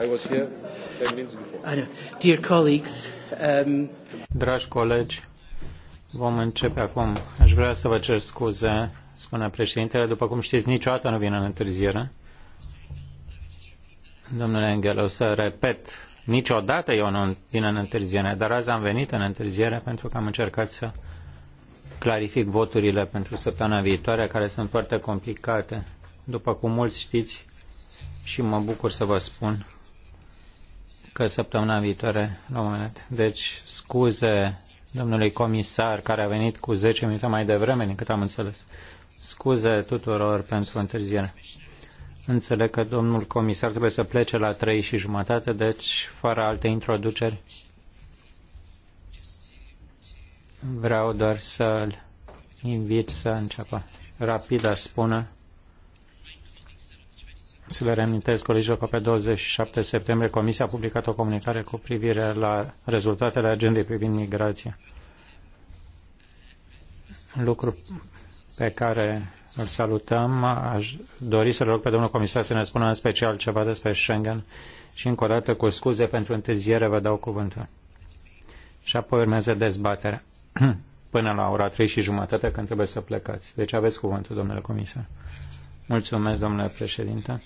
I was here 10 minutes before. Dear colleagues, um... Dragi colegi, vom începe acum. Aș vrea să vă cer scuze, spune președintele. După cum știți, niciodată nu vine în întârziere. Domnule Engel, o să repet, niciodată eu nu vin în întârziere, dar azi am venit în întârziere pentru că am încercat să clarific voturile pentru săptămâna viitoare, care sunt foarte complicate. După cum mulți știți, și mă bucur să vă spun că săptămâna viitoare, la un moment, deci scuze domnului comisar care a venit cu 10 minute mai devreme, decât am înțeles. Scuze tuturor pentru întârziere. Înțeleg că domnul comisar trebuie să plece la 3 și jumătate, deci fără alte introduceri. Vreau doar să-l invit să înceapă. Rapid aș spune să le reamintesc colegilor că pe 27 septembrie Comisia a publicat o comunicare cu privire la rezultatele agendei privind migrația. Lucru pe care îl salutăm. Aș dori să-l rog pe domnul comisar să ne spună în special ceva despre Schengen și încă o dată cu scuze pentru întârziere vă dau cuvântul. Și apoi urmează dezbaterea până la ora 3 și jumătate când trebuie să plecați. Deci aveți cuvântul, domnule comisar. Mulțumesc, domnule președinte,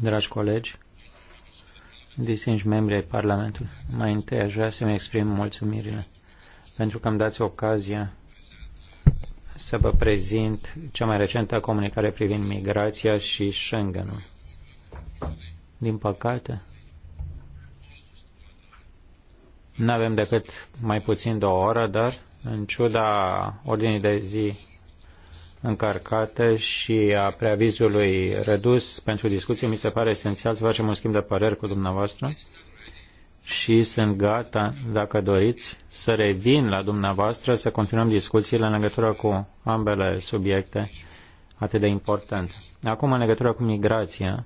dragi colegi, distinși membri ai Parlamentului. Mai întâi aș vrea să-mi exprim mulțumirile pentru că îmi dați ocazia să vă prezint cea mai recentă comunicare privind migrația și -ul. Din păcate, nu avem decât mai puțin de o oră, dar în ciuda ordinii de zi încărcată și a preavizului redus pentru discuție, mi se pare esențial să facem un schimb de păreri cu dumneavoastră și sunt gata, dacă doriți, să revin la dumneavoastră, să continuăm discuțiile în legătură cu ambele subiecte atât de importante. Acum, în legătură cu migrația,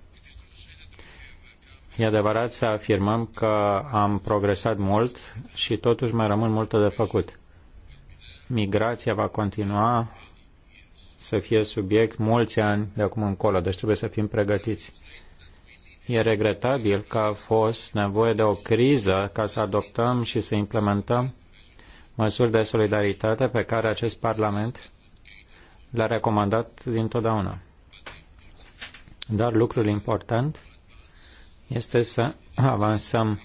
e adevărat să afirmăm că am progresat mult și totuși mai rămân multe de făcut. Migrația va continua să fie subiect mulți ani de acum încolo, deci trebuie să fim pregătiți. E regretabil că a fost nevoie de o criză ca să adoptăm și să implementăm măsuri de solidaritate pe care acest Parlament le-a recomandat dintotdeauna. Dar lucrul important este să avansăm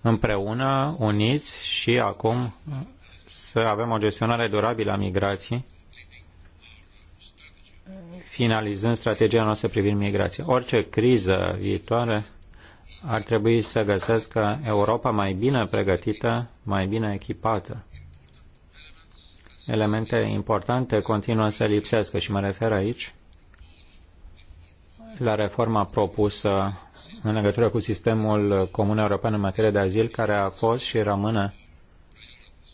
împreună, uniți și acum să avem o gestionare durabilă a migrației finalizând strategia noastră privind migrația. Orice criză viitoare ar trebui să găsească Europa mai bine pregătită, mai bine echipată. Elemente importante continuă să lipsească și mă refer aici la reforma propusă în legătură cu sistemul comun european în materie de azil, care a fost și rămâne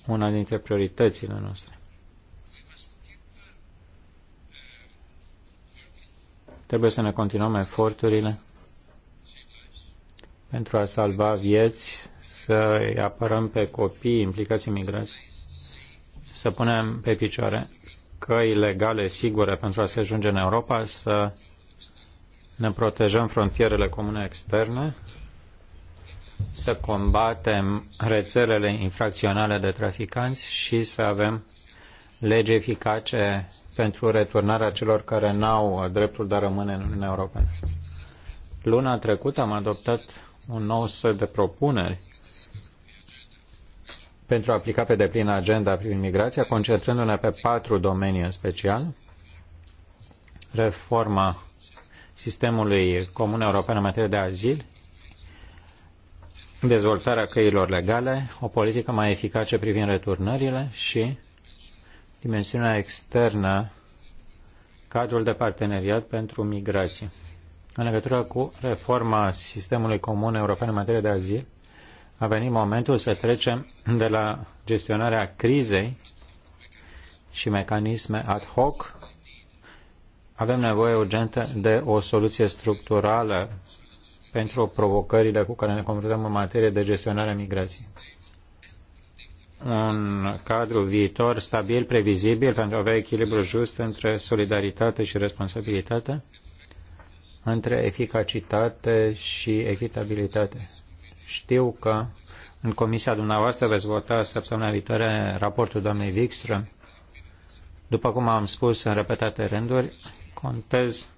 una dintre prioritățile noastre. Trebuie să ne continuăm eforturile pentru a salva vieți, să îi apărăm pe copii implicați în migrație, să punem pe picioare căi legale sigure pentru a se ajunge în Europa, să ne protejăm frontierele comune externe, să combatem rețelele infracționale de traficanți și să avem legi eficace pentru returnarea celor care n-au dreptul de a rămâne în Uniunea Europeană. Luna trecută am adoptat un nou set de propuneri pentru a aplica pe deplin agenda privind migrația, concentrându-ne pe patru domenii în special. Reforma sistemului comun european în materie de azil, dezvoltarea căilor legale, o politică mai eficace privind returnările și dimensiunea externă, cadrul de parteneriat pentru migrație. În legătură cu reforma sistemului comun european în materie de azil, a venit momentul să trecem de la gestionarea crizei și mecanisme ad hoc. Avem nevoie urgentă de o soluție structurală pentru provocările cu care ne confruntăm în materie de gestionare a migrației un cadru viitor stabil, previzibil, pentru a avea echilibru just între solidaritate și responsabilitate, între eficacitate și echitabilitate. Știu că în comisia dumneavoastră veți vota săptămâna viitoare raportul doamnei Wikström. După cum am spus în repetate rânduri, contez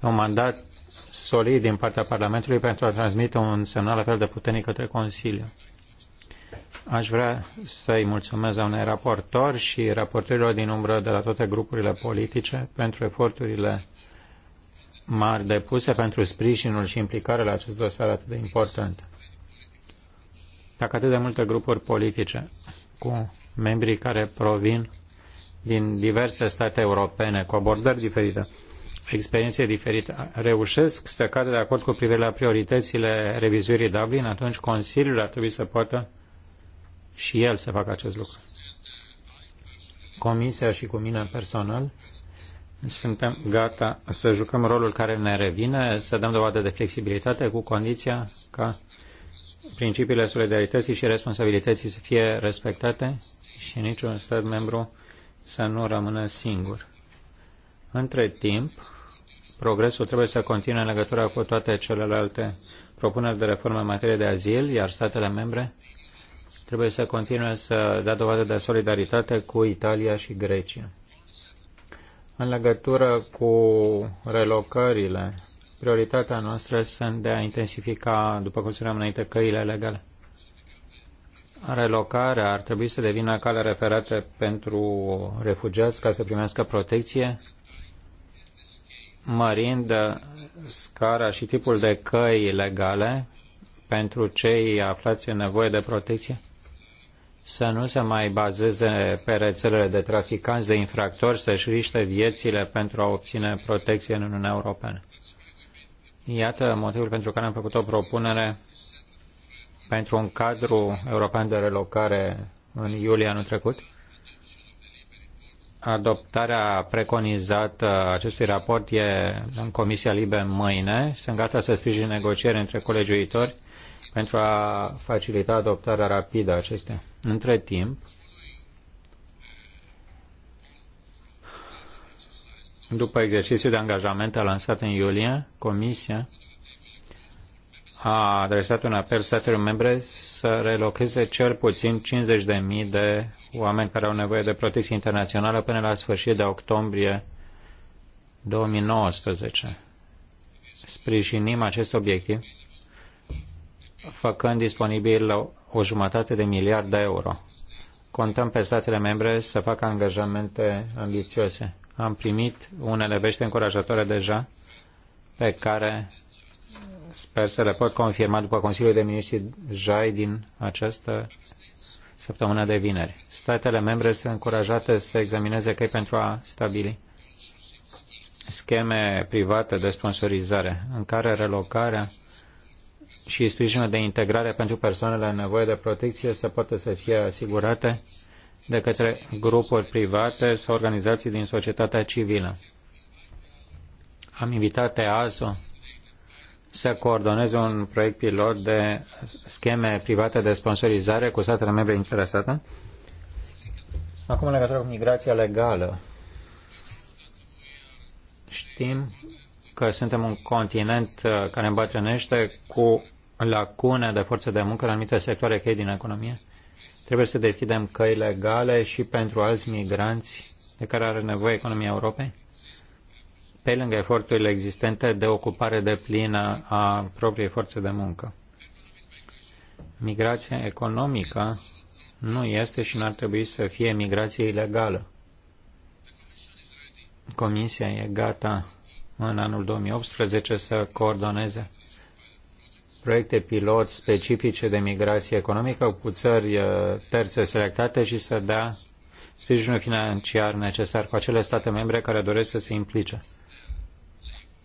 pe un mandat solid din partea Parlamentului pentru a transmite un semnal la fel de puternic către Consiliu. Aș vrea să-i mulțumesc doamnei raportor și raportorilor din umbră de la toate grupurile politice pentru eforturile mari depuse pentru sprijinul și implicarea la acest dosar atât de important. Dacă atât de multe grupuri politice cu membrii care provin din diverse state europene, cu abordări diferite, experiențe diferite, reușesc să cadă de acord cu privire la prioritățile revizuirii Dublin, atunci Consiliul ar trebui să poată și el să facă acest lucru. Comisia și cu mine personal suntem gata să jucăm rolul care ne revine, să dăm dovadă de flexibilitate cu condiția ca principiile solidarității și responsabilității să fie respectate și niciun stat membru să nu rămână singur. Între timp, progresul trebuie să continue în legătură cu toate celelalte propuneri de reformă în materie de azil, iar statele membre trebuie să continue să dea dovadă de solidaritate cu Italia și Grecia. În legătură cu relocările, prioritatea noastră sunt de a intensifica, după cum spuneam înainte, căile legale. Relocarea ar trebui să devină cale referată pentru refugiați ca să primească protecție, mărind scara și tipul de căi legale pentru cei aflați în nevoie de protecție să nu se mai bazeze pe rețelele de traficanți, de infractori, să-și riște viețile pentru a obține protecție în Uniunea Europeană. Iată motivul pentru care am făcut o propunere pentru un cadru european de relocare în iulie anul trecut. Adoptarea preconizată acestui raport e în Comisia Libe mâine. Sunt gata să sprijin negocieri între colegiuitori pentru a facilita adoptarea rapidă a acestea. Între timp, după exercițiul de angajament lansat în iulie, Comisia a adresat un apel statelor membre să relocheze cel puțin 50.000 de oameni care au nevoie de protecție internațională până la sfârșit de octombrie 2019. Sprijinim acest obiectiv făcând disponibil o jumătate de miliard de euro. Contăm pe statele membre să facă angajamente ambițioase. Am primit unele vești încurajatoare deja, pe care sper să le pot confirma după Consiliul de Ministri Jai din această săptămână de vineri. Statele membre sunt încurajate să examineze căi pentru a stabili scheme private de sponsorizare, în care relocarea și sprijinul de integrare pentru persoanele în nevoie de protecție să poată să fie asigurate de către grupuri private sau organizații din societatea civilă. Am invitat EASO să coordoneze un proiect pilot de scheme private de sponsorizare cu statele membre interesate. Acum, în legătură cu migrația legală, știm că suntem un continent uh, care îmbătrânește cu lacune de forță de muncă în anumite sectoare cheie din economie, trebuie să deschidem căi legale și pentru alți migranți de care are nevoie economia Europei, pe lângă eforturile existente de ocupare de plină a propriei forțe de muncă. Migrația economică nu este și nu ar trebui să fie migrație ilegală. Comisia e gata în anul 2018 să coordoneze proiecte pilot specifice de migrație economică cu țări uh, terțe selectate și să dea sprijinul financiar necesar cu acele state membre care doresc să se implice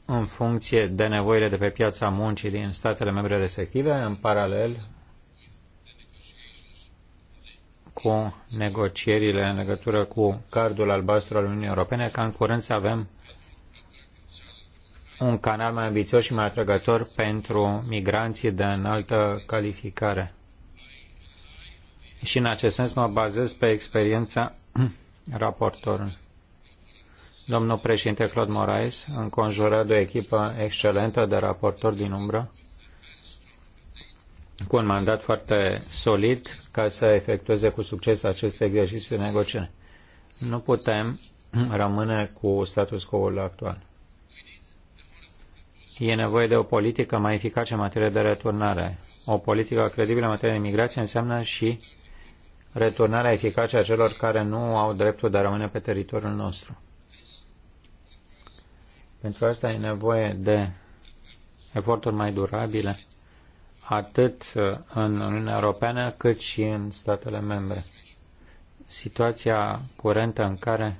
în funcție de nevoile de pe piața muncii din statele membre respective, în paralel cu negocierile în legătură cu cardul albastru al Uniunii Europene, ca în curând să avem un canal mai ambițios și mai atrăgător pentru migranții de înaltă calificare. Și în acest sens mă bazez pe experiența raportorului. Domnul președinte Claude Moraes, înconjurat de o echipă excelentă de raportori din umbră, cu un mandat foarte solid ca să efectueze cu succes acest exercițiu de negociere. Nu putem rămâne cu status quo-ul actual. E nevoie de o politică mai eficace în materie de returnare. O politică credibilă în materie de migrație înseamnă și returnarea eficace a celor care nu au dreptul de a rămâne pe teritoriul nostru. Pentru asta e nevoie de eforturi mai durabile, atât în Uniunea Europeană, cât și în statele membre. Situația curentă în care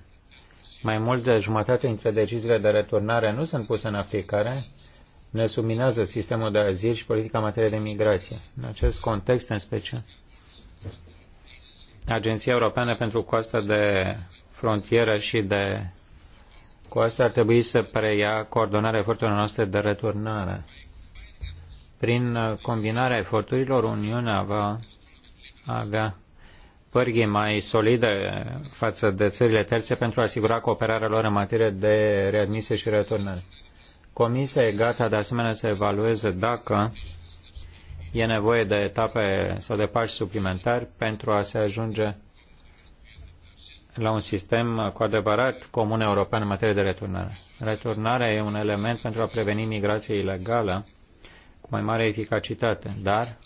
mai mult de jumătate dintre deciziile de returnare nu sunt puse în aplicare ne subminează sistemul de azil și politica în materie de migrație. În acest context, în special, Agenția Europeană pentru Coastă de Frontieră și de Coastă ar trebui să preia coordonarea eforturilor noastre de returnare. Prin combinarea eforturilor, Uniunea va avea pârghii mai solide față de țările terțe pentru a asigura cooperarea lor în materie de readmisie și returnare. Comisia e gata de asemenea să evalueze dacă e nevoie de etape sau de pași suplimentari pentru a se ajunge la un sistem cu adevărat comun european în materie de returnare. Returnarea e un element pentru a preveni migrația ilegală cu mai mare eficacitate, dar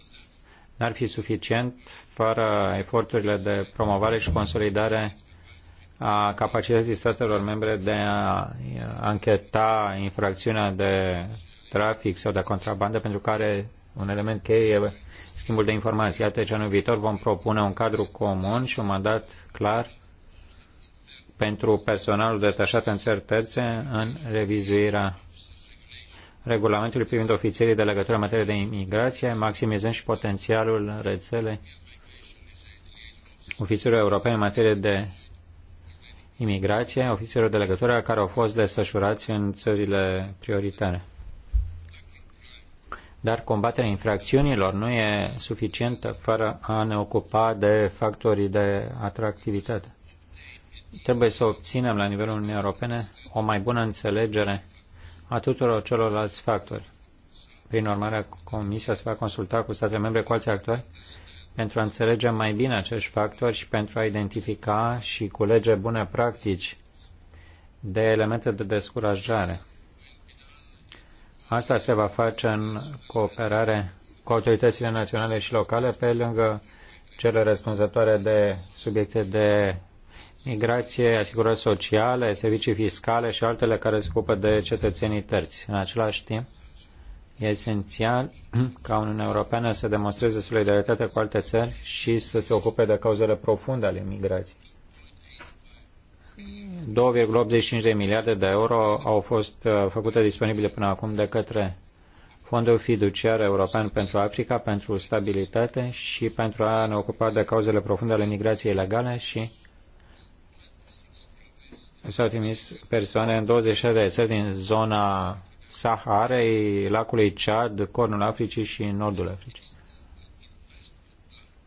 n-ar fi suficient fără eforturile de promovare și consolidare a capacității statelor membre de a ancheta infracțiunea de trafic sau de contrabandă, pentru care un element cheie e schimbul de informații. Iată ce anul viitor vom propune un cadru comun și un mandat clar pentru personalul detașat în țări terțe în revizuirea regulamentului privind ofițerii de legătură în materie de imigrație, maximizând și potențialul rețelei ofițerilor europeni în materie de imigrație, ofițerilor de legătură care au fost desfășurați în țările prioritare. Dar combaterea infracțiunilor nu e suficientă fără a ne ocupa de factorii de atractivitate. Trebuie să obținem la nivelul Uniunii Europene o mai bună înțelegere a tuturor celorlalți factori. Prin urmare, Comisia se va consulta cu statele membre, cu alții actori pentru a înțelege mai bine acești factori și pentru a identifica și culege bune practici de elemente de descurajare. Asta se va face în cooperare cu autoritățile naționale și locale pe lângă cele răspunzătoare de subiecte de migrație, asigurări sociale, servicii fiscale și altele care se ocupă de cetățenii terți. În același timp, E esențial ca Uniunea Europeană să demonstreze solidaritate cu alte țări și să se ocupe de cauzele profunde ale migrației. 2,85 de miliarde de euro au fost uh, făcute disponibile până acum de către Fondul Fiduciar European pentru Africa, pentru stabilitate și pentru a ne ocupa de cauzele profunde ale migrației ilegale și s-au trimis persoane în 26 de țări din zona Saharei, lacului Chad, Cornul Africii și Nordul Africii.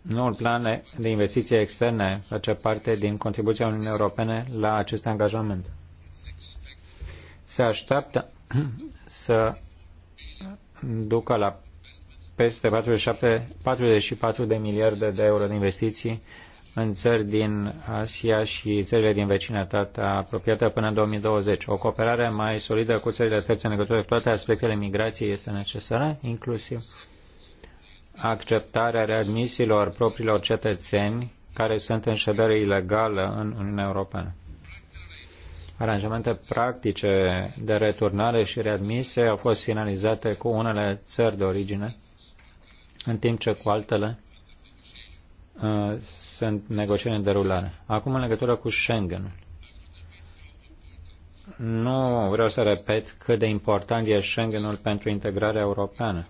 Noul plan de investiții externe face parte din contribuția Uniunii Europene la acest angajament. Se așteaptă să ducă la peste 47, 44 de miliarde de euro de investiții în țări din Asia și țările din vecinătatea apropiată până în 2020. O cooperare mai solidă cu țările terțe în legătură cu toate aspectele migrației este necesară, inclusiv acceptarea readmisiilor propriilor cetățeni care sunt în ședere ilegală în Uniunea Europeană. Aranjamente practice de returnare și readmise au fost finalizate cu unele țări de origine, în timp ce cu altele Uh, sunt negocieri în derulare. Acum, în legătură cu Schengen. Nu vreau să repet cât de important e Schengenul pentru integrarea europeană.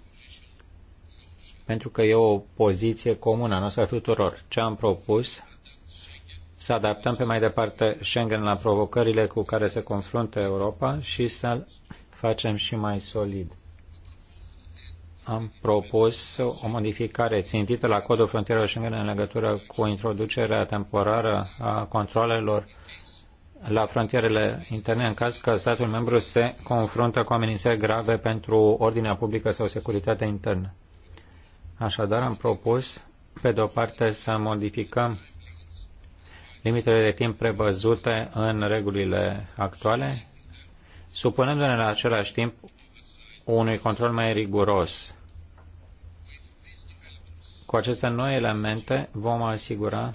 Pentru că e o poziție comună a noastră tuturor. Ce am propus să adaptăm pe mai departe Schengen la provocările cu care se confruntă Europa și să-l facem și mai solid am propus o modificare țintită la Codul Frontierelor Schengen în legătură cu introducerea temporară a controlelor la frontierele interne în caz că statul membru se confruntă cu amenințări grave pentru ordinea publică sau securitatea internă. Așadar, am propus, pe de o parte, să modificăm limitele de timp prevăzute în regulile actuale, supunându-ne la același timp unui control mai riguros. Cu aceste noi elemente vom asigura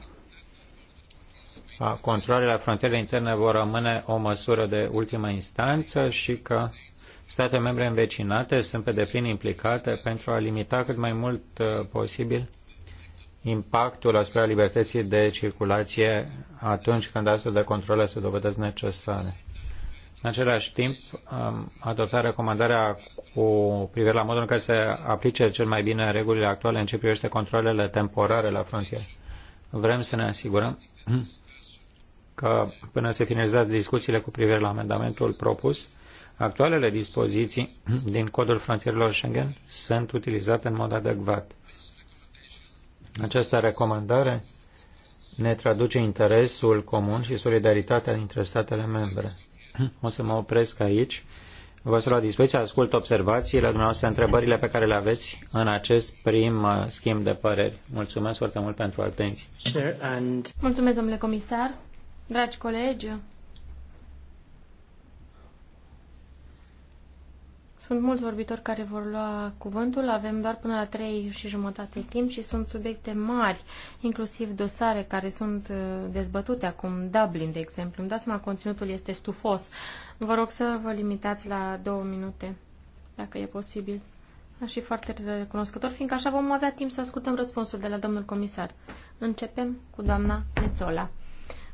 că controlele la frontierele interne vor rămâne o măsură de ultimă instanță și că state membre învecinate sunt pe deplin implicate pentru a limita cât mai mult uh, posibil impactul asupra libertății de circulație atunci când astfel de controle se dovedesc necesare. În același timp, am adoptat recomandarea cu privire la modul în care se aplice cel mai bine regulile actuale în ce privește controlele temporare la frontieră. Vrem să ne asigurăm că până se finalizează discuțiile cu privire la amendamentul propus, actualele dispoziții din codul frontierelor Schengen sunt utilizate în mod adecvat. Această recomandare ne traduce interesul comun și solidaritatea dintre statele membre. O să mă opresc aici. Vă sunt la dispoziție, ascult observațiile dumneavoastră, întrebările pe care le aveți în acest prim uh, schimb de păreri. Mulțumesc foarte mult pentru atenție. Mulțumesc, domnule comisar, dragi colegi. Sunt mulți vorbitori care vor lua cuvântul, avem doar până la trei și jumătate timp și sunt subiecte mari, inclusiv dosare care sunt uh, dezbătute acum, Dublin, de exemplu. Îmi dați seama, conținutul este stufos. Vă rog să vă limitați la două minute, dacă e posibil. Aș fi foarte recunoscător, fiindcă așa vom avea timp să ascultăm răspunsul de la domnul comisar. Începem cu doamna Nețola.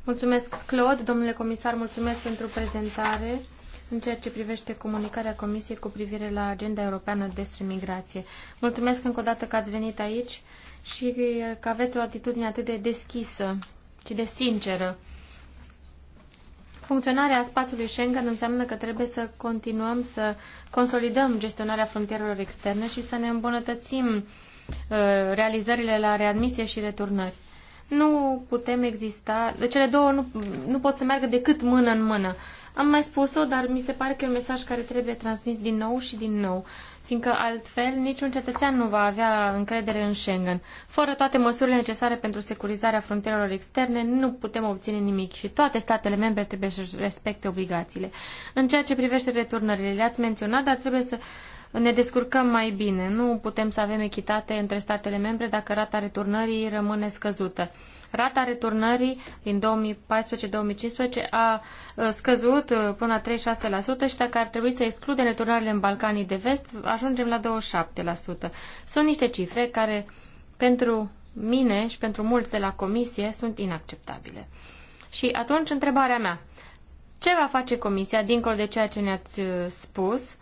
Mulțumesc, Claude. Domnule comisar, mulțumesc pentru prezentare în ceea ce privește comunicarea Comisiei cu privire la agenda europeană despre migrație. Mulțumesc încă o dată că ați venit aici și că aveți o atitudine atât de deschisă și de sinceră. Funcționarea spațiului Schengen înseamnă că trebuie să continuăm să consolidăm gestionarea frontierelor externe și să ne îmbunătățim uh, realizările la readmisie și returnări. Nu putem exista, cele două nu, nu pot să meargă decât mână în mână. Am mai spus-o, dar mi se pare că e un mesaj care trebuie transmis din nou și din nou, fiindcă altfel niciun cetățean nu va avea încredere în Schengen. Fără toate măsurile necesare pentru securizarea frontierelor externe, nu putem obține nimic și toate statele membre trebuie să respecte obligațiile. În ceea ce privește returnările, le-ați menționat, dar trebuie să ne descurcăm mai bine. Nu putem să avem echitate între statele membre dacă rata returnării rămâne scăzută. Rata returnării din 2014-2015 a uh, scăzut uh, până la 36% și dacă ar trebui să excludem returnările în Balcanii de Vest, ajungem la 27%. Sunt niște cifre care pentru mine și pentru mulți de la comisie sunt inacceptabile. Și atunci întrebarea mea, ce va face comisia dincolo de ceea ce ne-ați uh, spus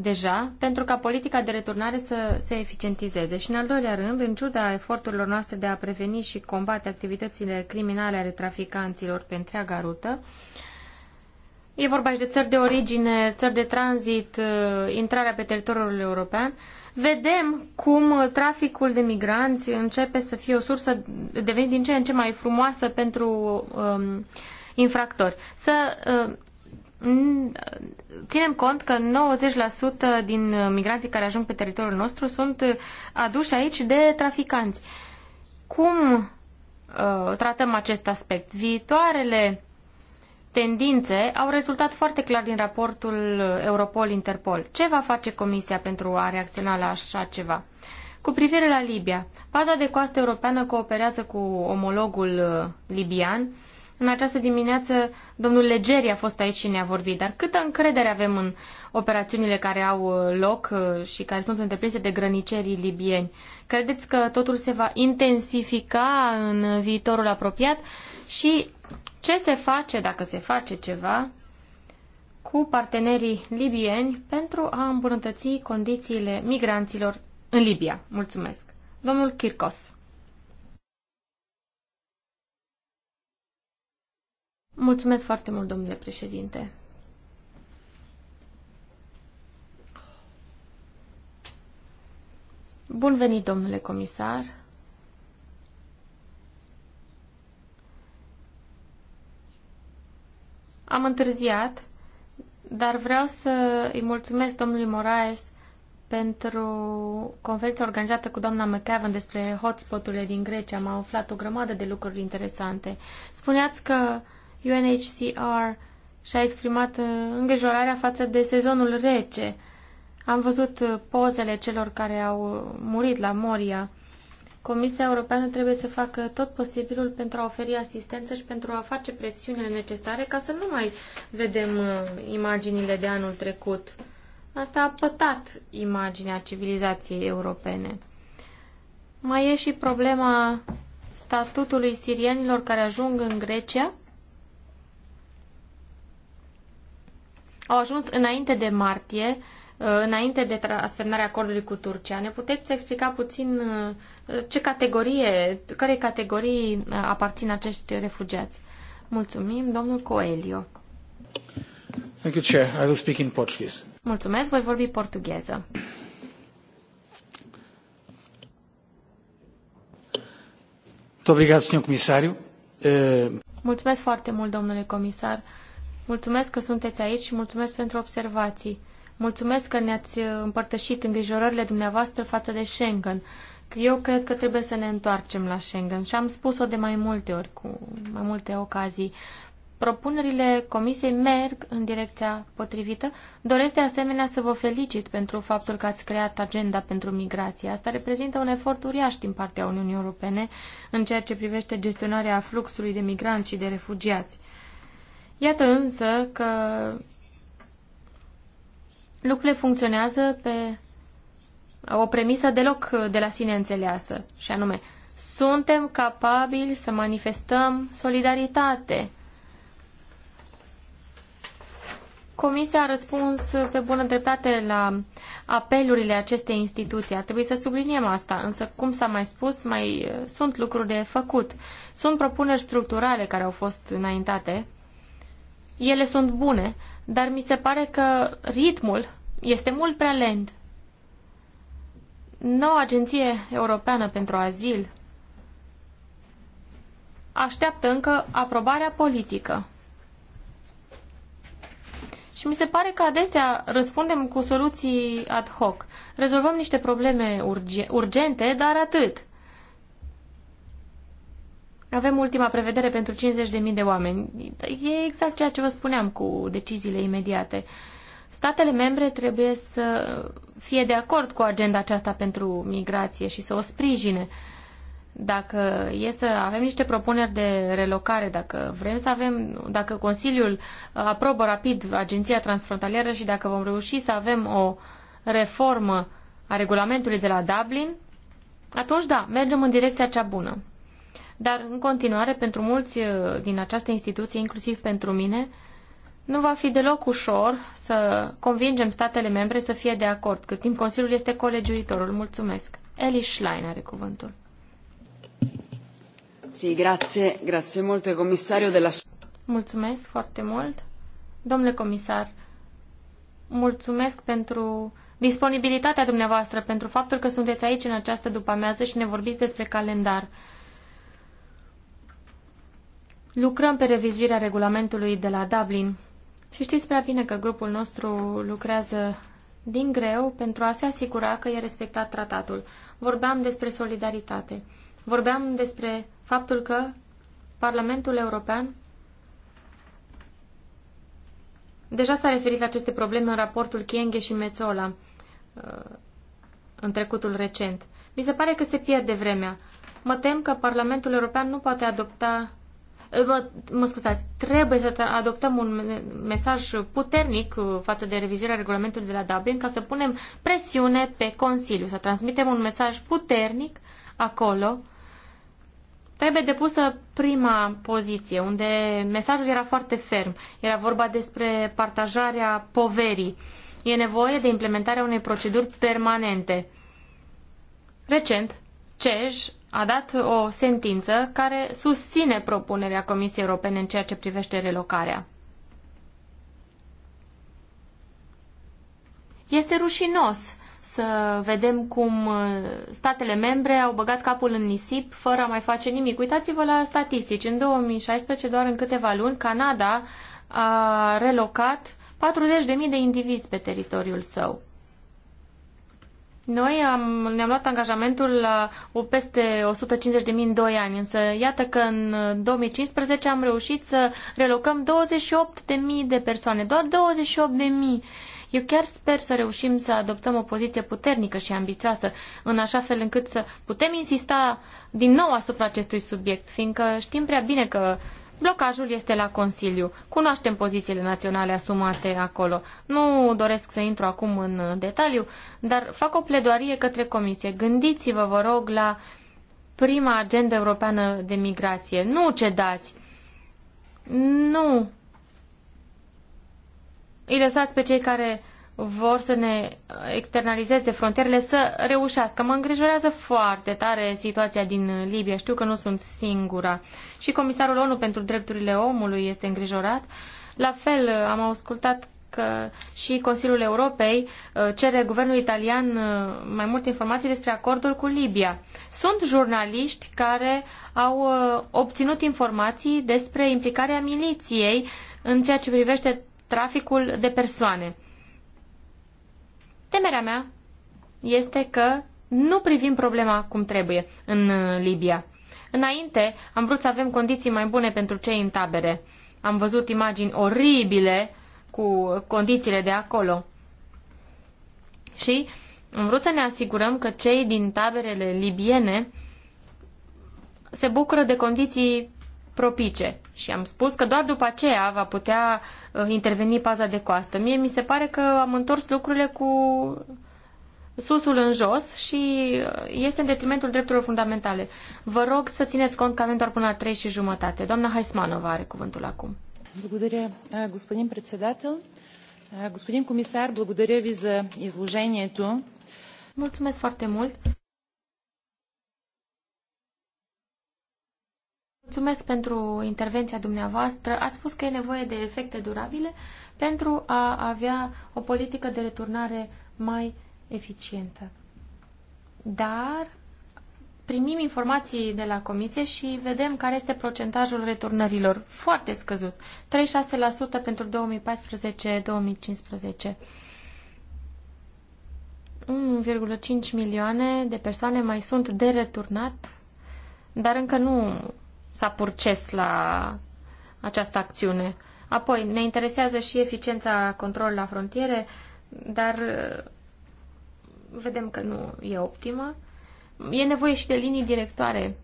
deja pentru ca politica de returnare să se eficientizeze. Și în al doilea rând, în ciuda eforturilor noastre de a preveni și combate activitățile criminale ale traficanților pe întreaga rută, e vorba și de țări de origine, țări de tranzit, uh, intrarea pe teritoriul european, vedem cum traficul de migranți începe să fie o sursă devenit din ce în ce mai frumoasă pentru um, infractori. Să uh, ținem cont că 90% din migranții care ajung pe teritoriul nostru sunt aduși aici de traficanți. Cum uh, tratăm acest aspect? Viitoarele tendințe au rezultat foarte clar din raportul Europol-Interpol. Ce va face Comisia pentru a reacționa la așa ceva? Cu privire la Libia, baza de coastă europeană cooperează cu omologul uh, libian uh, în această dimineață, domnul Legeri a fost aici și ne-a vorbit, dar câtă încredere avem în operațiunile care au uh, loc uh, și care sunt întreprinse de grănicerii libieni? Credeți că totul se va intensifica în viitorul apropiat? Și ce se face, dacă se face ceva, cu partenerii libieni pentru a îmbunătăți condițiile migranților în Libia? Mulțumesc. Domnul Kirkos. Mulțumesc foarte mult, domnule președinte. Bun venit, domnule comisar. Am întârziat, dar vreau să îi mulțumesc domnului Moraes pentru conferința organizată cu doamna McAvan despre hotspoturile din Grecia. Am aflat o grămadă de lucruri interesante. Spuneați că uh, UNHCR și-a exprimat uh, îngrijorarea față de sezonul rece. Am văzut uh, pozele celor care au uh, murit la Moria. Comisia Europeană trebuie să facă tot posibilul pentru a oferi asistență și pentru a face presiunile necesare ca să nu mai vedem imaginile de anul trecut. Asta a pătat imaginea civilizației europene. Mai e și problema statutului sirienilor care ajung în Grecia au ajuns înainte de martie, uh, înainte de semnarea acordului cu Turcia. Ne puteți explica puțin uh, ce categorie, care categorii uh, aparțin acești refugiați? Mulțumim, domnul Coelio. Thank you, Chair. I will speak in Portuguese. Mulțumesc, voi vorbi portugheză. Eh, Mulțumesc foarte mult, domnule comisar. Mulțumesc că sunteți aici și mulțumesc pentru observații. Mulțumesc că ne-ați uh, împărtășit îngrijorările dumneavoastră față de Schengen. Eu cred că trebuie să ne întoarcem la Schengen și am spus-o de mai multe ori, cu mai multe ocazii. Propunerile Comisiei merg în direcția potrivită. Doresc de asemenea să vă felicit pentru faptul că ați creat agenda pentru migrație. Asta reprezintă un efort uriaș din partea Uniunii Europene în ceea ce privește gestionarea fluxului de migranți și de refugiați. Iată însă că lucrurile funcționează pe o premisă deloc de la sine înțeleasă, și anume, suntem capabili să manifestăm solidaritate. Comisia a răspuns pe bună dreptate la apelurile acestei instituții. Ar trebui să subliniem asta, însă, cum s-a mai spus, mai sunt lucruri de făcut. Sunt propuneri structurale care au fost înaintate ele sunt bune, dar mi se pare că ritmul este mult prea lent. Noua Agenție Europeană pentru Azil așteaptă încă aprobarea politică. Și mi se pare că adesea răspundem cu soluții ad hoc. Rezolvăm niște probleme urge urgente, dar atât. Avem ultima prevedere pentru 50.000 de oameni. E exact ceea ce vă spuneam cu deciziile imediate. Statele membre trebuie să fie de acord cu agenda aceasta pentru migrație și să o sprijine. Dacă e să avem niște propuneri de relocare, dacă vrem să avem, dacă Consiliul aprobă rapid agenția transfrontalieră și dacă vom reuși să avem o reformă a regulamentului de la Dublin, atunci da, mergem în direcția cea bună dar în continuare pentru mulți uh, din această instituție, inclusiv pentru mine, nu va fi deloc ușor să convingem statele membre să fie de acord, cât timp Consiliul este colegiuitorul. Mulțumesc. Eli Schlein are cuvântul. Sí, grazie, grazie multe, comisario de la... Mulțumesc foarte mult. Domnule comisar, mulțumesc pentru disponibilitatea dumneavoastră, pentru faptul că sunteți aici în această după-amiază și ne vorbiți despre calendar. Lucrăm pe revizuirea regulamentului de la Dublin și știți prea bine că grupul nostru lucrează din greu pentru a se asigura că e respectat tratatul. Vorbeam despre solidaritate. Vorbeam despre faptul că Parlamentul European deja s-a referit la aceste probleme în raportul Chienghe și Mețola uh, în trecutul recent. Mi se pare că se pierde vremea. Mă tem că Parlamentul European nu poate adopta mă, mă scuzați, trebuie să adoptăm un mesaj puternic uh, față de revizuirea regulamentului de la Dublin ca să punem presiune pe Consiliu, să transmitem un mesaj puternic acolo. Trebuie depusă prima poziție, unde mesajul era foarte ferm. Era vorba despre partajarea poverii. E nevoie de implementarea unei proceduri permanente. Recent, CEJ a dat o sentință care susține propunerea Comisiei Europene în ceea ce privește relocarea. Este rușinos să vedem cum uh, statele membre au băgat capul în nisip fără a mai face nimic. Uitați-vă la statistici. În 2016, doar în câteva luni, Canada a relocat 40.000 de indivizi pe teritoriul său. Noi am, ne-am luat angajamentul la uh, o peste 150.000 în 2 ani, însă iată că în 2015 uh, am reușit să relocăm 28.000 de persoane, doar 28.000. Eu chiar sper să reușim să adoptăm o poziție puternică și ambițioasă, în așa fel încât să putem insista din nou asupra acestui subiect, fiindcă știm prea bine că Blocajul este la Consiliu. Cunoaștem pozițiile naționale asumate acolo. Nu doresc să intru acum în detaliu, dar fac o pledoarie către Comisie. Gândiți-vă, vă rog, la prima agenda europeană de migrație. Nu cedați! Nu! Îi lăsați pe cei care vor să ne externalizeze frontierele să reușească. Mă îngrijorează foarte tare situația din Libia. Știu că nu sunt singura. Și comisarul ONU pentru drepturile omului este îngrijorat. La fel, am ascultat că și Consiliul Europei uh, cere guvernul italian uh, mai multe informații despre acordul cu Libia. Sunt jurnaliști care au uh, obținut informații despre implicarea miliției în ceea ce privește traficul de persoane. Temerea mea este că nu privim problema cum trebuie în uh, Libia. Înainte am vrut să avem condiții mai bune pentru cei în tabere. Am văzut imagini oribile cu condițiile de acolo. Și am vrut să ne asigurăm că cei din taberele libiene se bucură de condiții propice. Și am spus că doar după aceea va putea uh, interveni paza de coastă. Mie mi se pare că am întors lucrurile cu susul în jos și uh, este în detrimentul drepturilor fundamentale. Vă rog să țineți cont că avem doar până la 3 și jumătate. Doamna Haismanova are cuvântul acum. Благодаря, господин председател. Господин комисар, благодаря ви за изложението. Mulțumesc foarte mult. Mulțumesc pentru intervenția dumneavoastră. Ați spus că e nevoie de efecte durabile pentru a avea o politică de returnare mai eficientă. Dar primim informații de la comisie și vedem care este procentajul returnărilor. Foarte scăzut. 36% pentru 2014-2015. 1,5 milioane de persoane mai sunt de returnat, dar încă nu s-a purces la această acțiune. Apoi, ne interesează și eficiența controlului la frontiere, dar uh, vedem că nu e optimă. E nevoie și de linii directoare,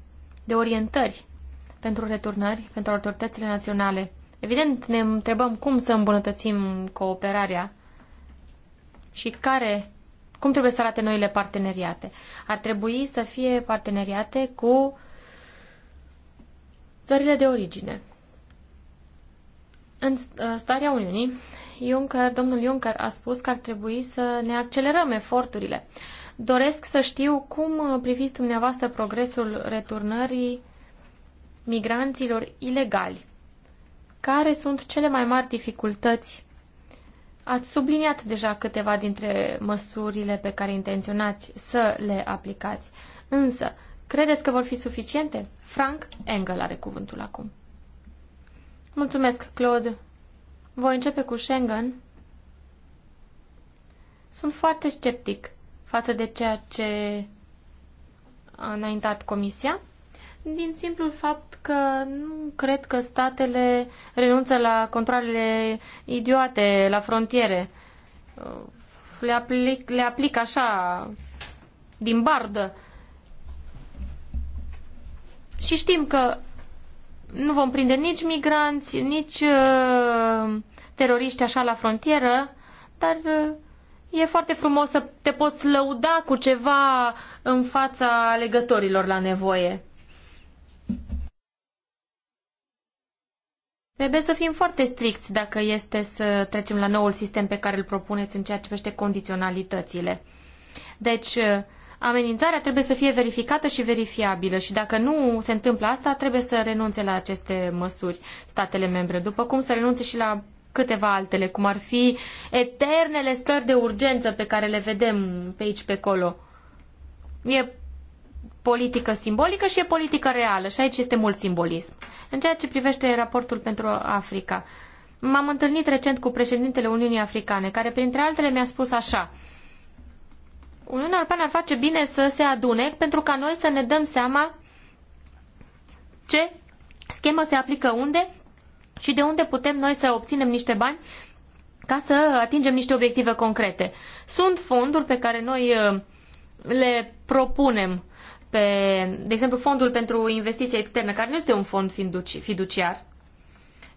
de orientări pentru returnări, pentru autoritățile naționale. Evident, ne întrebăm cum să îmbunătățim cooperarea și care, cum trebuie să arate noile parteneriate. Ar trebui să fie parteneriate cu Țările de origine. În uh, starea Uniunii, Juncker, domnul Juncker a spus că ar trebui să ne accelerăm eforturile. Doresc să știu cum uh, priviți dumneavoastră progresul returnării migranților ilegali. Care sunt cele mai mari dificultăți? Ați subliniat deja câteva dintre măsurile pe care intenționați să le aplicați. Însă, Credeți că vor fi suficiente? Frank Engel are cuvântul acum. Mulțumesc, Claude. Voi începe cu Schengen. Sunt foarte sceptic față de ceea ce a înaintat Comisia, din simplul fapt că nu cred că statele renunță la controlele idiote la frontiere. Le aplic, le aplic așa, din bardă. Și știm că nu vom prinde nici migranți, nici uh, teroriști așa la frontieră, dar uh, e foarte frumos să te poți lăuda cu ceva în fața legătorilor la nevoie. Trebuie să fim foarte stricți dacă este să trecem la noul sistem pe care îl propuneți în ceea ce privește condiționalitățile. Deci, uh, amenințarea trebuie să fie verificată și verifiabilă și dacă nu se întâmplă asta, trebuie să renunțe la aceste măsuri statele membre, după cum să renunțe și la câteva altele, cum ar fi eternele stări de urgență pe care le vedem pe aici, pe acolo. E politică simbolică și e politică reală și aici este mult simbolism. În ceea ce privește raportul pentru Africa, m-am întâlnit recent cu președintele Uniunii Africane, care printre altele mi-a spus așa – Uniunea Europeană ar face bine să se adune pentru ca noi să ne dăm seama ce schemă se aplică unde și de unde putem noi să obținem niște bani ca să atingem niște obiective concrete. Sunt fonduri pe care noi uh, le propunem pe, de exemplu, fondul pentru investiție externă, care nu este un fond fiduciar.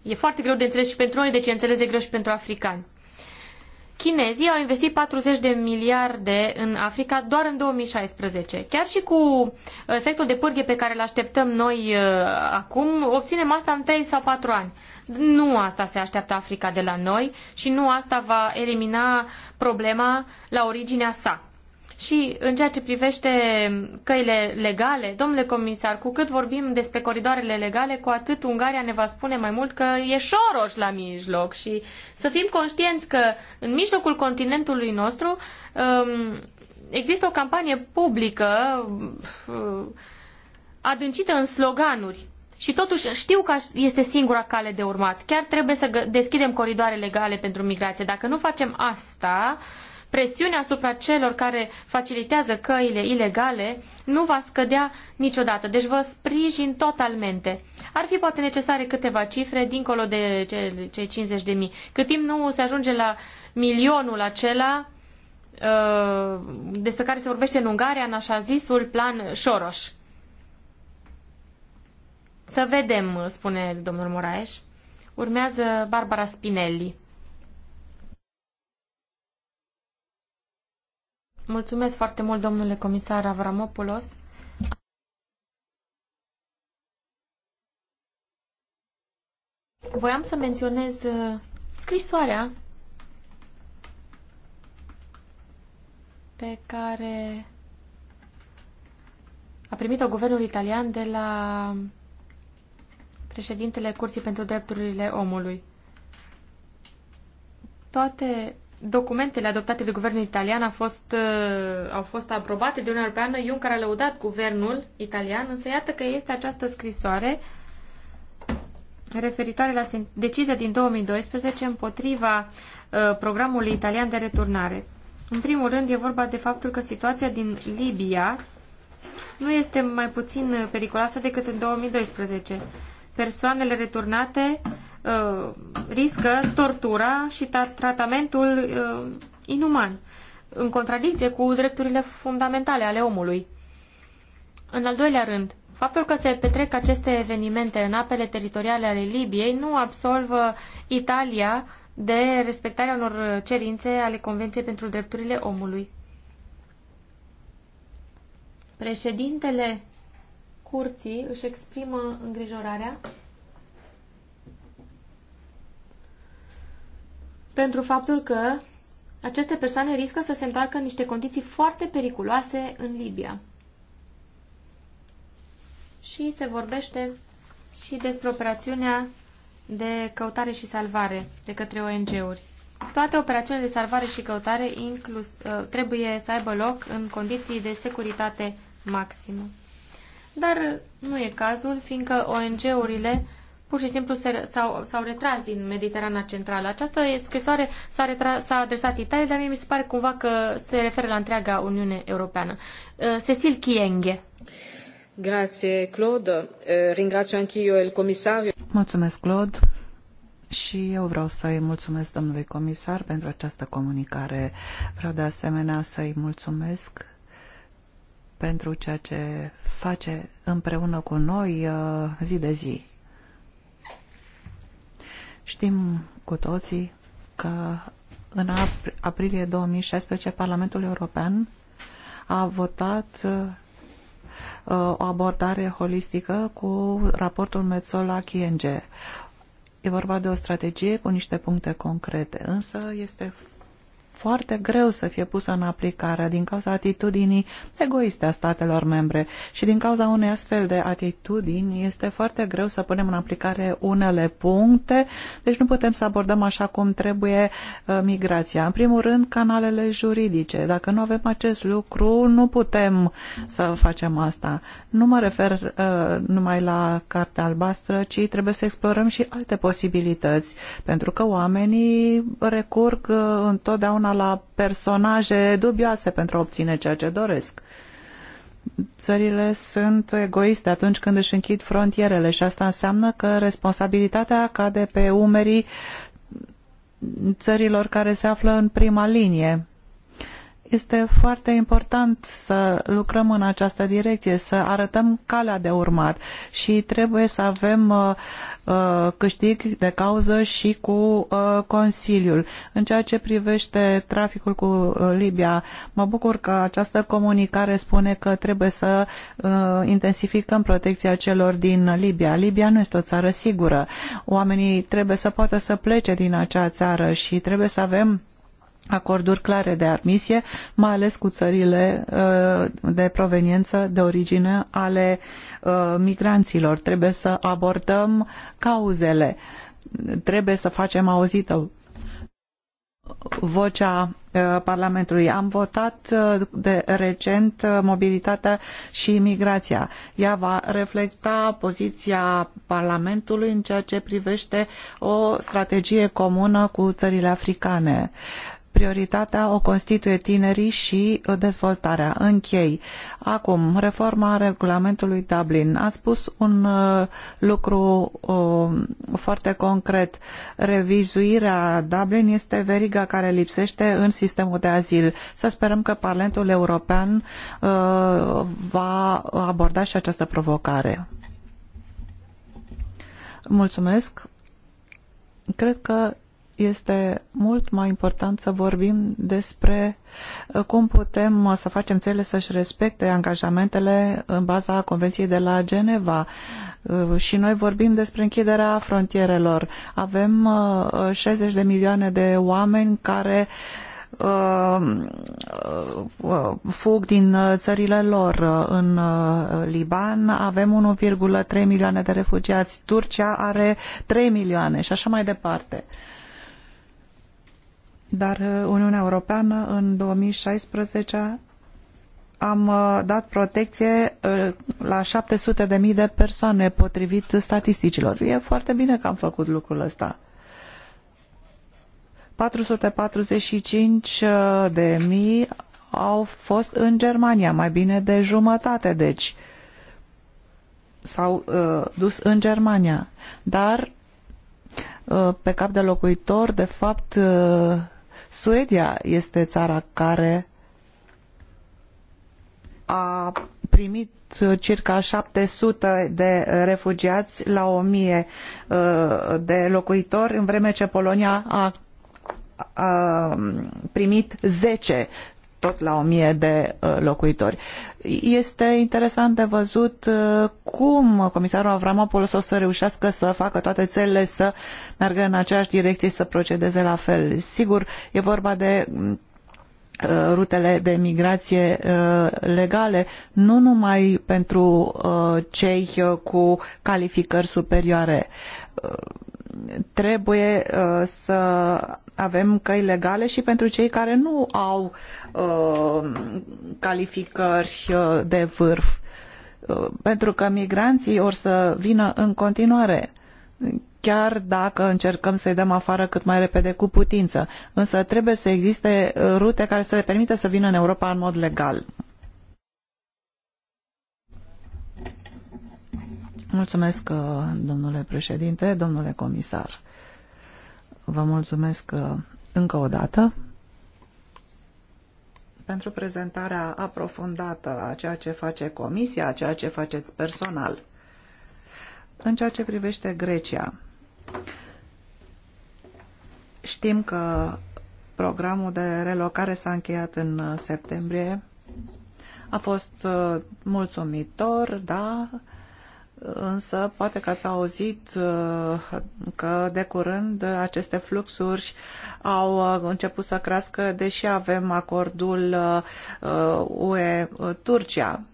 E foarte greu de înțeles și pentru noi, deci e înțeles de greu și pentru africani. Chinezii au investit 40 de miliarde în Africa doar în 2016. Chiar și cu uh, efectul de pârghie pe care îl așteptăm noi uh, acum, obținem asta în 3 sau 4 ani. Nu asta se așteaptă Africa de la noi și nu asta va elimina problema la originea sa. Și în ceea ce privește căile legale, domnule comisar, cu cât vorbim despre coridoarele legale, cu atât Ungaria ne va spune mai mult că e șoroș la mijloc și să fim conștienți că în mijlocul continentului nostru um, există o campanie publică uh, adâncită în sloganuri și totuși știu că este singura cale de urmat. Chiar trebuie să deschidem coridoare legale pentru migrație. Dacă nu facem asta, uh, presiunea asupra celor care facilitează căile ilegale nu va scădea niciodată. Deci vă sprijin totalmente. Ar fi poate necesare câteva cifre dincolo de cei 50 de mii. Cât timp nu se ajunge la milionul acela uh, despre care se vorbește în Ungaria, în așa zisul plan Soros. Să vedem, spune domnul Moraes. Urmează Barbara Spinelli. Mulțumesc foarte mult, domnule comisar Avramopoulos. Voiam să menționez uh, scrisoarea pe care a primit-o guvernul italian de la președintele Curții pentru Drepturile Omului. Toate documentele adoptate de guvernul italian au fost, uh, au fost aprobate de Uniunea Europeană. Juncker a lăudat guvernul italian, însă iată că este această scrisoare referitoare la decizia din 2012 împotriva uh, programului italian de returnare. În primul rând, e vorba de faptul că situația din Libia nu este mai puțin periculoasă decât în 2012. Persoanele returnate uh, Uh, riscă tortura și tratamentul uh, inuman, în contradicție cu drepturile fundamentale ale omului. În al doilea rând, faptul că se petrec aceste evenimente în apele teritoriale ale Libiei nu absolvă Italia de respectarea unor cerințe ale Convenției pentru Drepturile Omului. Președintele curții își exprimă îngrijorarea pentru faptul că aceste persoane riscă să se întoarcă în niște condiții foarte periculoase în Libia. Și se vorbește și despre operațiunea de căutare și salvare de către ONG-uri. Toate operațiunile de salvare și căutare inclus, ă, trebuie să aibă loc în condiții de securitate maximă. Dar nu e cazul, fiindcă ONG-urile pur și simplu s-au, retras din Mediterana Centrală. Această scrisoare s-a, retras, s-a adresat Italiei, dar mie mi se pare cumva că se referă la întreaga Uniune Europeană. Uh, Cecil Chienghe. Grazie, Claude. Uh, ringrazio anch'io il Comisar. Mulțumesc, Claude. Și eu vreau să-i mulțumesc domnului comisar pentru această comunicare. Vreau de asemenea să-i mulțumesc pentru ceea ce face împreună cu noi uh, zi de zi Știm cu toții că în aprilie 2016 Parlamentul European a votat uh, o abordare holistică cu raportul Metzola-Kienge. E vorba de o strategie cu niște puncte concrete, însă este foarte greu să fie pusă în aplicare din cauza atitudinii egoiste a statelor membre și din cauza unei astfel de atitudini este foarte greu să punem în aplicare unele puncte, deci nu putem să abordăm așa cum trebuie uh, migrația. În primul rând, canalele juridice. Dacă nu avem acest lucru, nu putem să facem asta. Nu mă refer uh, numai la cartea albastră, ci trebuie să explorăm și alte posibilități, pentru că oamenii recurg uh, întotdeauna întotdeauna la personaje dubioase pentru a obține ceea ce doresc. Țările sunt egoiste atunci când își închid frontierele și asta înseamnă că responsabilitatea cade pe umerii țărilor care se află în prima linie este foarte important să lucrăm în această direcție, să arătăm calea de urmat și trebuie să avem uh, uh câștig de cauză și cu uh, Consiliul. În ceea ce privește traficul cu uh, Libia, mă bucur că această comunicare spune că trebuie să uh, intensificăm protecția celor din Libia. Libia nu este o țară sigură. Oamenii trebuie să poată să plece din acea țară și trebuie să avem acorduri clare de admisie, mai ales cu țările uh, de proveniență, de origine ale uh, migranților. Trebuie să abordăm cauzele, trebuie să facem auzită vocea uh, Parlamentului. Am votat de recent mobilitatea și migrația. Ea va reflecta poziția Parlamentului în ceea ce privește o strategie comună cu țările africane prioritatea o constituie tinerii și uh, dezvoltarea. Închei. Acum, reforma regulamentului Dublin. A spus un uh, lucru uh, foarte concret. Revizuirea Dublin este veriga care lipsește în sistemul de azil. Să sperăm că Parlamentul European uh, va aborda și această provocare. Mulțumesc. Cred că este mult mai important să vorbim despre uh, cum putem uh, să facem țările să-și respecte angajamentele în baza Convenției de la Geneva. Uh, și noi vorbim despre închiderea frontierelor. Avem 60 de milioane de oameni care fug din țările lor în Liban, avem 1,3 milioane de refugiați, Turcia are 3 milioane și așa mai departe. Uh, dar uh, Uniunea Europeană în 2016 am uh, dat protecție uh, la 700.000 de persoane potrivit statisticilor. E foarte bine că am făcut lucrul ăsta. 445 de mii au fost în Germania, mai bine de jumătate, deci s-au uh, dus în Germania. Dar uh, pe cap de locuitor, de fapt, uh, Suedia este țara care a primit circa 700 de refugiați la 1000 uh, de locuitori, în vreme ce Polonia a, primit 10 tot la o mie de uh, locuitori. Este interesant de văzut uh, cum comisarul Avramopoulos o să reușească să facă toate țările să meargă în aceeași direcție și să procedeze la fel. Sigur, e vorba de mm, uh, rutele de migrație legale, nu numai pentru cei cu calificări superioare trebuie uh, să avem căi legale și pentru cei care nu au uh, calificări uh, de vârf. Pentru că migranții or să vină în continuare chiar dacă încercăm să-i dăm afară cât mai repede cu putință. Însă trebuie să existe rute care să le permită să vină în Europa în mod legal. Mulțumesc, uh, domnule președinte, domnule comisar. Vă mulțumesc uh, încă o dată pentru prezentarea aprofundată a ceea ce face Comisia, a ceea ce faceți personal. În ceea ce privește Grecia, știm că programul de relocare s-a încheiat în septembrie. A fost uh, mulțumitor, da, însă poate că ați auzit uh, că de curând aceste fluxuri au uh, început să crească, deși avem acordul UE-Turcia. Uh,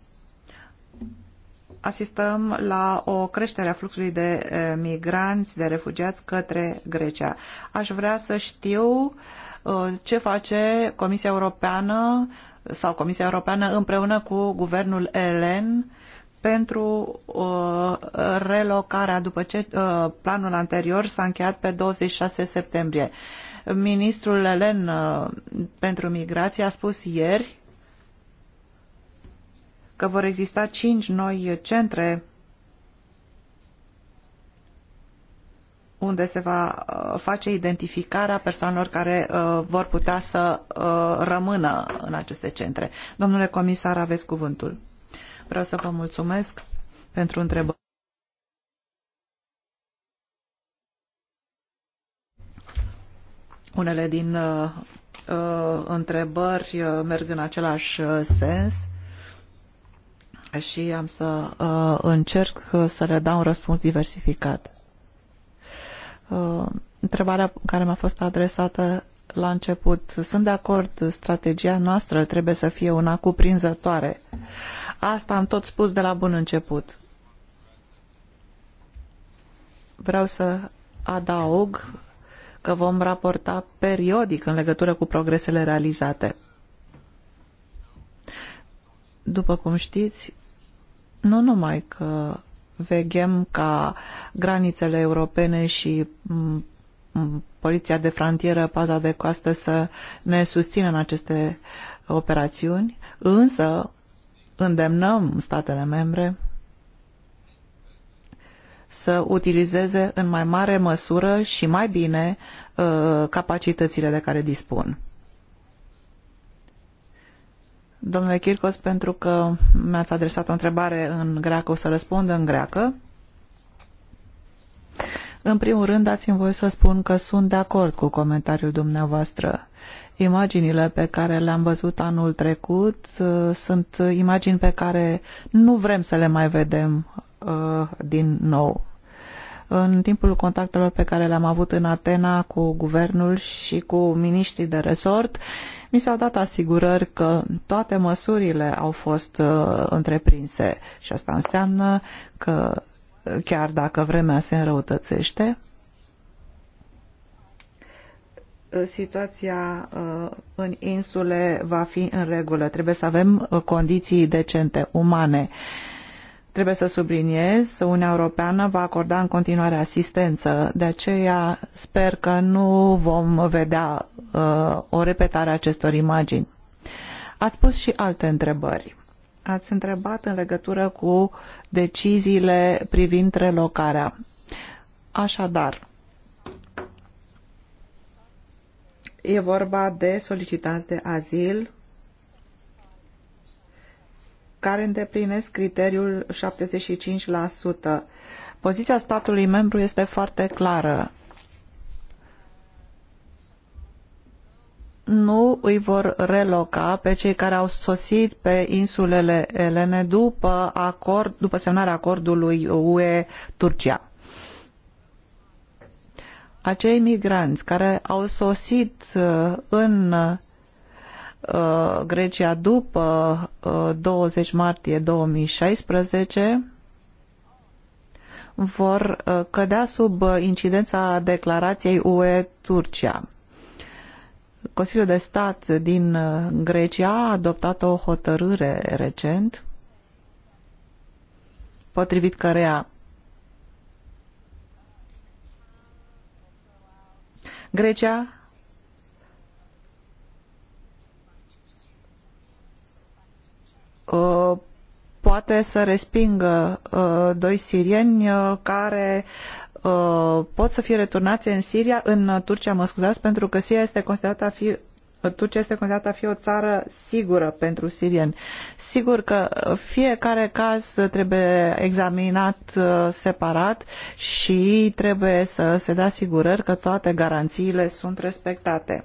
Asistăm la o creștere a fluxului de migranți, de refugiați către Grecia. Aș vrea să știu ce face Comisia Europeană sau Comisia Europeană împreună cu guvernul elen pentru uh, relocarea după ce uh, planul anterior s-a încheiat pe 26 septembrie. Ministrul Elen uh, pentru migrație a spus ieri că vor exista cinci noi centre unde se va uh, face identificarea persoanelor care uh, vor putea să uh, rămână în aceste centre. Domnule comisar, aveți cuvântul. Vreau să vă mulțumesc pentru întrebări. Unele din uh, uh întrebări uh, merg în același uh, sens și am să uh, încerc să le dau un răspuns diversificat. Uh, întrebarea care mi-a fost adresată la început. Sunt de acord, strategia noastră trebuie să fie una cuprinzătoare. Uh, Asta am tot spus de la bun început. Vreau să adaug că vom raporta periodic în legătură cu progresele realizate. După cum știți, nu numai că veghem ca granițele europene și poliția de frontieră, paza de coastă să ne susțină în aceste operațiuni, însă îndemnăm statele membre să utilizeze în mai mare măsură și mai bine uh, capacitățile de care dispun. Domnule Kirkos, pentru că mi-ați adresat o întrebare în greacă, o să răspund în greacă. În primul rând, dați-mi voie să spun că sunt de acord cu comentariul dumneavoastră Imaginile pe care le-am văzut anul trecut uh, sunt imagini pe care nu vrem să le mai vedem uh, din nou. În timpul contactelor pe care le-am avut în Atena cu guvernul și cu miniștrii de resort, mi s-au dat asigurări că toate măsurile au fost uh, întreprinse și asta înseamnă că chiar dacă vremea se înrăutățește, Uh, situația uh, în insule va fi în regulă. Trebuie să avem uh, condiții decente, umane. Trebuie să subliniez, Uniunea Europeană va acorda în continuare asistență, de aceea sper că nu vom vedea o repetare a acestor imagini. Ați pus și alte întrebări. Ați întrebat în legătură cu deciziile privind relocarea. Așadar, E vorba de solicitanți de azil care îndeplinesc criteriul 75%. Poziția statului membru este foarte clară. nu îi vor reloca pe cei care au sosit pe insulele Elene după, acord, după semnarea acordului UE-Turcia acei migranți care au sosit uh, în uh, Grecia după 20 uh, martie 2016 vor cădea sub incidența declarației UE-Turcia. Consiliul de Stat din Grecia a adoptat o hotărâre recent potrivit căreia Grecia uh, poate să respingă uh, doi sirieni uh, care pot să fie returnați în Siria, în Turcia, mă scuzați, pentru că Siria este considerată a fi Turcia este considerată a fi o țară sigură pentru sirieni. Sigur că fiecare caz trebuie examinat uh, separat și trebuie să se dea asigurări că toate garanțiile sunt respectate.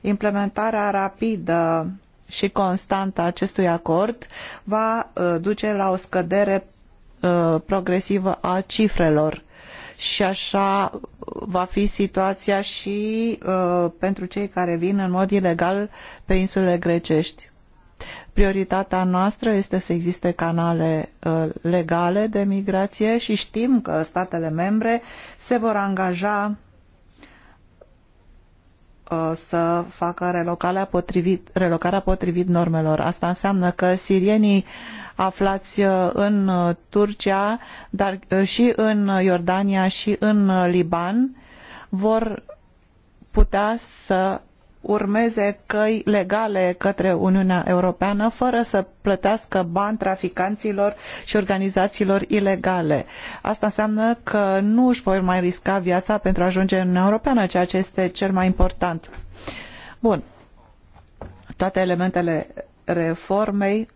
Implementarea rapidă și constantă a acestui acord va uh, duce la o scădere uh, progresivă a cifrelor și așa va fi situația și uh, pentru cei care vin în mod ilegal pe insulele grecești. Prioritatea noastră este să existe canale uh, legale de migrație și știm că statele membre se vor angaja uh, să facă relocarea potrivit, relocarea potrivit normelor. Asta înseamnă că sirienii uh, aflați uh, în uh, Turcia, dar uh, și în Iordania și în Liban, vor putea să urmeze căi legale către Uniunea Europeană fără să plătească bani traficanților și organizațiilor ilegale. Asta înseamnă că nu își vor mai risca viața pentru a ajunge în Uniunea Europeană, ceea ce este cel mai important. Bun. Toate elementele reformei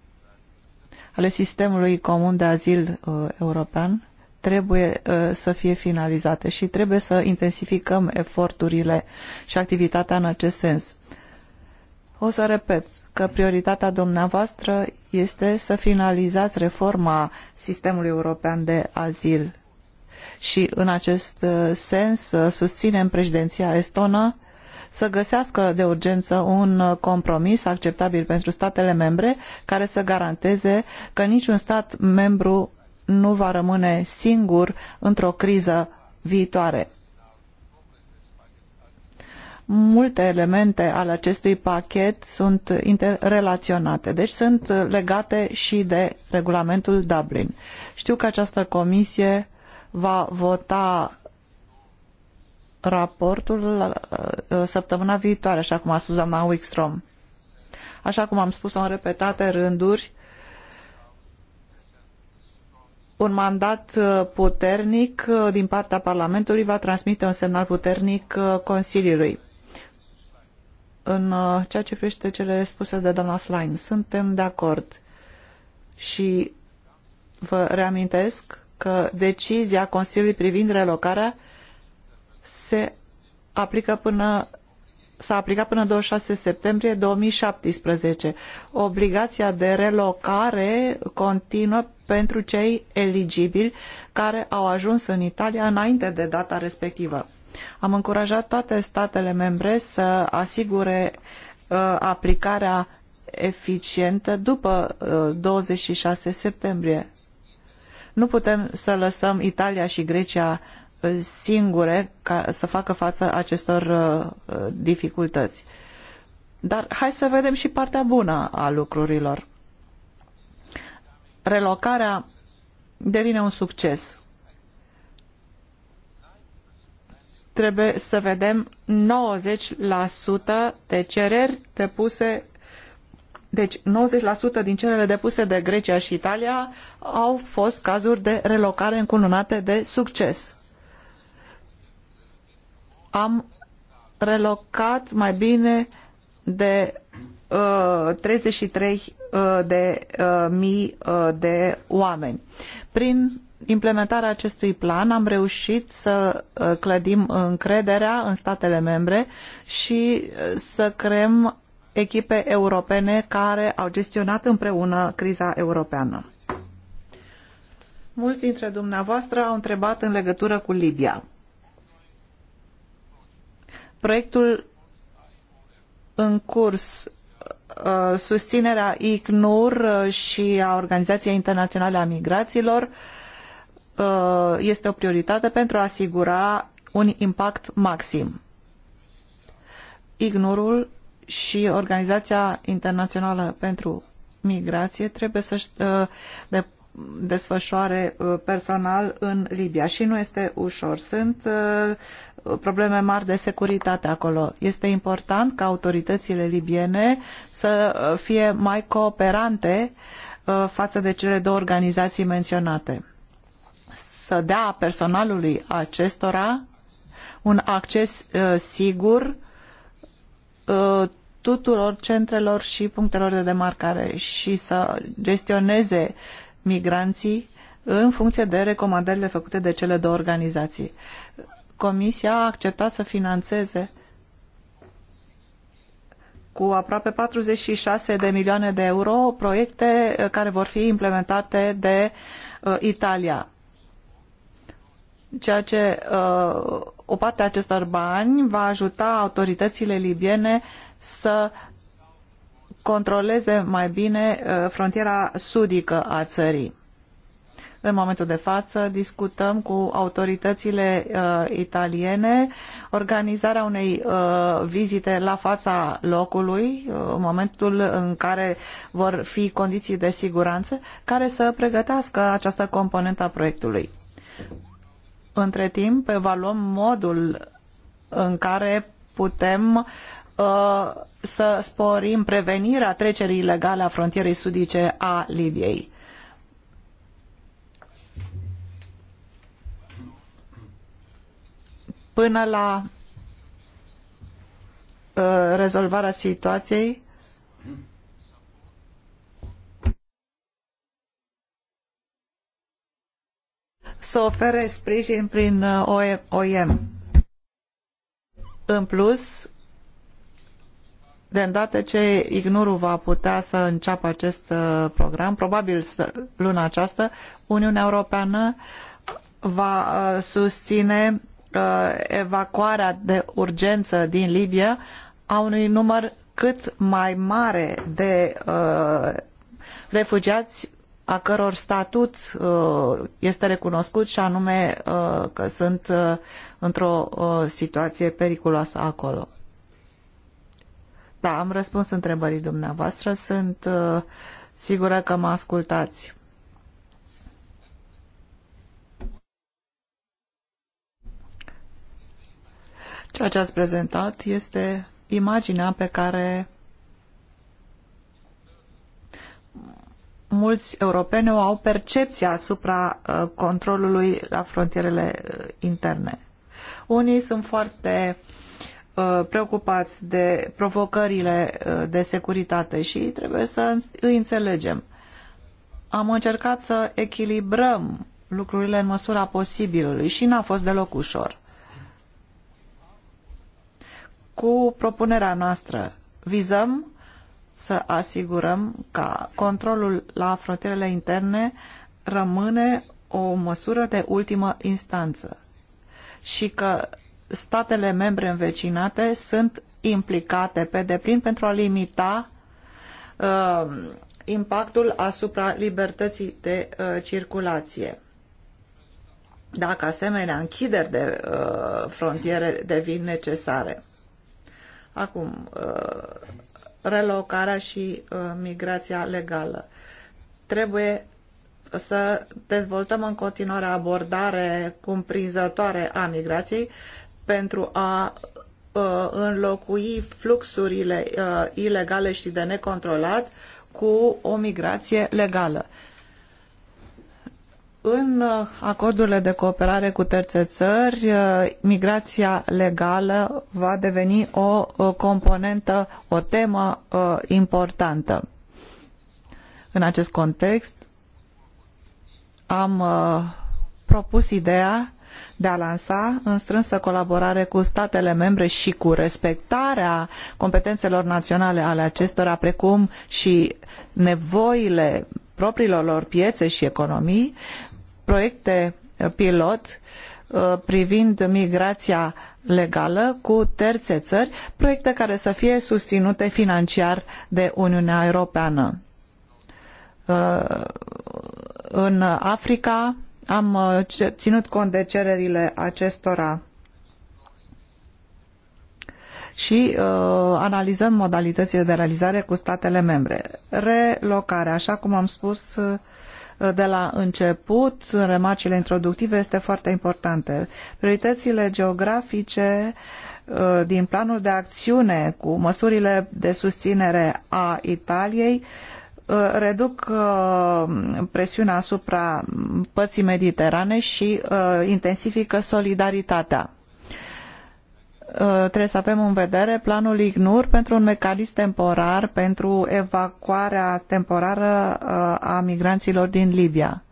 ale sistemului comun de azil uh, european trebuie uh, să fie finalizate și trebuie să intensificăm eforturile și activitatea în acest sens. O să repet că prioritatea dumneavoastră este să finalizați reforma sistemului european de azil și în acest uh, sens uh, susținem președinția estonă uh, să găsească de urgență un compromis acceptabil pentru statele membre care să garanteze că niciun stat membru nu va rămâne singur într-o criză viitoare. Multe elemente ale acestui pachet sunt interrelaționate, deci sunt legate și de regulamentul Dublin. Știu că această comisie va vota raportul uh, uh, săptămâna viitoare, așa cum a spus doamna Wickstrom. Așa cum am spus-o în repetate rânduri, un mandat uh, puternic din partea Parlamentului va transmite un semnal puternic Consiliului. În ceea ce privește cele spuse de doamna Slain, suntem de acord și vă reamintesc că decizia Consiliului privind relocarea se aplică până s-a aplicat până 26 septembrie 2017. Obligația de relocare continuă pentru cei eligibili care au ajuns în Italia înainte de data respectivă. Am încurajat toate statele membre să asigure uh, aplicarea eficientă după uh, 26 septembrie. Nu putem să lăsăm Italia și Grecia singure ca să facă față acestor uh, dificultăți. Dar hai să vedem și partea bună a lucrurilor. Relocarea devine un succes. Trebuie să vedem 90% de cereri depuse deci 90% din cerele depuse de Grecia și Italia au fost cazuri de relocare încununate de succes am relocat mai bine de uh, 33 uh, de uh, mii uh, de oameni. Prin implementarea acestui plan am reușit să uh, clădim încrederea în statele membre și uh, să creăm echipe europene care au gestionat împreună criza europeană. Mulți dintre dumneavoastră au întrebat în legătură cu Libia. Proiectul în curs, uh, susținerea ICNUR uh, și a Organizației Internaționale a Migrațiilor uh, este o prioritate pentru a asigura un impact maxim. IGNUR-ul și Organizația Internațională pentru Migrație trebuie să de, desfășoare personal în Libia și nu este ușor. Sunt probleme mari de securitate acolo. Este important ca autoritățile libiene să uh, fie mai cooperante uh, față de cele două organizații menționate. Să dea personalului acestora un acces uh, sigur tuturor centrelor și punctelor de demarcare și să gestioneze migranții în funcție de recomandările făcute de cele două organizații. Comisia a acceptat să financeze cu aproape 46 de milioane de euro proiecte eh, care vor fi implementate de uh, Italia. Ceea ce uh, o parte a acestor bani va ajuta autoritățile libiene să controleze mai bine uh, frontiera sudică a țării. În momentul de față discutăm cu autoritățile uh, italiene organizarea unei uh, vizite la fața locului uh, în momentul în care vor fi condiții de siguranță care să pregătească această componentă a proiectului. Între timp, evaluăm modul în care putem uh, să sporim prevenirea trecerii ilegale a frontierei sudice a Libiei. până la uh, rezolvarea situației să ofere sprijin prin uh, OIM. În plus, de îndată ce Ignorul va putea să înceapă acest uh, program, probabil luna aceasta, Uniunea Europeană va susține evacuarea de urgență din Libia a unui număr cât mai mare de uh, refugiați a căror statut uh, este recunoscut și anume uh, că sunt uh, într-o uh, situație periculoasă acolo. Da, am răspuns întrebării dumneavoastră. Sunt uh, sigură că mă ascultați. Ceea ce ați prezentat este imaginea pe care mulți europeni o au percepția asupra uh, controlului la frontierele uh, interne. Unii sunt foarte uh, preocupați de provocările de securitate și trebuie să îi înțelegem. Am încercat să echilibrăm lucrurile în măsura posibilului și n-a fost deloc ușor cu propunerea noastră. Vizăm să asigurăm ca controlul la frontierele interne rămâne o măsură de ultimă instanță și că statele membre învecinate sunt implicate pe deplin pentru a limita uh, impactul asupra libertății de uh, circulație. Dacă asemenea închideri de uh, frontiere devin necesare. Acum, uh, relocarea și uh, migrația legală. Trebuie să dezvoltăm în continuare abordare cumprinzătoare a migrației pentru a uh, înlocui fluxurile ilegale și de necontrolat cu o migrație legală. În acordurile de cooperare cu terțe țări, uh, migrația legală va deveni o uh, componentă, o temă uh, importantă. În acest context, am propus ideea de a lansa în strânsă colaborare cu statele membre și cu respectarea competențelor naționale ale acestora, precum și nevoile propriilor lor piețe și economii, proiecte uh, pilot uh, privind migrația legală cu terțe țări, proiecte care să fie susținute financiar de Uniunea Europeană. Uh, în Africa am ținut cont de cererile acestora și uh, analizăm modalitățile de realizare cu statele membre. Relocarea, așa cum am spus, de la început, în remarcile introductive, este foarte importantă. Prioritățile geografice uh, din planul de acțiune cu măsurile de susținere a Italiei uh, reduc uh, presiunea asupra părții mediterane și intensifică solidaritatea. Uh, trebuie să avem în vedere planul IGNUR pentru un mecanism temporar pentru evacuarea temporară uh, a migranților din Libia.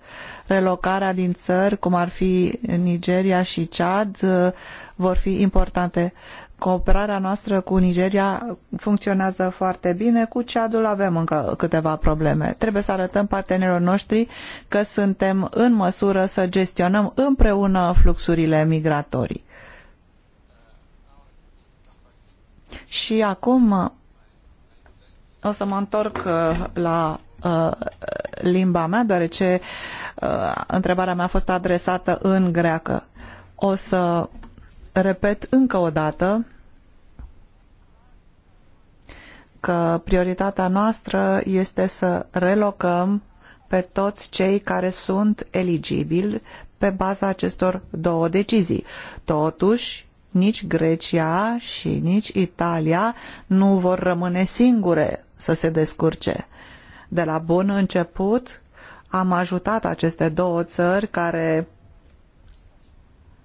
Relocarea din țări, cum ar fi Nigeria și Chad, uh, vor fi importante. Cooperarea noastră cu Nigeria funcționează foarte bine, cu Chadul avem încă câteva probleme. Trebuie să arătăm partenerilor noștri că suntem în măsură să gestionăm împreună fluxurile migratorii Și acum uh, o să mă întorc uh, la uh, limba mea, deoarece întrebarea mea a fost adresată în greacă. O să repet încă o dată că prioritatea noastră este să relocăm pe toți cei care sunt eligibili pe baza acestor două decizii. Totuși, nici Grecia și nici Italia nu vor rămâne singure să se descurce. De la bun început am ajutat aceste două țări care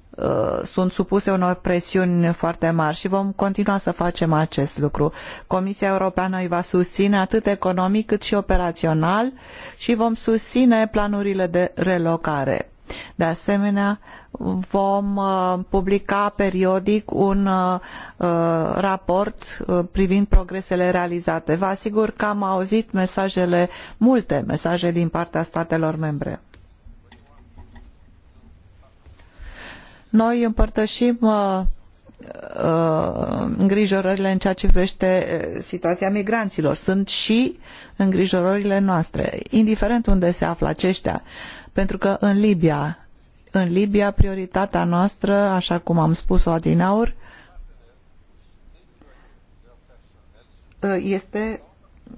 uh, sunt supuse unor presiuni foarte mari și vom continua să facem acest lucru. Comisia Europeană îi va susține atât economic cât și operațional și vom susține planurile de relocare. De asemenea, vom uh, publica periodic un uh, uh, raport privind progresele realizate. Vă asigur că am auzit mesajele, multe mesaje din partea statelor membre. Noi împărtășim îngrijorările în ceea ce privește situația migranților. Sunt și îngrijorările noastre, indiferent unde se află aceștia pentru că în Libia, în Libia prioritatea noastră, așa cum am spus-o adinaur, este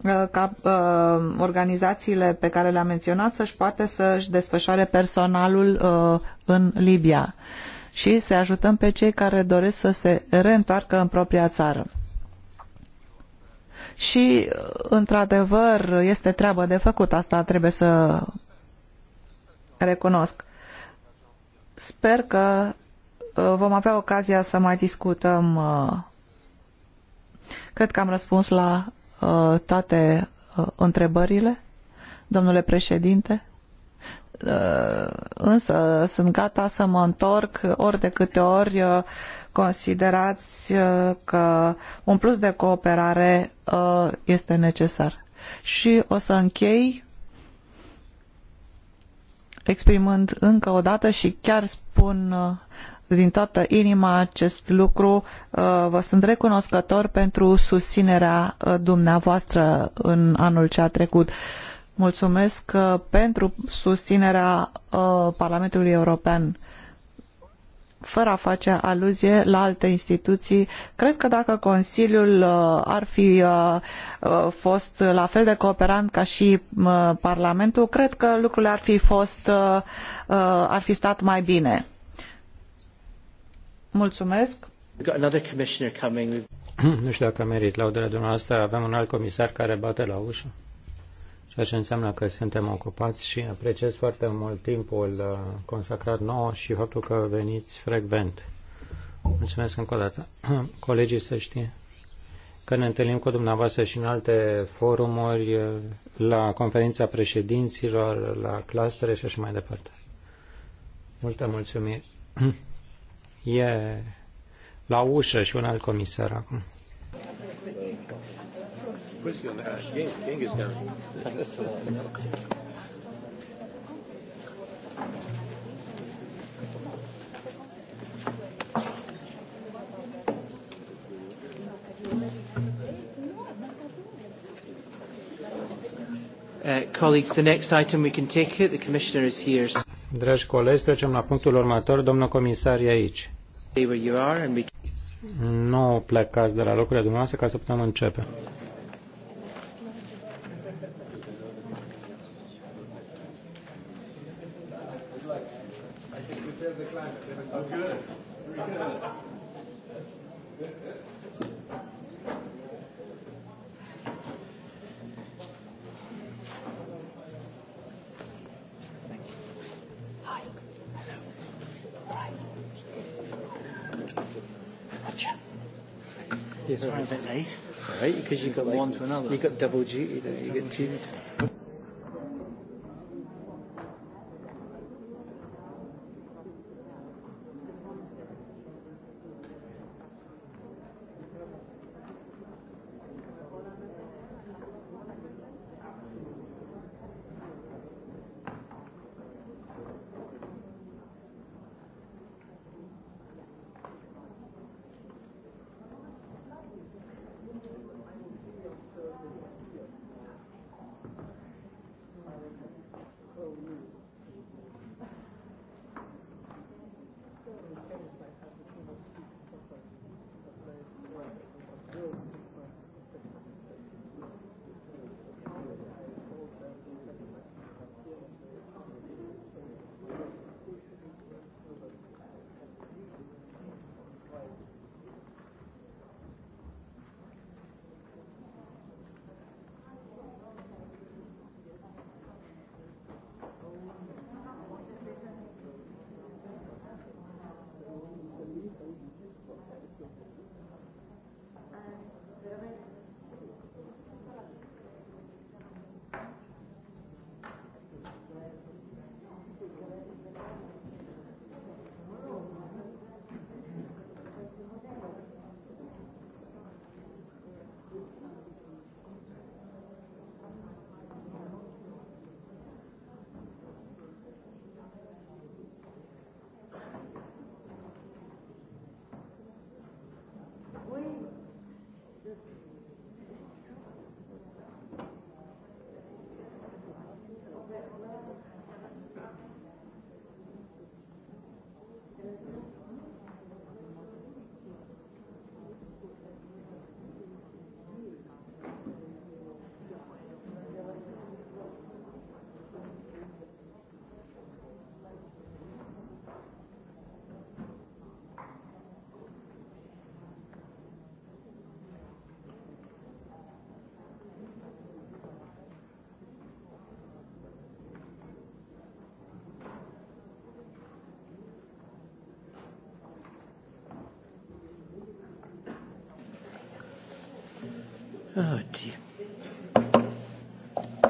uh, ca uh, organizațiile pe care le-am menționat să-și poate să-și desfășoare personalul uh, în Libia și să ajutăm pe cei care doresc să se reîntoarcă în propria țară. Și, uh, într-adevăr, este treabă de făcut, asta trebuie să recunosc. Sper că uh, vom avea ocazia să mai discutăm. Uh, cred că am răspuns la uh, toate întrebările, domnule președinte. Însă sunt gata să mă întorc ori de câte ori considerați că un plus de cooperare este necesar. Și o să închei exprimând încă o dată și chiar spun uh, din toată inima acest lucru. Uh, vă sunt recunoscător pentru susținerea uh, dumneavoastră în anul ce a trecut. Mulțumesc pentru susținerea Parlamentului European fără a face aluzie la alte instituții. Cred că dacă Consiliul uh, ar fi uh, uh, fost la fel de cooperant ca și Parlamentul, cred că lucrurile ar fi fost ar fi stat mai bine. Mulțumesc. Nu știu dacă merit laudele dumneavoastră. Avem un alt comisar care bate la ușă ceea ce înseamnă că suntem ocupați și apreciez foarte mult timpul uh, consacrat nou și faptul că veniți frecvent. Mulțumesc încă o dată. Colegii să știe că ne întâlnim cu dumneavoastră și în alte forumuri, uh, la conferința președinților, la clastere și așa mai departe. Multă mulțumire. E la ușă și un alt comisar acum question. Uh, is Thanks. colleagues, the next item we can take it. The commissioner is here. Dragi colegi, trecem la punctul următor. Domnul comisar e aici. Nu plecați de la locurile dumneavoastră ca să putem începe. right? Because you got like, one to another. You got double duty there. You get teams.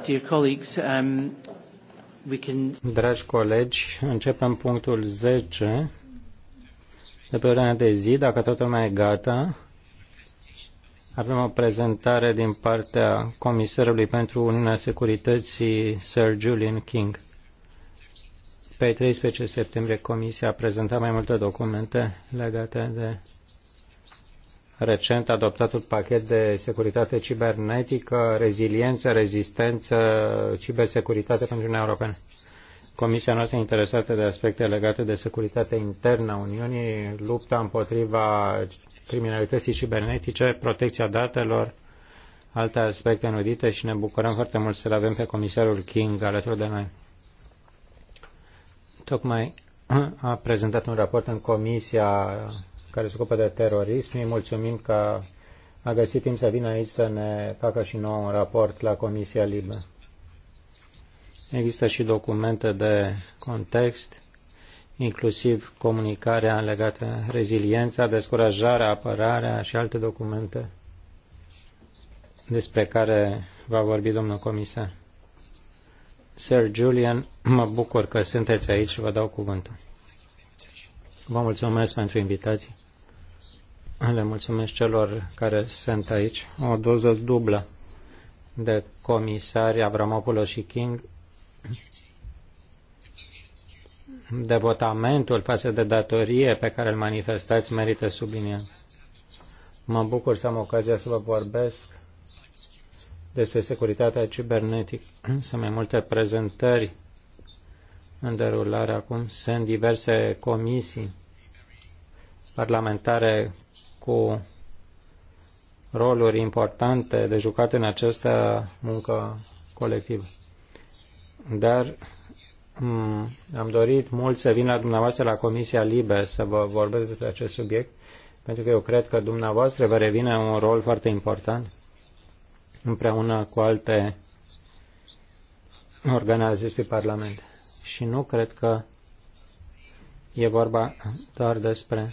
Um, Dragi colegi, începem punctul 10 de pe ordinea de zi, dacă toată lumea e gata. Avem o prezentare din partea Comisarului pentru Uniunea Securității, Sir Julian King. Pe 13 septembrie, Comisia a prezentat mai multe documente legate de recent adoptatul un pachet de securitate cibernetică, reziliență, rezistență, cibersecuritate pentru Uniunea Europeană. Comisia noastră interesată de aspecte legate de securitate internă a Uniunii, lupta împotriva criminalității cibernetice, protecția datelor, alte aspecte înudite și ne bucurăm foarte mult să-l avem pe comisarul King alături de noi. Tocmai a prezentat un raport în Comisia care se ocupă de terorism. Îi mulțumim că a găsit timp să vină aici să ne facă și nouă un raport la Comisia Libă. Există și documente de context, inclusiv comunicarea legată reziliența, descurajarea, apărarea și alte documente despre care va vorbi domnul comisar. Sir Julian, mă bucur că sunteți aici și vă dau cuvântul. Vă mulțumesc pentru invitații. Le mulțumesc celor care sunt aici. O doză dublă de comisari Avramopoulos și King. Devotamentul față de datorie pe care îl manifestați merită subliniat. Mă bucur să am ocazia să vă vorbesc despre securitatea cibernetică. Sunt mai multe prezentări în derulare acum. Sunt diverse comisii parlamentare cu roluri importante de jucat în această muncă colectivă. Dar mm, am dorit mult să vin la dumneavoastră la Comisia Libe să vă vorbesc despre acest subiect, pentru că eu cred că dumneavoastră vă revine un rol foarte important împreună cu alte organizații ale Parlament și nu cred că e vorba doar despre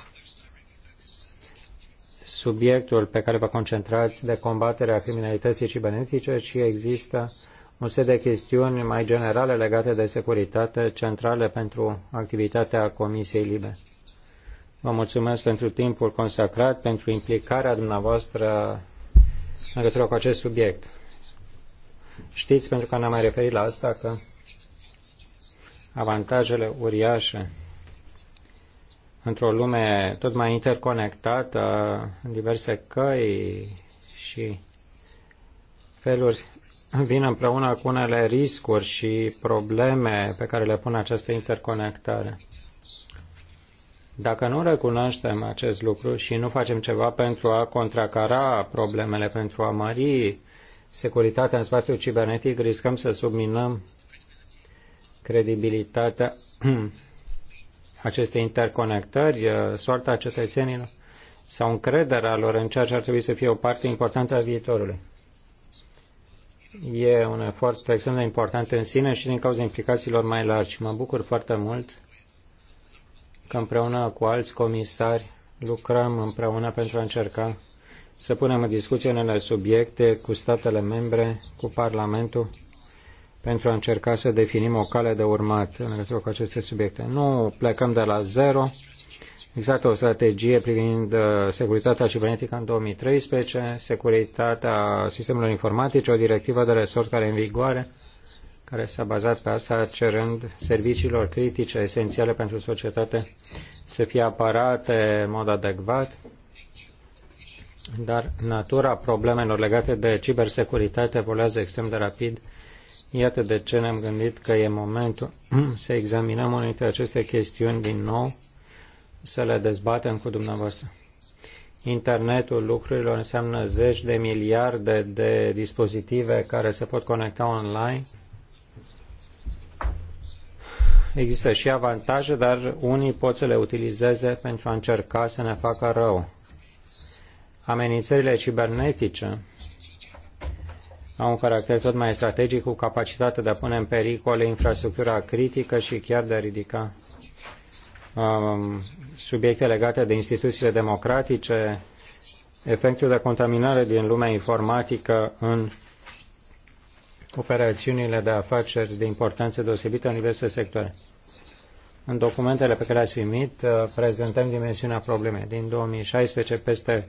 subiectul pe care vă concentrați de combaterea criminalității cibernetice, ci există un set de chestiuni mai generale legate de securitate centrale pentru activitatea Comisiei Libe. Vă mulțumesc pentru timpul consacrat, pentru implicarea dumneavoastră în legătură cu acest subiect. Știți, pentru că n am mai referit la asta, că avantajele uriașe într-o lume tot mai interconectată, în diverse căi și feluri, vin împreună cu unele riscuri și probleme pe care le pune această interconectare. Dacă nu recunoaștem acest lucru și nu facem ceva pentru a contracara problemele, pentru a mări securitatea în spațiul cibernetic, riscăm să subminăm credibilitatea acestei interconectări, uh, soarta cetățenilor sau încrederea lor în ceea ce ar trebui să fie o parte importantă a viitorului. E un efort extrem de important în sine și din cauza implicațiilor mai largi. Mă bucur foarte mult că împreună cu alți comisari lucrăm împreună pentru a încerca să punem în discuție unele subiecte cu statele membre, cu Parlamentul pentru a încerca să definim o cale de urmat în legătură cu aceste subiecte. Nu plecăm de la zero. Exact o strategie privind uh, securitatea cibernetică în 2013, securitatea sistemelor informatice, o directivă de resort care e în vigoare, care s-a bazat pe asta, cerând serviciilor critice esențiale pentru societate să fie aparate în mod adecvat, dar natura problemelor legate de cibersecuritate evoluează extrem de rapid Iată de ce ne-am gândit că e momentul să examinăm unele dintre aceste chestiuni din nou, să le dezbatem cu dumneavoastră. Internetul lucrurilor înseamnă zeci de miliarde de dispozitive care se pot conecta online. Există și avantaje, dar unii pot să le utilizeze pentru a încerca să ne facă rău. Amenințările cibernetice au un caracter tot mai strategic cu capacitatea de a pune în pericol infrastructura critică și chiar de a ridica um, subiecte legate de instituțiile democratice, efectul de contaminare din lumea informatică în operațiunile de afaceri de importanță deosebită în diverse sectoare. În documentele pe care le-ați primit, uh, prezentăm dimensiunea problemei. Din 2016, peste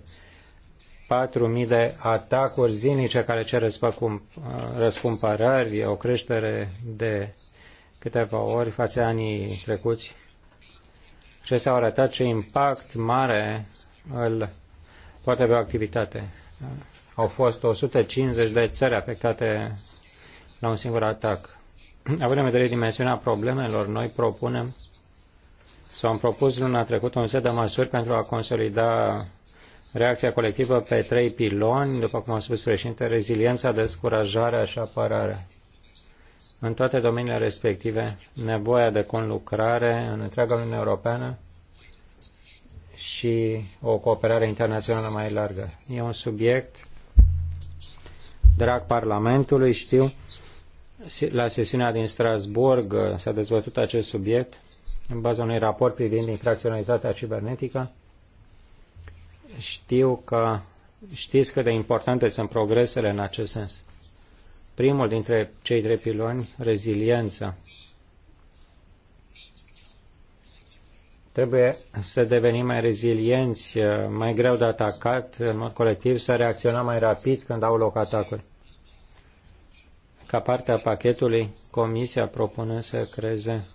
4.000 de atacuri zilnice care cer răscumpărări, o creștere de câteva ori față de anii trecuți. Acestea au arătat ce impact mare îl poate avea activitate. Au fost 150 de țări afectate la un singur atac. Având în vedere dimensiunea problemelor, noi propunem s-au propus luna trecută un set de măsuri pentru a consolida reacția colectivă pe trei piloni, după cum am spus președinte, reziliența, descurajarea și apărarea. În toate domeniile respective, nevoia de conlucrare în întreaga Uniune Europeană și o cooperare internațională mai largă. E un subiect drag Parlamentului, știu, la sesiunea din Strasburg uh, s-a dezbătut acest subiect în baza unui raport privind infracționalitatea cibernetică știu că știți cât de importante sunt progresele în acest sens. Primul dintre cei trei piloni, reziliența. Trebuie să devenim mai rezilienți, mai greu de atacat în mod colectiv, să reacționăm mai rapid când au loc atacuri. Ca parte a pachetului, Comisia propune să creeze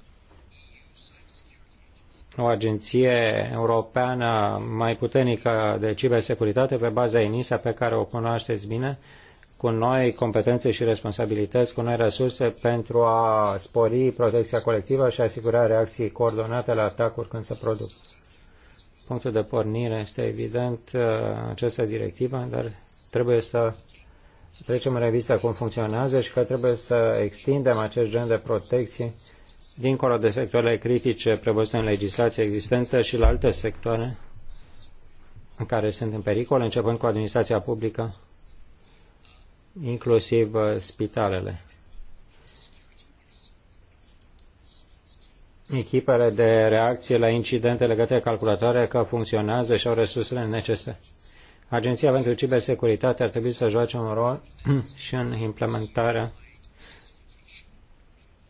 o agenție europeană mai puternică de cibersecuritate pe baza ENISA pe care o cunoașteți bine, cu noi competențe și responsabilități, cu noi resurse pentru a spori protecția colectivă și a asigura reacții coordonate la atacuri când se produc. Punctul de pornire este evident uh, această directivă, dar trebuie să trecem în revistă cum funcționează și că trebuie să extindem acest gen de protecție dincolo de sectoarele critice prevăzute în legislația existentă și la alte sectoare în care sunt în pericol, începând cu administrația publică, inclusiv uh, spitalele. Echipele de reacție la incidente legate de calculatoare că funcționează și au resursele necesare. Agenția pentru Cibersecuritate ar trebui să joace un rol și în implementarea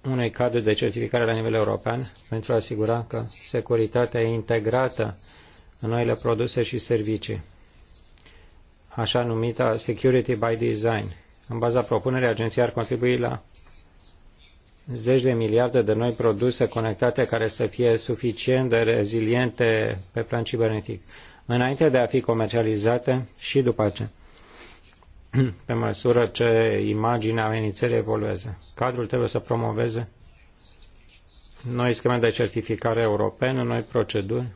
unui cadru de certificare la nivel european pentru a asigura că securitatea e integrată în noile produse și servicii, așa numita Security by Design. În baza propunerii, agenția ar contribui la zeci de miliarde de noi produse conectate care să fie suficient de reziliente pe plan cibernetic înainte de a fi comercializate și după aceea pe măsură ce imaginea amenințării evoluează. Cadrul trebuie să promoveze noi scheme de certificare europene, noi proceduri.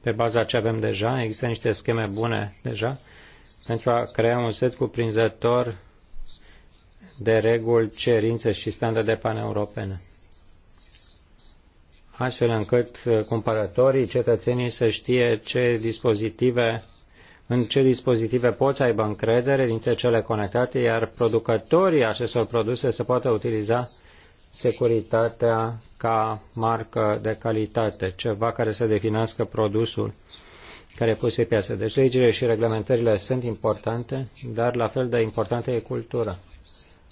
Pe baza ce avem deja, există niște scheme bune deja pentru a crea un set cuprinzător de reguli, cerințe și standarde paneuropene astfel încât uh, cumpărătorii, cetățenii să știe ce dispozitive, în ce dispozitive poți să aibă încredere dintre cele conectate, iar producătorii acestor produse să poată utiliza securitatea ca marcă de calitate, ceva care să definească produsul care e pus pe piață. Deci legile și reglementările sunt importante, dar la fel de importantă e cultura.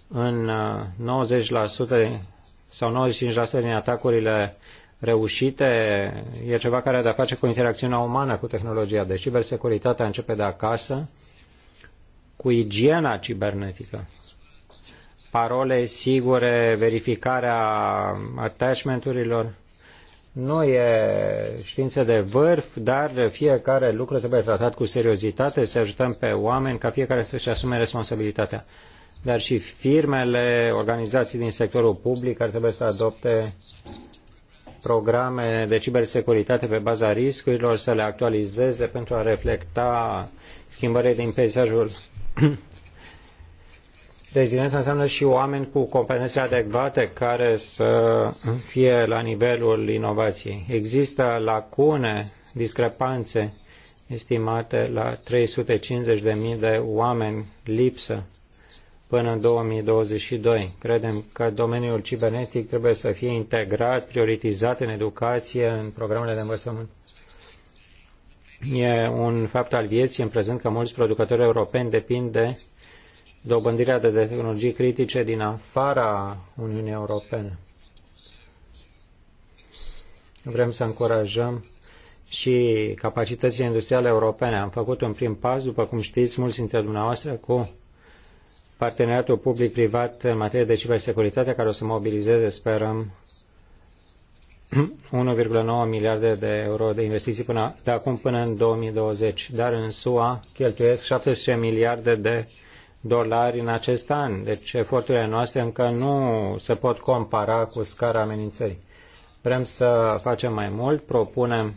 În 90% uh, sau 95% din atacurile reușite e ceva care are de-a face cu interacțiunea umană cu tehnologia. Deci cibersecuritatea începe de acasă cu igiena cibernetică. Parole sigure, verificarea attachmenturilor. Nu e știință de vârf, dar fiecare lucru trebuie tratat cu seriozitate, să ajutăm pe oameni ca fiecare să-și asume responsabilitatea. Dar și firmele, organizații din sectorul public ar trebui să adopte programe de cibersecuritate pe baza riscurilor, să le actualizeze pentru a reflecta schimbările din peisajul Reziliența înseamnă și oameni cu competențe adecvate care să fie la nivelul inovației. Există lacune, discrepanțe estimate la 350.000 de oameni lipsă până în 2022. Credem că domeniul cibernetic trebuie să fie integrat, prioritizat în educație, în programele de învățământ. E un fapt al vieții în prezent că mulți producători europeni depind de dobândirea de tehnologii critice din afara Uniunii Europene. Vrem să încurajăm și capacitățile industriale europene. Am făcut un prim pas, după cum știți, mulți dintre dumneavoastră, cu parteneriatul public-privat în materie de cibersecuritate, care o să mobilizeze, sperăm, 1,9 miliarde de euro de investiții până de acum până în 2020, dar în SUA cheltuiesc 17 miliarde de dolari în acest an. Deci eforturile noastre încă nu se pot compara cu scara amenințării. Vrem să facem mai mult, propunem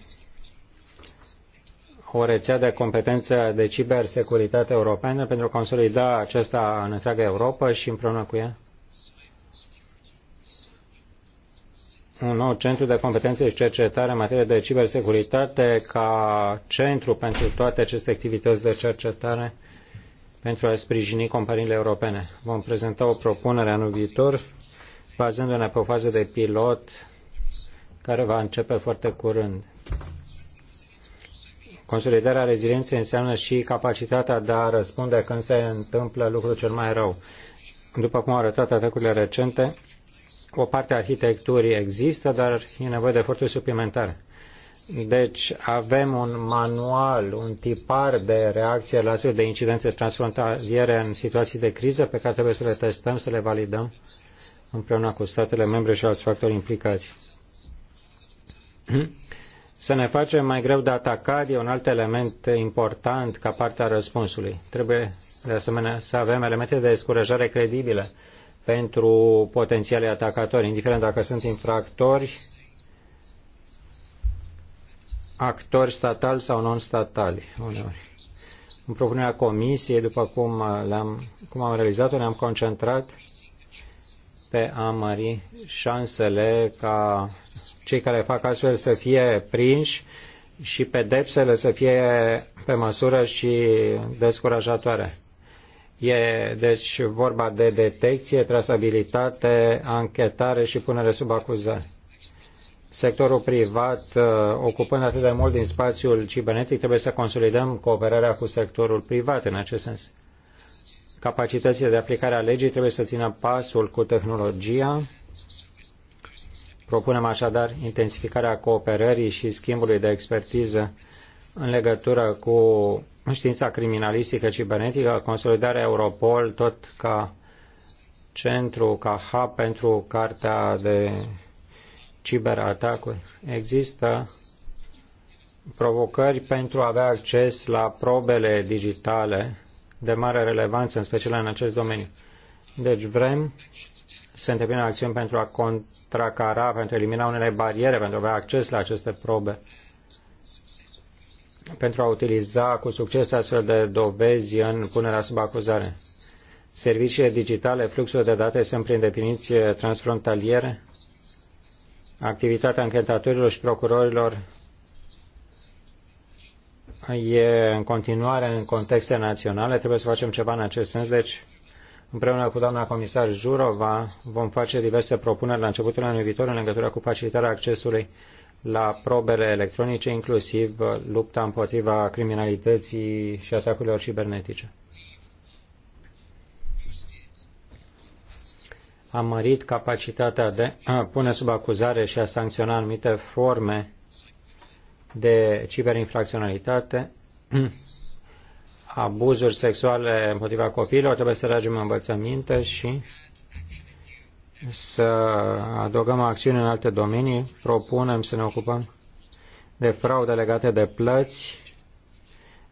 cu o rețea de competență de cibersecuritate europeană pentru a consolida acesta în întreaga Europa și împreună cu ea un nou centru de competențe și cercetare în materie de cibersecuritate ca centru pentru toate aceste activități de cercetare pentru a sprijini companiile europene. Vom prezenta o propunere anul viitor, bazându-ne pe o fază de pilot care va începe foarte curând. Consolidarea rezilienței înseamnă și capacitatea de a răspunde când se întâmplă lucrul cel mai rău. După cum au arătat atacurile recente, o parte a arhitecturii există, dar e nevoie de eforturi suplimentare. Deci avem un manual, un tipar de reacție la astfel de incidente transfrontaliere în situații de criză pe care trebuie să le testăm, să le validăm împreună cu statele membre și alți factori implicați. să ne facem mai greu de atacat e un alt element important ca parte a răspunsului. Trebuie, de asemenea, să avem elemente de descurajare credibile pentru potențialii atacatori, indiferent dacă sunt infractori, actori statali sau non-statali uneori. În propunerea comisiei, după cum, -am, cum am realizat-o, ne-am concentrat este a mări șansele ca cei care fac astfel să fie prinși și pedepsele să fie pe măsură și descurajatoare. E deci vorba de detecție, trasabilitate, anchetare și punere sub acuzare. Sectorul privat, uh, ocupând atât de mult din spațiul cibernetic, trebuie să consolidăm cooperarea cu sectorul privat în acest sens capacitățile de aplicare a legii trebuie să țină pasul cu tehnologia. Propunem așadar intensificarea cooperării și schimbului de expertiză în legătură cu știința criminalistică cibernetică, consolidarea Europol tot ca centru, ca hub pentru cartea de ciberatacuri. Există provocări pentru a avea acces la probele digitale de mare relevanță, în special în acest domeniu. Deci vrem să întreprindem acțiuni pentru a contracara, pentru a elimina unele bariere, pentru a avea acces la aceste probe, pentru a utiliza cu succes astfel de dovezi în punerea sub acuzare. Serviciile digitale, fluxul de date sunt prin definiție transfrontaliere. Activitatea închetatorilor și procurorilor e în continuare în contexte naționale, trebuie să facem ceva în acest sens, deci împreună cu doamna comisar Jurova vom face diverse propuneri la începutul anului viitor în legătură cu facilitarea accesului la probele electronice, inclusiv uh, lupta împotriva criminalității și atacurilor cibernetice. Am mărit capacitatea de a pune sub acuzare și a sancționa anumite forme de ciberinfracționalitate, abuzuri sexuale împotriva copiilor, trebuie să tragem învățăminte și să adăugăm acțiuni în alte domenii. Propunem să ne ocupăm de fraude legate de plăți,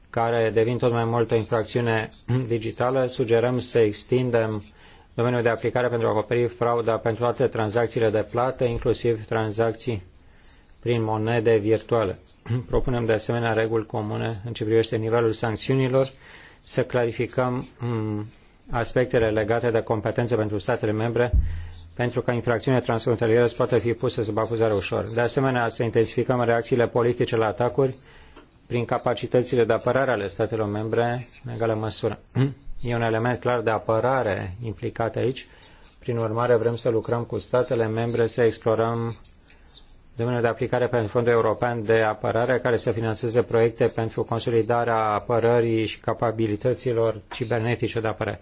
care devin tot mai mult o infracțiune digitală. Sugerăm să extindem domeniul de aplicare pentru a acoperi frauda pentru toate tranzacțiile de plată, inclusiv tranzacții prin monede virtuale. Propunem de asemenea reguli comune în ce privește nivelul sancțiunilor, să clarificăm mm, aspectele legate de competențe pentru statele membre pentru ca infracțiunea transfrontalieră să poată fi pusă sub acuzare ușor. De asemenea, să intensificăm reacțiile politice la atacuri prin capacitățile de apărare ale statelor membre în egală măsură. E un element clar de apărare implicat aici. Prin urmare, vrem să lucrăm cu statele membre să explorăm domeniul de aplicare pentru Fondul European de Apărare, care să finanțeze proiecte pentru consolidarea apărării și capabilităților cibernetice de apărare.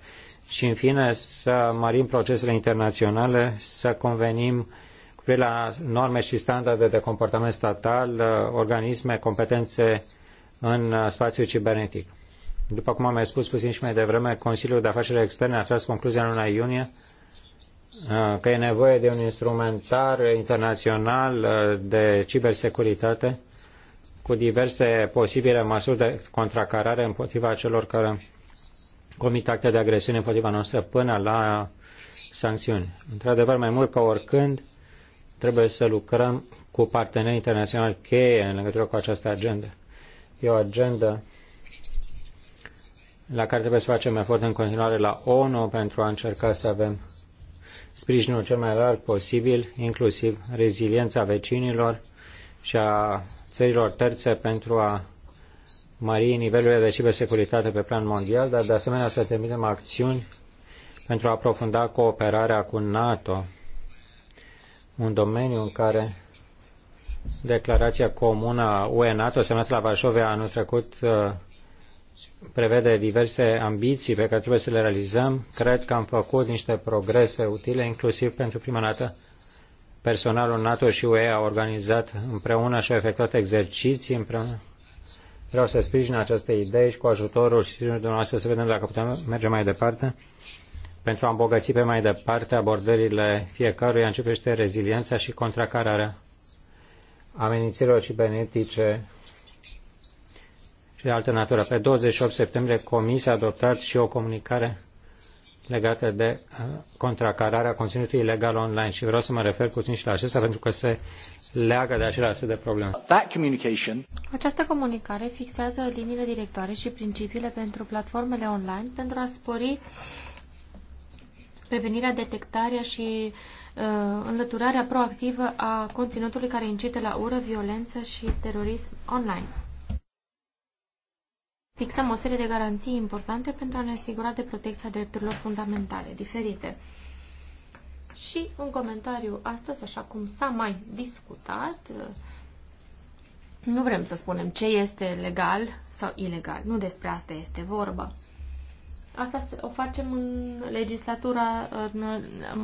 Și, în fine, să mărim procesele internaționale, să convenim cu la norme și standarde de comportament statal, organisme, competențe în spațiul cibernetic. După cum am mai spus puțin și mai devreme, Consiliul de Afaceri Externe a tras concluzia în luna iunie Ah, că e nevoie de un instrumentar internațional ah, de cibersecuritate cu diverse posibile măsuri de contracarare împotriva celor care comit acte de agresiune împotriva noastră până la sancțiuni. Într-adevăr, mai mult ca oricând, trebuie să lucrăm cu parteneri internaționali cheie în legătură cu această agendă. E o agendă la care trebuie să facem efort în continuare la ONU pentru a încerca să avem sprijinul cel mai larg posibil, inclusiv reziliența vecinilor și a țărilor terțe pentru a mări nivelurile de cibersecuritate pe plan mondial, dar de asemenea să terminăm acțiuni pentru a aprofunda cooperarea cu NATO, un domeniu în care declarația comună UE-NATO semnată la Varșovia anul trecut uh, prevede diverse ambiții pe care trebuie să le realizăm. Cred că am făcut niște progrese utile, inclusiv pentru prima dată personalul NATO și UE a organizat împreună și a efectuat exerciții împreună. Vreau să sprijin aceste idei și cu ajutorul și dumneavoastră să vedem dacă putem merge mai departe pentru a îmbogăți pe mai departe abordările fiecăruia începește reziliența și contracararea amenințărilor cibernetice și de altă natură. Pe 28 septembrie, Comisia a adoptat și o comunicare legată de uh, contracararea conținutului ilegal online și vreau să mă refer puțin și la acesta pentru că se leagă de același de probleme. Această comunicare fixează liniile directoare și principiile pentru platformele online pentru a spori prevenirea, detectarea și uh, înlăturarea proactivă a conținutului care incite la ură, violență și terorism online fixăm o serie de garanții importante pentru a ne asigura de protecția drepturilor fundamentale diferite. Și un comentariu astăzi, așa cum s-a mai discutat, nu vrem să spunem ce este legal sau ilegal, nu despre asta este vorba. Asta o facem în legislatura, în,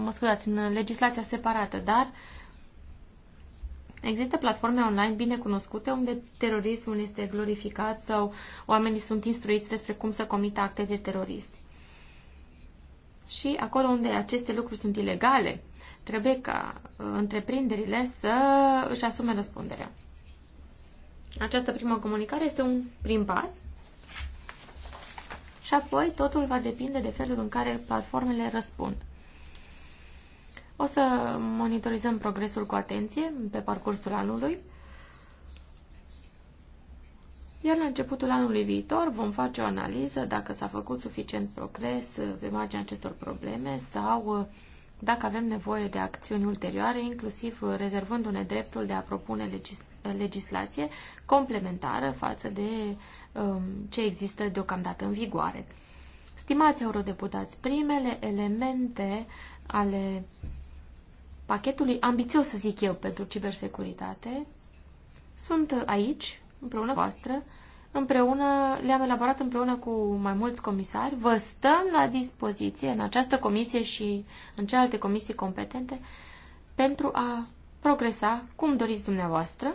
mă scuzați, în legislația separată, dar uh, Există platforme online bine cunoscute unde terorismul este glorificat sau oamenii sunt instruiți despre cum să comită acte de terorism. Și acolo unde aceste lucruri sunt ilegale, trebuie ca uh, întreprinderile să își asume răspunderea. Această primă comunicare este un prim pas și apoi totul va depinde de felul în care platformele răspund. O să monitorizăm progresul cu atenție pe parcursul anului. Iar la începutul anului viitor vom face o analiză dacă s-a făcut suficient progres pe marginea acestor probleme sau dacă avem nevoie de acțiuni ulterioare, inclusiv rezervându-ne dreptul de a propune legis legislație complementară față de um, ce există deocamdată în vigoare. Stimați eurodeputați, primele elemente ale pachetului ambițios, să zic eu, pentru cibersecuritate, sunt aici, împreună cu voastră, împreună, le-am elaborat împreună cu mai mulți comisari. Vă stăm la dispoziție în această comisie și în celelalte comisii competente pentru a progresa cum doriți dumneavoastră.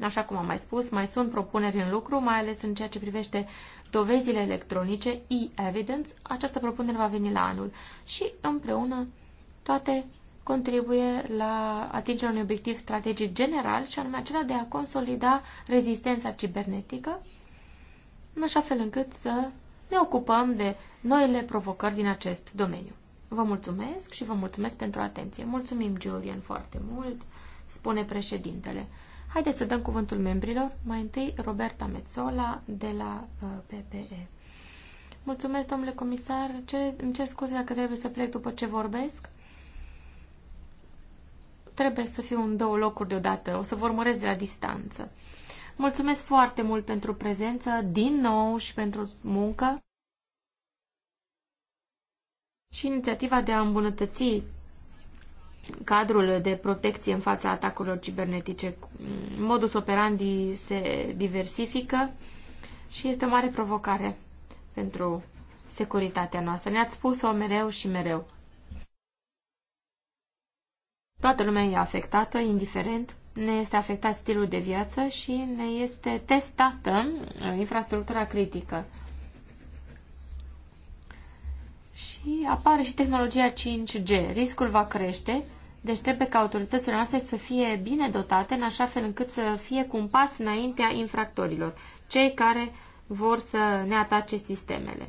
Așa cum am mai spus, mai sunt propuneri în lucru, mai ales în ceea ce privește dovezile electronice, e-evidence. Această propunere va veni la anul și împreună toate contribuie la atingerea unui obiectiv strategic general, și anume acela de a consolida rezistența cibernetică, în așa fel încât să ne ocupăm de noile provocări din acest domeniu. Vă mulțumesc și vă mulțumesc pentru atenție. Mulțumim, Julian, foarte mult, spune președintele. Haideți să dăm cuvântul membrilor. Mai întâi, Roberta Mezzola de la uh, PPE. Mulțumesc, domnule comisar. Ce, îmi cer scuze dacă trebuie să plec după ce vorbesc trebuie să fiu în două locuri deodată. O să vă urmăresc de la distanță. Mulțumesc foarte mult pentru prezență, din nou, și pentru muncă. Și inițiativa de a îmbunătăți cadrul de protecție în fața atacurilor cibernetice. Modus operandi se diversifică și este o mare provocare pentru securitatea noastră. Ne-ați spus-o mereu și mereu. Toată lumea e afectată, indiferent, ne este afectat stilul de viață și ne este testată uh, infrastructura critică. Și apare și tehnologia 5G. Riscul va crește, deci trebuie ca autoritățile noastre să fie bine dotate în așa fel încât să fie cu un pas înaintea infractorilor, cei care vor să ne atace sistemele.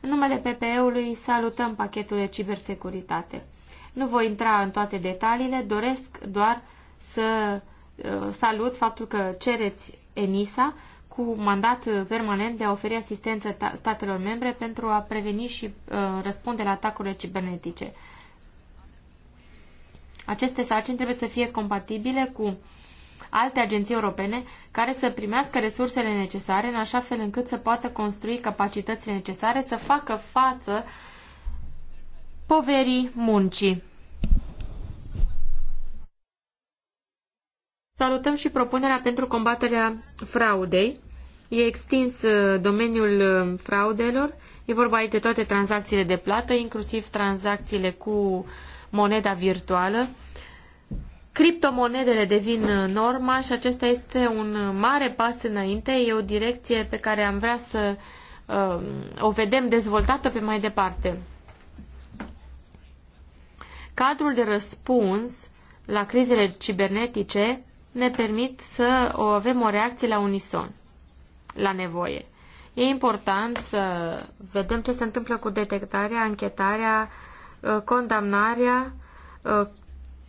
În numele PPE-ului salutăm pachetul de cibersecuritate. Nu voi intra în toate detaliile, doresc doar să uh, salut faptul că cereți ENISA cu mandat permanent de a oferi asistență statelor membre pentru a preveni și uh, răspunde la atacurile cibernetice. Aceste sarcini trebuie să fie compatibile cu alte agenții europene care să primească resursele necesare în așa fel încât să poată construi capacitățile necesare să facă față uh, poverii muncii. Salutăm și propunerea pentru combaterea fraudei. E extins uh, domeniul uh, fraudelor. E vorba aici de toate tranzacțiile de plată, inclusiv tranzacțiile cu moneda virtuală. Criptomonedele devin uh, norma și acesta este un mare pas înainte. E o direcție pe care am vrea să o vedem dezvoltată pe mai departe cadrul de răspuns la crizele cibernetice ne permit să o avem o reacție la unison, la nevoie. E important să vedem ce se întâmplă cu detectarea, anchetarea, ă, condamnarea ă,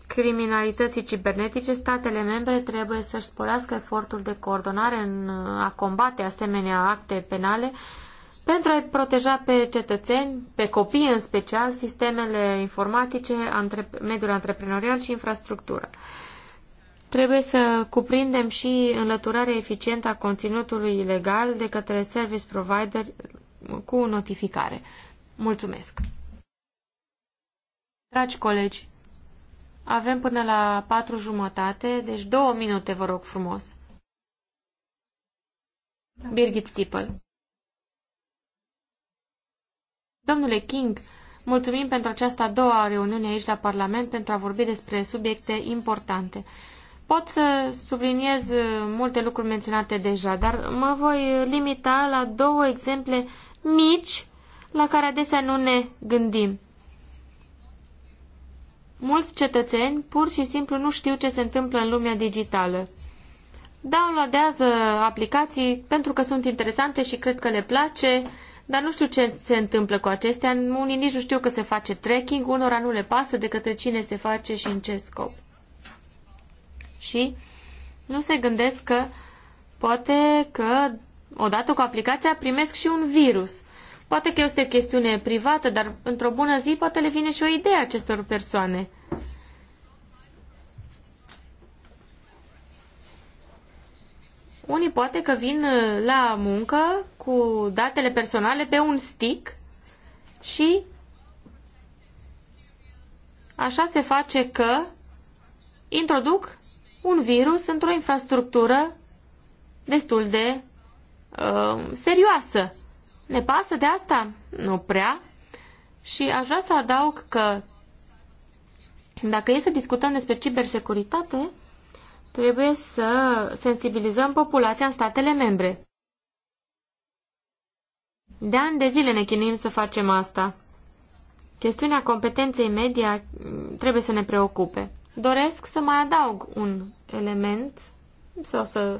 criminalității cibernetice. Statele membre trebuie să-și sporească efortul de coordonare în a combate asemenea acte penale pentru a-i proteja pe cetățeni, pe copii în special, sistemele informatice, antre, mediul antreprenorial și infrastructura. Trebuie să cuprindem și înlăturarea eficientă a conținutului ilegal de către service provider cu notificare. Mulțumesc! Dragi colegi, avem până la patru jumătate, deci două minute vă rog frumos. Birgit Stipel. Domnule King, mulțumim pentru această a doua reuniune aici la Parlament pentru a vorbi despre subiecte importante. Pot să subliniez multe lucruri menționate deja, dar mă voi limita la două exemple mici la care adesea nu ne gândim. Mulți cetățeni pur și simplu nu știu ce se întâmplă în lumea digitală. Downloadează aplicații pentru că sunt interesante și cred că le place, dar nu știu ce se întâmplă cu acestea. Unii nici nu știu că se face trekking, unora nu le pasă de către cine se face și în ce scop. Și nu se gândesc că poate că odată cu aplicația primesc și un virus. Poate că este o chestiune privată, dar într-o bună zi poate le vine și o idee acestor persoane. Unii poate că vin uh, la muncă cu datele personale pe un stick și așa se face că introduc un virus într-o infrastructură destul de uh, serioasă. Ne pasă de asta? Nu prea. Și aș vrea să adaug că dacă e să discutăm despre cibersecuritate, Trebuie să sensibilizăm populația în statele membre. De ani de zile ne chinuim să facem asta. Chestiunea competenței media trebuie să ne preocupe. Doresc să mai adaug un element sau să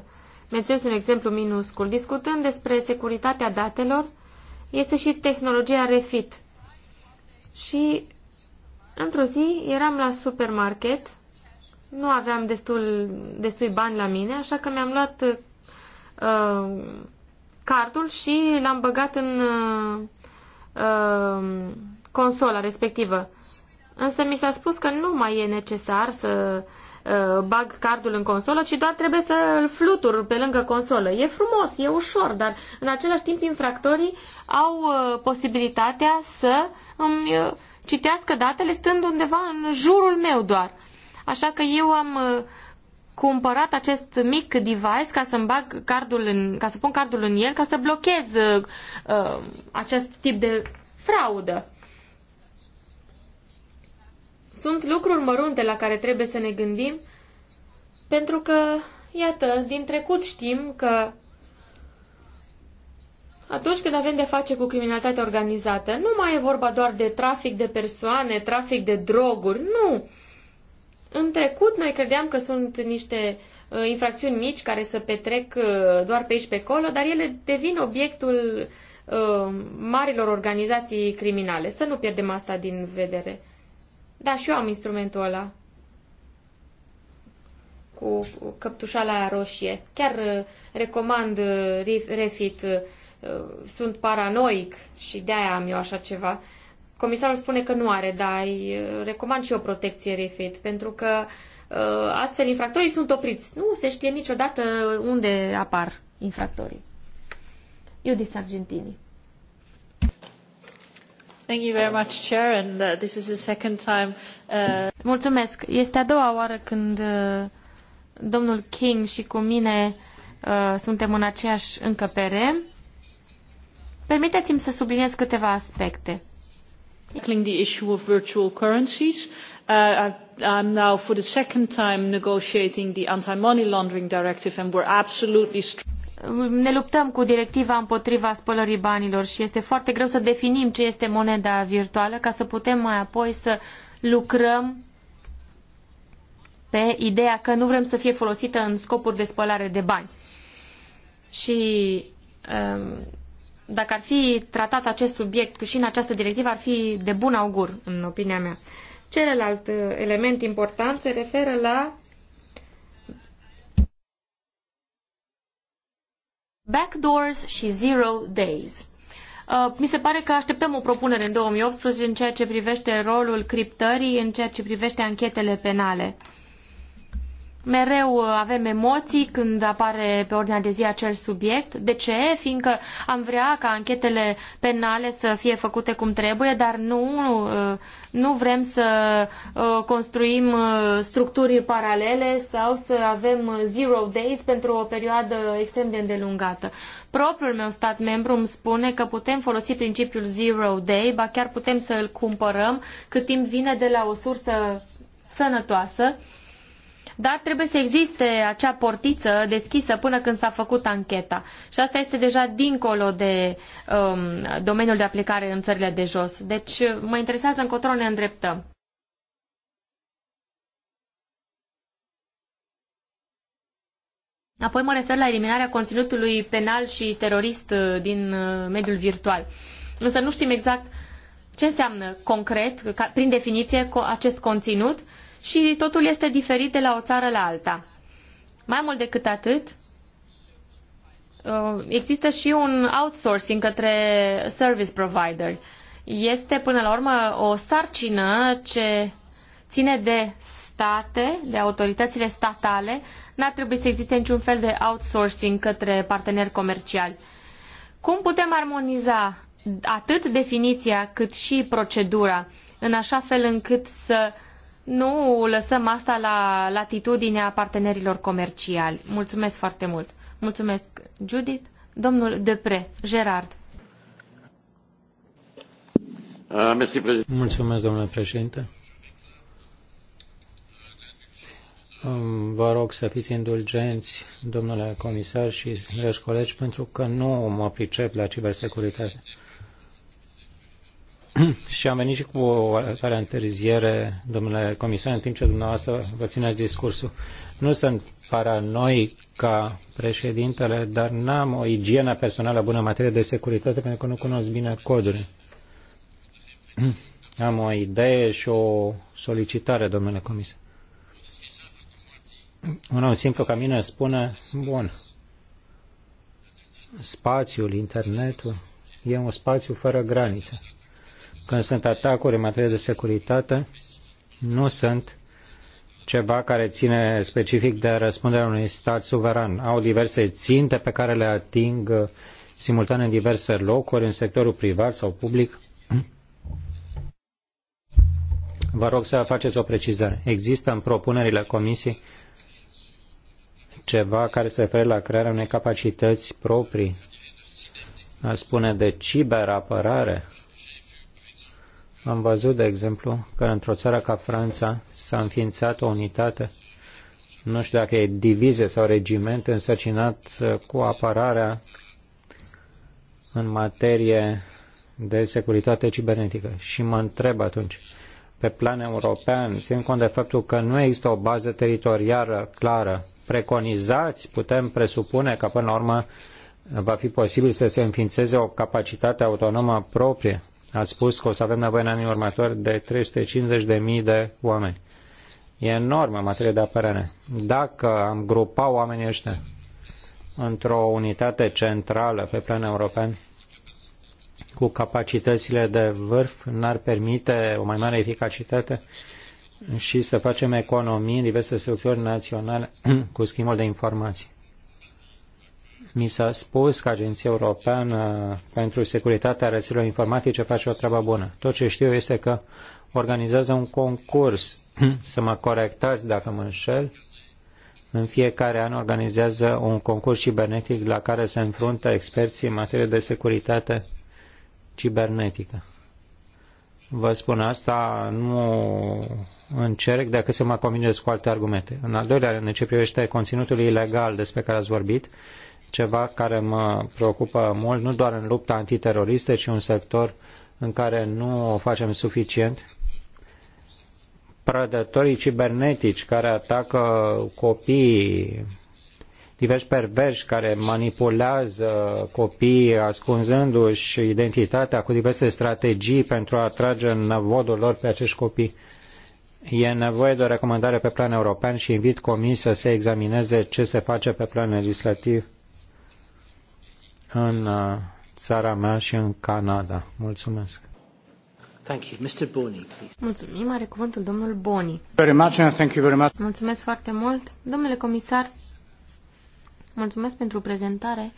menționez un exemplu minuscul. Discutând despre securitatea datelor, este și tehnologia refit. Și într-o zi eram la supermarket nu aveam destul, destui bani la mine, așa că mi-am luat uh, cardul și l-am băgat în uh, consola respectivă. Însă mi s-a spus că nu mai e necesar să uh, bag cardul în consolă, ci doar trebuie să îl flutur pe lângă consolă. E frumos, e ușor, dar în același timp infractorii au uh, posibilitatea să îmi uh, citească datele stând undeva în jurul meu doar așa că eu am uh, cumpărat acest mic device ca să-mi bag cardul în, ca să pun cardul în el, ca să blochez uh, uh, acest tip de fraudă. Sunt lucruri mărunte la care trebuie să ne gândim, pentru că, iată, din trecut știm că atunci când avem de face cu criminalitatea organizată, nu mai e vorba doar de trafic de persoane, trafic de droguri, nu! În trecut noi credeam că sunt niște uh, infracțiuni mici care se petrec uh, doar pe aici pe acolo, dar ele devin obiectul uh, marilor organizații criminale. Să nu pierdem asta din vedere. Da, și eu am instrumentul ăla cu căptușala roșie. Chiar recomand Refit. Sunt paranoic și de-aia am eu așa ceva. Comisarul spune că nu are, dar îi uh, recomand și o protecție refit, pentru că uh, astfel infractorii sunt opriți. Nu se știe niciodată unde apar infractorii. Judith Argentini. Thank you very much, Chair, and uh, this is the second time. Uh... Mulțumesc. Este a doua oară când uh, domnul King și cu mine uh, suntem în aceeași încăpere. Permiteți-mi să subliniez câteva aspecte. Tackling the issue of virtual currencies, uh, I'm now for the second time negotiating the anti-money laundering directive and we're absolutely ne luptăm cu directiva împotriva spălării banilor și este foarte greu să definim ce este moneda virtuală ca să putem mai apoi să lucrăm pe ideea că nu vrem să fie folosită în scopuri de spălare de bani. Și um, dacă ar fi tratat acest subiect și în această directivă, ar fi de bun augur, în opinia mea. Celălalt uh, element important se referă la backdoors și zero days. Uh, mi se pare că așteptăm o propunere în 2018 în ceea ce privește rolul criptării, în ceea ce privește anchetele penale. Mereu avem emoții când apare pe ordinea de zi acel subiect. De ce? Fiindcă am vrea ca anchetele penale să fie făcute cum trebuie, dar nu, uh, nu vrem să uh, construim uh, structuri paralele sau să avem zero days pentru o perioadă extrem de îndelungată. Propriul meu stat membru îmi spune că putem folosi principiul zero day, ba chiar putem să îl cumpărăm cât timp vine de la o sursă sănătoasă dar trebuie să existe acea portiță deschisă până când s-a făcut ancheta. Și asta este deja dincolo de um, domeniul de aplicare în țările de jos. Deci mă interesează încotro ne îndreptăm. Apoi mă refer la eliminarea conținutului penal și terorist uh, din uh, mediul virtual. Însă nu știm exact ce înseamnă concret, prin definiție, acest conținut și totul este diferit de la o țară la alta. Mai mult decât atât, uh, există și un outsourcing către service provider. Este până la urmă o sarcină ce ține de state, de autoritățile statale, n-ar trebui să existe niciun fel de outsourcing către parteneri comerciali. Cum putem armoniza atât definiția cât și procedura în așa fel încât să nu lăsăm asta la latitudinea partenerilor comerciali. Mulțumesc foarte mult. Mulțumesc, Judith. Domnul Depre, Gerard. Ah, Mulțumesc, domnule președinte. Vă rog să fiți indulgenți, domnule comisar și dragi colegi, pentru că nu mă pricep la cibersecuritate. și am venit și cu o oarecare întârziere, domnule comisar, în timp ce dumneavoastră vă țineți discursul. Nu sunt paranoi ca președintele, dar n-am o igienă personală bună în materie de securitate pentru că nu cunosc bine codurile. Am o idee și o solicitare, domnule comisar. Un om simplu ca mine spune, bun, spațiul, internetul, e un spațiu fără granițe când sunt atacuri în materie de securitate, nu sunt ceva care ține specific de răspunderea unui stat suveran. Au diverse ținte pe care le ating uh, simultan în diverse locuri, în sectorul privat sau public. Vă rog să faceți o precizare. Există în propunerile comisiei ceva care se referă la crearea unei capacități proprii, a spune de ciberapărare, am văzut, de exemplu, că într-o țară ca Franța s-a înființat o unitate, nu știu dacă e divize sau regiment, însărcinat uh, cu apărarea în materie de securitate cibernetică. Și mă întreb atunci, pe plan european, ținând cont de faptul că nu există o bază teritorială clară, preconizați, putem presupune că până la urmă va fi posibil să se înființeze o capacitate autonomă proprie Ați spus că o să avem nevoie în anii următori de 350.000 de oameni. E enormă materie de apărare. Dacă am grupa oamenii ăștia într-o unitate centrală pe plan european, cu capacitățile de vârf, n-ar permite o mai mare eficacitate și să facem economii în diverse structuri naționale cu schimbul de informații mi s-a spus că Agenția Europeană pentru Securitatea Rețelelor Informatice face o treabă bună. Tot ce știu este că organizează un concurs, să mă corectați dacă mă înșel, în fiecare an organizează un concurs cibernetic la care se înfruntă experții în materie de securitate cibernetică. Vă spun asta, nu încerc dacă să mă convingeți cu alte argumente. În al doilea rând, în ce privește conținutul ilegal despre care ați vorbit, ceva care mă preocupă mult, nu doar în lupta antiteroristă, ci un sector în care nu o facem suficient. Prădătorii cibernetici care atacă copiii, diversi perverși care manipulează copiii ascunzându-și identitatea cu diverse strategii pentru a atrage în năvodul lor pe acești copii. E nevoie de o recomandare pe plan european și invit Comisia să examineze ce se face pe plan legislativ în uh, țara mea și în Canada. Mulțumesc. Thank you. Mr. Boni, please. Mulțumim, are cuvântul domnul Boni. Very much and thank you very much. Mulțumesc foarte mult. Domnule comisar, mulțumesc pentru prezentare.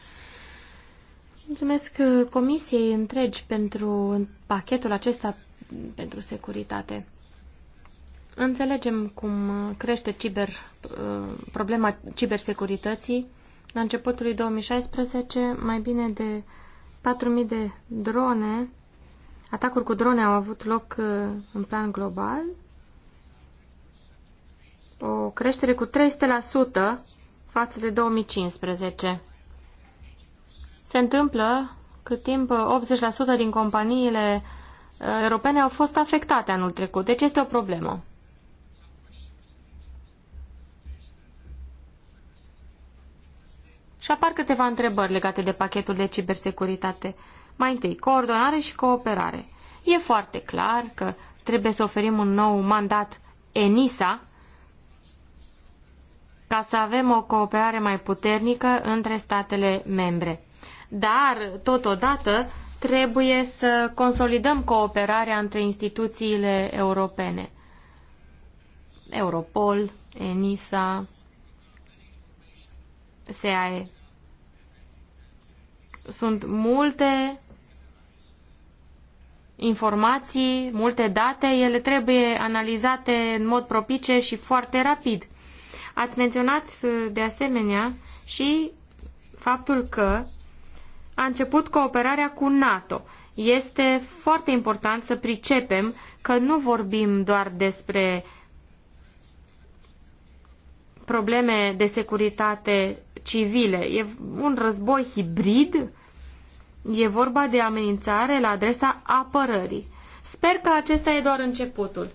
Mulțumesc uh, Comisiei întregi pentru pachetul acesta pentru securitate. Înțelegem cum uh, crește ciber, problema cibersecurității la începutul lui 2016, mai bine de 4.000 de drone, atacuri cu drone au avut loc uh, în plan global, o creștere cu 300% față de 2015. Se întâmplă cât timp 80% uh, din companiile uh, europene au fost afectate anul trecut, deci este o problemă. Și apar câteva întrebări legate de pachetul de cibersecuritate. Mai întâi, coordonare și cooperare. E foarte clar că trebuie să oferim un nou mandat ENISA ca să avem o cooperare mai puternică între statele membre. Dar, totodată, trebuie să consolidăm cooperarea între instituțiile europene. Europol, ENISA, SAE. Sunt multe informații, multe date, ele trebuie analizate în mod propice și foarte rapid. Ați menționat de asemenea și faptul că a început cooperarea cu NATO. Este foarte important să pricepem că nu vorbim doar despre probleme de securitate civile. E un război hibrid, e vorba de amenințare la adresa apărării. Sper că acesta e doar începutul.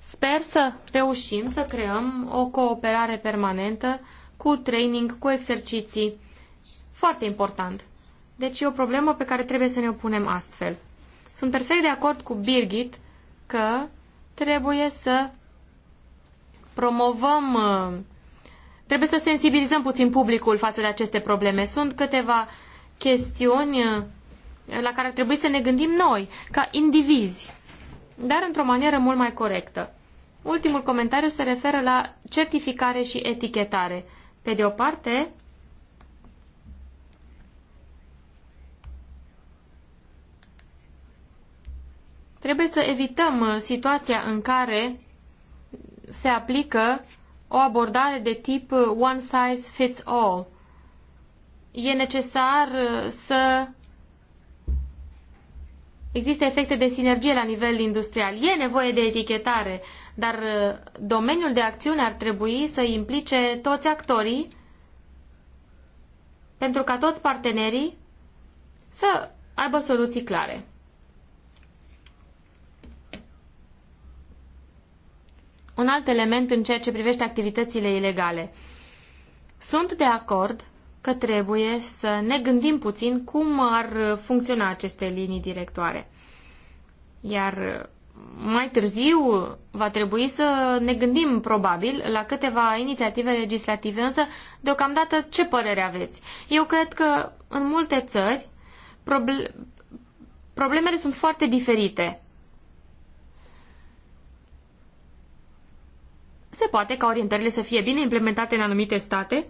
Sper să reușim să creăm o cooperare permanentă cu training, cu exerciții. Foarte important. Deci e o problemă pe care trebuie să ne opunem astfel. Sunt perfect de acord cu Birgit că trebuie să promovăm uh, Trebuie să sensibilizăm puțin publicul față de aceste probleme. Sunt câteva chestiuni uh, la care ar trebui să ne gândim noi, ca indivizi, dar într-o manieră mult mai corectă. Ultimul comentariu se referă la certificare și etichetare. Pe de o parte, trebuie să evităm uh, situația în care se aplică o abordare de tip uh, one size fits all. E necesar uh, să există efecte de sinergie la nivel industrial. E nevoie de etichetare, dar uh, domeniul de acțiune ar trebui să implice toți actorii pentru ca toți partenerii să aibă soluții clare. un alt element în ceea ce privește activitățile ilegale. Sunt de acord că trebuie să ne gândim puțin cum ar funcționa aceste linii directoare. Iar mai târziu va trebui să ne gândim probabil la câteva inițiative legislative, însă deocamdată ce părere aveți? Eu cred că în multe țări proble- problemele sunt foarte diferite. se poate ca orientările să fie bine implementate în anumite state,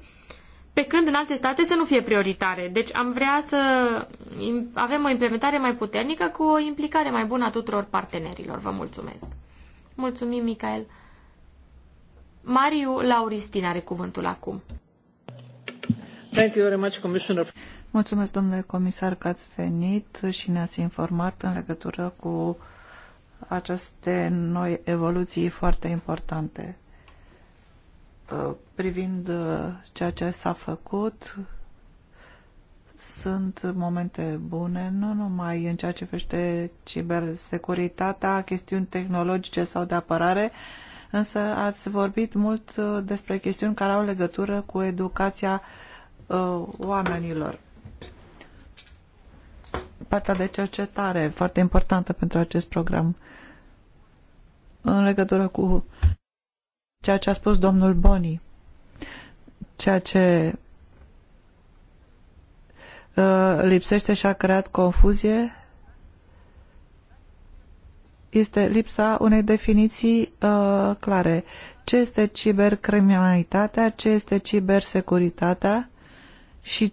pe când în alte state să nu fie prioritare. Deci am vrea să avem o implementare mai puternică cu o implicare mai bună a tuturor partenerilor. Vă mulțumesc. Mulțumim, Michael. Mariu Lauristin are cuvântul acum. Thank you very much, Commissioner. Mulțumesc, domnule comisar, că ați venit și ne-ați informat în legătură cu aceste noi evoluții foarte importante. Uh, privind uh, ceea ce s-a făcut, sunt momente bune, nu numai în ceea ce privește cibersecuritatea, chestiuni tehnologice sau de apărare, însă ați vorbit mult uh, despre chestiuni care au legătură cu educația uh, oamenilor. Partea de cercetare, foarte importantă pentru acest program, în legătură cu ceea ce a spus domnul Boni, ceea ce uh, lipsește și a creat confuzie este lipsa unei definiții uh, clare. Ce este cibercriminalitatea, ce este cibersecuritatea și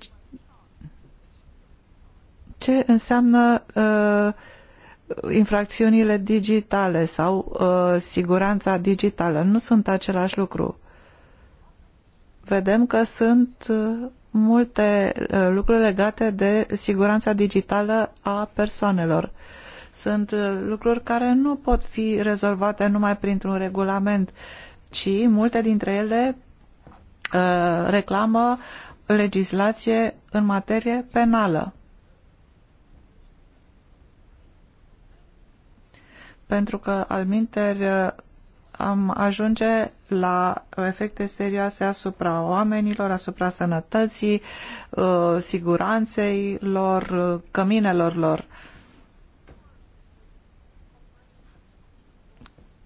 ce înseamnă uh, infracțiunile digitale sau uh, siguranța digitală nu sunt același lucru. Vedem că sunt uh, multe uh, lucruri legate de siguranța digitală a persoanelor. Sunt uh, lucruri care nu pot fi rezolvate numai printr-un regulament, ci multe dintre ele uh, reclamă legislație în materie penală pentru că minter am ajunge la efecte serioase asupra oamenilor, asupra sănătății, uh, siguranței lor, uh, căminelor lor.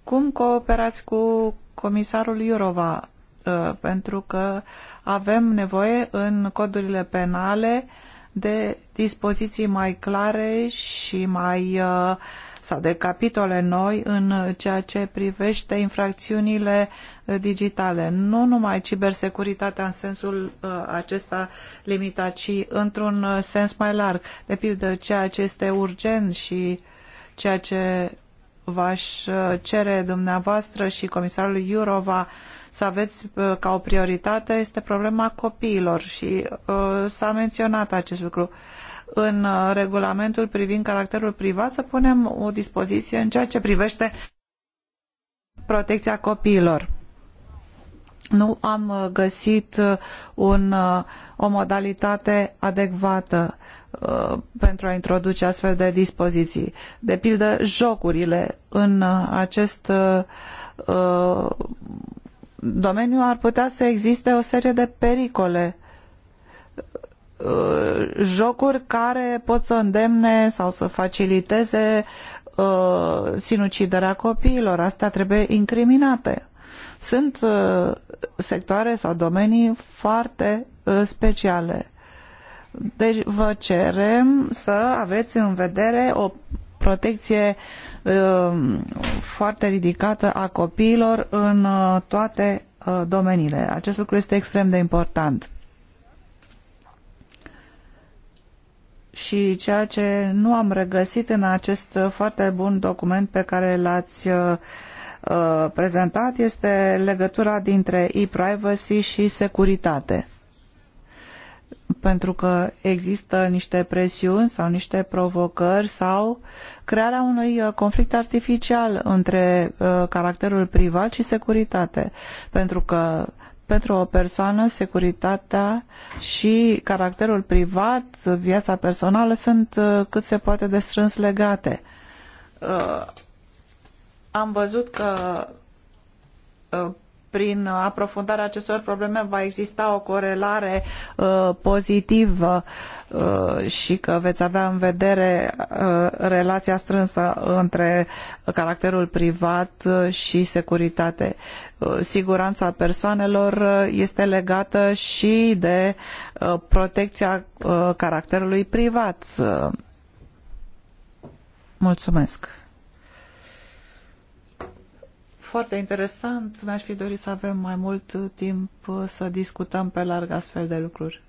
Cum cooperați cu comisarul Iurova? Uh, pentru că avem nevoie în codurile penale de dispoziții mai clare și mai uh, sau de capitole noi în ceea ce privește infracțiunile uh, digitale. Nu numai cibersecuritatea în sensul uh, acesta limitat, ci într-un uh, sens mai larg. De pildă, ceea ce este urgent și ceea ce v-aș cere dumneavoastră și comisarul Iurova să aveți ca o prioritate este problema copiilor și uh, s-a menționat acest lucru în uh, regulamentul privind caracterul privat să punem o dispoziție în ceea ce privește protecția copiilor. Nu am uh, găsit uh, un, o modalitate adecvată pentru a introduce astfel de dispoziții. De pildă, jocurile în acest domeniu ar putea să existe o serie de pericole Uh, jocuri care pot să îndemne sau să faciliteze uh, sinuciderea copiilor. Astea trebuie incriminate. Sunt uh, sectoare sau domenii foarte speciale. Deci vă cerem să aveți în vedere o protecție foarte ridicată a copiilor în toate domeniile. Acest lucru este extrem de important. și ceea ce nu am regăsit în acest foarte bun document pe care l-ați uh, uh, prezentat este legătura dintre e-privacy și securitate. Pentru că există niște presiuni sau niște provocări sau crearea unui uh, conflict artificial între caracterul privat și securitate. Pentru că pentru o persoană, securitatea și caracterul privat, viața personală, sunt uh, cât se poate de strâns legate. Uh, am văzut că uh, prin aprofundarea acestor probleme va exista o corelare uh, pozitivă uh, și că veți avea în vedere uh, relația strânsă între caracterul privat uh, și securitate. Uh, siguranța persoanelor uh, este legată și de uh, protecția uh, caracterului privat. mulțumesc foarte interesant. Mi-aș fi dorit să avem mai mult timp să discutăm pe larg astfel de lucruri.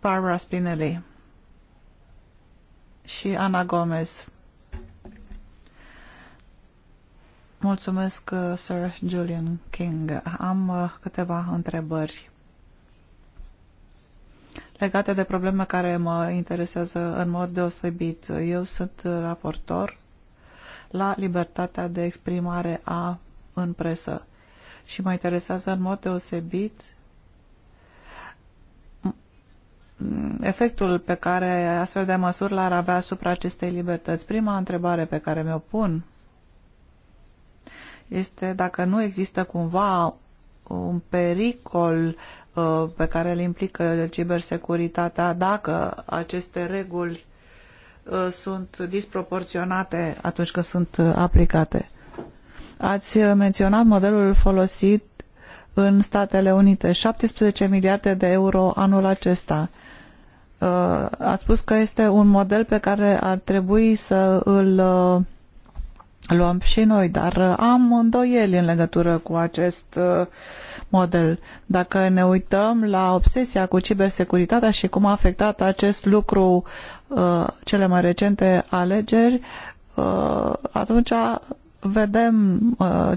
Barbara Spinelli și Ana Gomez. Mulțumesc, uh, Sir Julian King. Am uh, câteva întrebări legate de probleme care mă interesează în mod deosebit. Eu sunt raportor la libertatea de exprimare a în presă și mă interesează în mod deosebit efectul pe care astfel de măsuri l-ar avea asupra acestei libertăți. Prima întrebare pe care mi-o pun este dacă nu există cumva un pericol Uh, pe care le implică cibersecuritatea, dacă aceste reguli uh, sunt disproporționate atunci când sunt uh, aplicate. Ați menționat modelul folosit în Statele Unite, 17 miliarde de euro anul acesta. Ați spus că este un model pe care ar trebui să îl luăm și noi, dar uh, am îndoieli în legătură cu acest uh, model. Dacă ne uităm la obsesia cu cibersecuritatea și cum a afectat acest lucru uh, cele mai recente alegeri, atunci vedem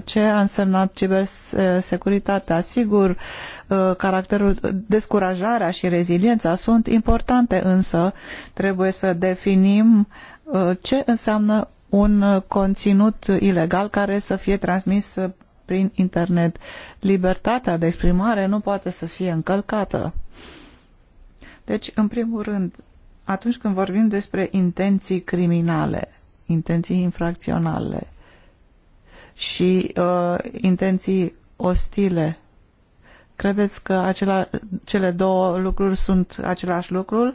ce a însemnat cibersecuritatea. Sigur, caracterul, descurajarea și reziliența sunt importante, însă trebuie să definim ce înseamnă un uh, conținut ilegal care să fie transmis uh, prin internet. Libertatea de exprimare nu poate să fie încălcată. Deci, în primul rând, atunci când vorbim despre intenții criminale, intenții infracționale și uh, intenții ostile, credeți că acela, cele două lucruri sunt același lucru?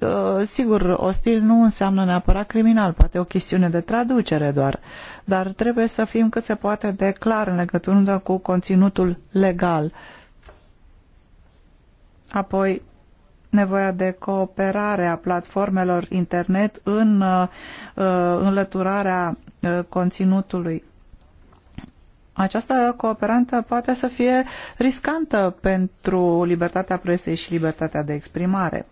Uh, sigur, ostil nu înseamnă neapărat criminal, poate o chestiune de traducere doar, dar trebuie să fim cât se poate de clar în legătură cu conținutul legal. Apoi, nevoia de cooperare a platformelor internet în uh, uh înlăturarea uh, conținutului. Această cooperantă poate să fie riscantă pentru libertatea presei și libertatea de exprimare.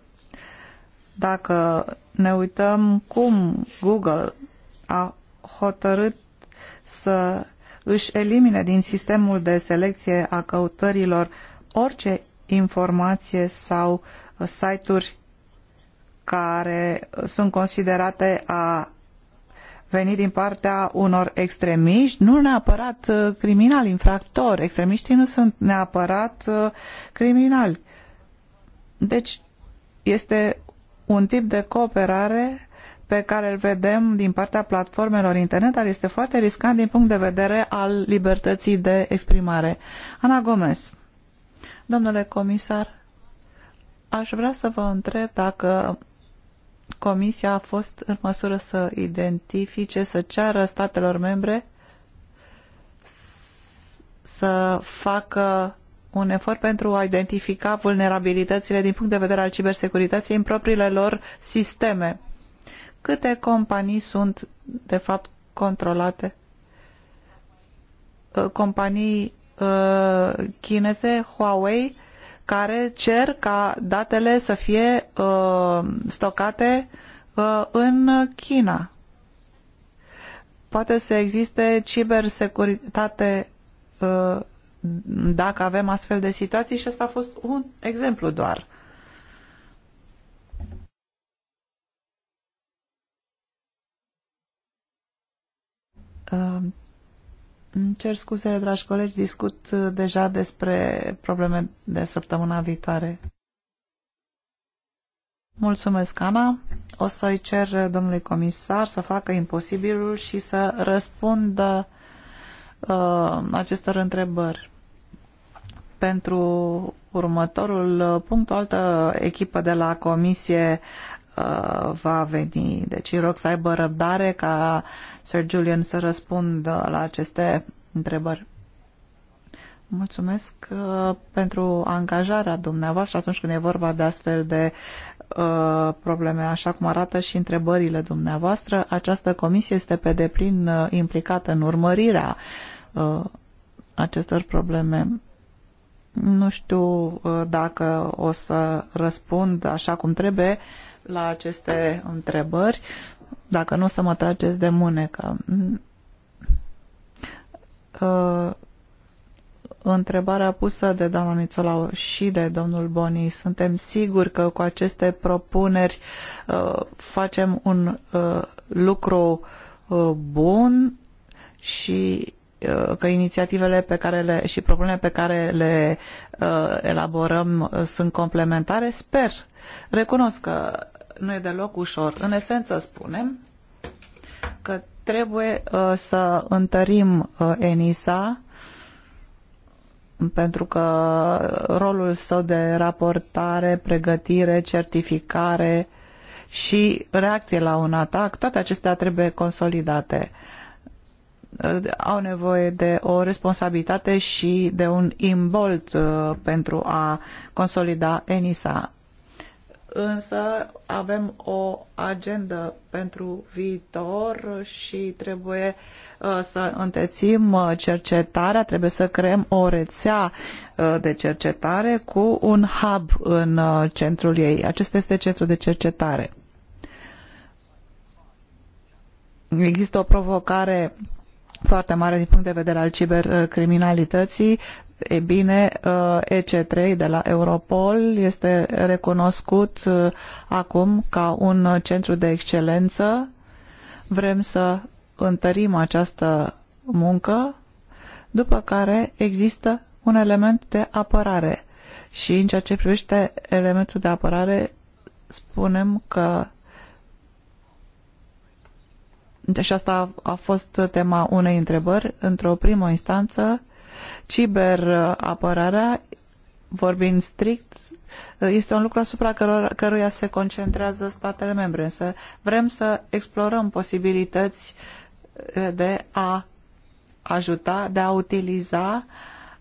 Dacă ne uităm cum Google a hotărât să își elimine din sistemul de selecție a căutărilor orice informație sau site-uri care sunt considerate a veni din partea unor extremiști, nu neapărat uh, criminali, infractori. Extremiștii nu sunt neapărat uh, criminali. Deci este un tip de cooperare pe care îl vedem din partea platformelor internet, dar este foarte riscant din punct de vedere al libertății de exprimare. Ana Gomez, domnule comisar, aș vrea să vă întreb dacă Comisia a fost în măsură să identifice, să ceară statelor membre să facă un efort pentru a identifica vulnerabilitățile din punct de vedere al cibersecurității în propriile lor sisteme. Câte companii sunt, de fapt, controlate? Uh, companii uh, chineze, Huawei, care cer ca datele să fie uh, stocate uh, în China. Poate să existe cibersecuritate uh, dacă avem astfel de situații și ăsta a fost un exemplu doar. Îmi cer scuze, dragi colegi, discut uh, deja despre probleme de săptămâna viitoare. Mulțumesc, Ana. O să-i cer domnului comisar să facă imposibilul și să răspundă uh, acestor întrebări. Pentru următorul uh, punct, o altă echipă de la Comisie uh, va veni. Deci rog să aibă răbdare ca Sir Julian să răspundă la aceste întrebări. Mulțumesc uh, pentru angajarea dumneavoastră atunci când e vorba de astfel de uh, probleme, așa cum arată și întrebările dumneavoastră. Această comisie este pe deplin implicată în urmărirea uh, acestor probleme. Nu știu uh, dacă o să răspund așa cum trebuie la aceste întrebări, dacă nu o să mă trageți de mânecă. Uh, întrebarea pusă de doamna Mițolau și de domnul Boni, suntem siguri că cu aceste propuneri uh, facem un lucru bun și Uh, că inițiativele pe care le, și problemele pe care le uh, elaborăm uh, sunt complementare? Sper. Recunosc că nu e deloc ușor. În esență spunem că trebuie să întărim ENISA pentru că rolul său de raportare, pregătire, certificare și reacție la un atac, toate acestea trebuie consolidate. Uh, Uh, au nevoie de o responsabilitate și de un imbolt uh, pentru a consolida ENISA. Însă avem o agendă pentru viitor și trebuie uh, să întețim cercetarea, trebuie să creăm o rețea de cercetare cu un hub în centrul ei. Acesta este centrul de cercetare există o provocare foarte mare din punct de vedere al cibercriminalității, E bine, uh, EC3 de la Europol este recunoscut uh, acum ca un centru de excelență. Vrem să întărim această muncă, după care există un element de apărare. Și în ceea ce privește elementul de apărare, spunem că și asta a fost tema unei întrebări, într-o primă instanță, ciberapărarea, vorbind strict, este un lucru asupra căruia, căruia se concentrează statele membre, însă vrem să explorăm posibilități de a ajuta, de a utiliza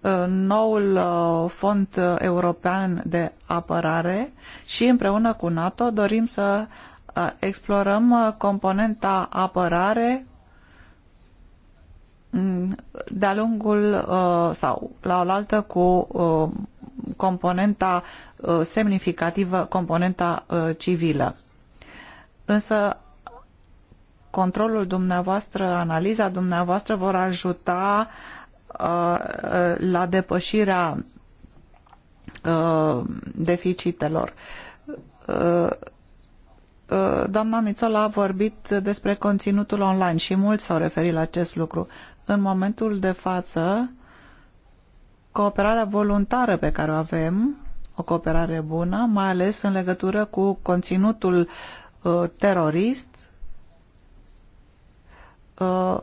uh, noul uh, fond european de apărare și împreună cu NATO dorim să explorăm uh, componenta apărare mm, de-a lungul uh, sau la oaltă cu uh, componenta semnificativă, componenta civilă. Însă controlul dumneavoastră, analiza dumneavoastră vor ajuta la depășirea deficitelor Uh, doamna Mițola a vorbit despre conținutul online și mulți s-au referit la acest lucru. În momentul de față, cooperarea voluntară pe care o avem, o cooperare bună, mai ales în legătură cu conținutul uh, terorist, uh,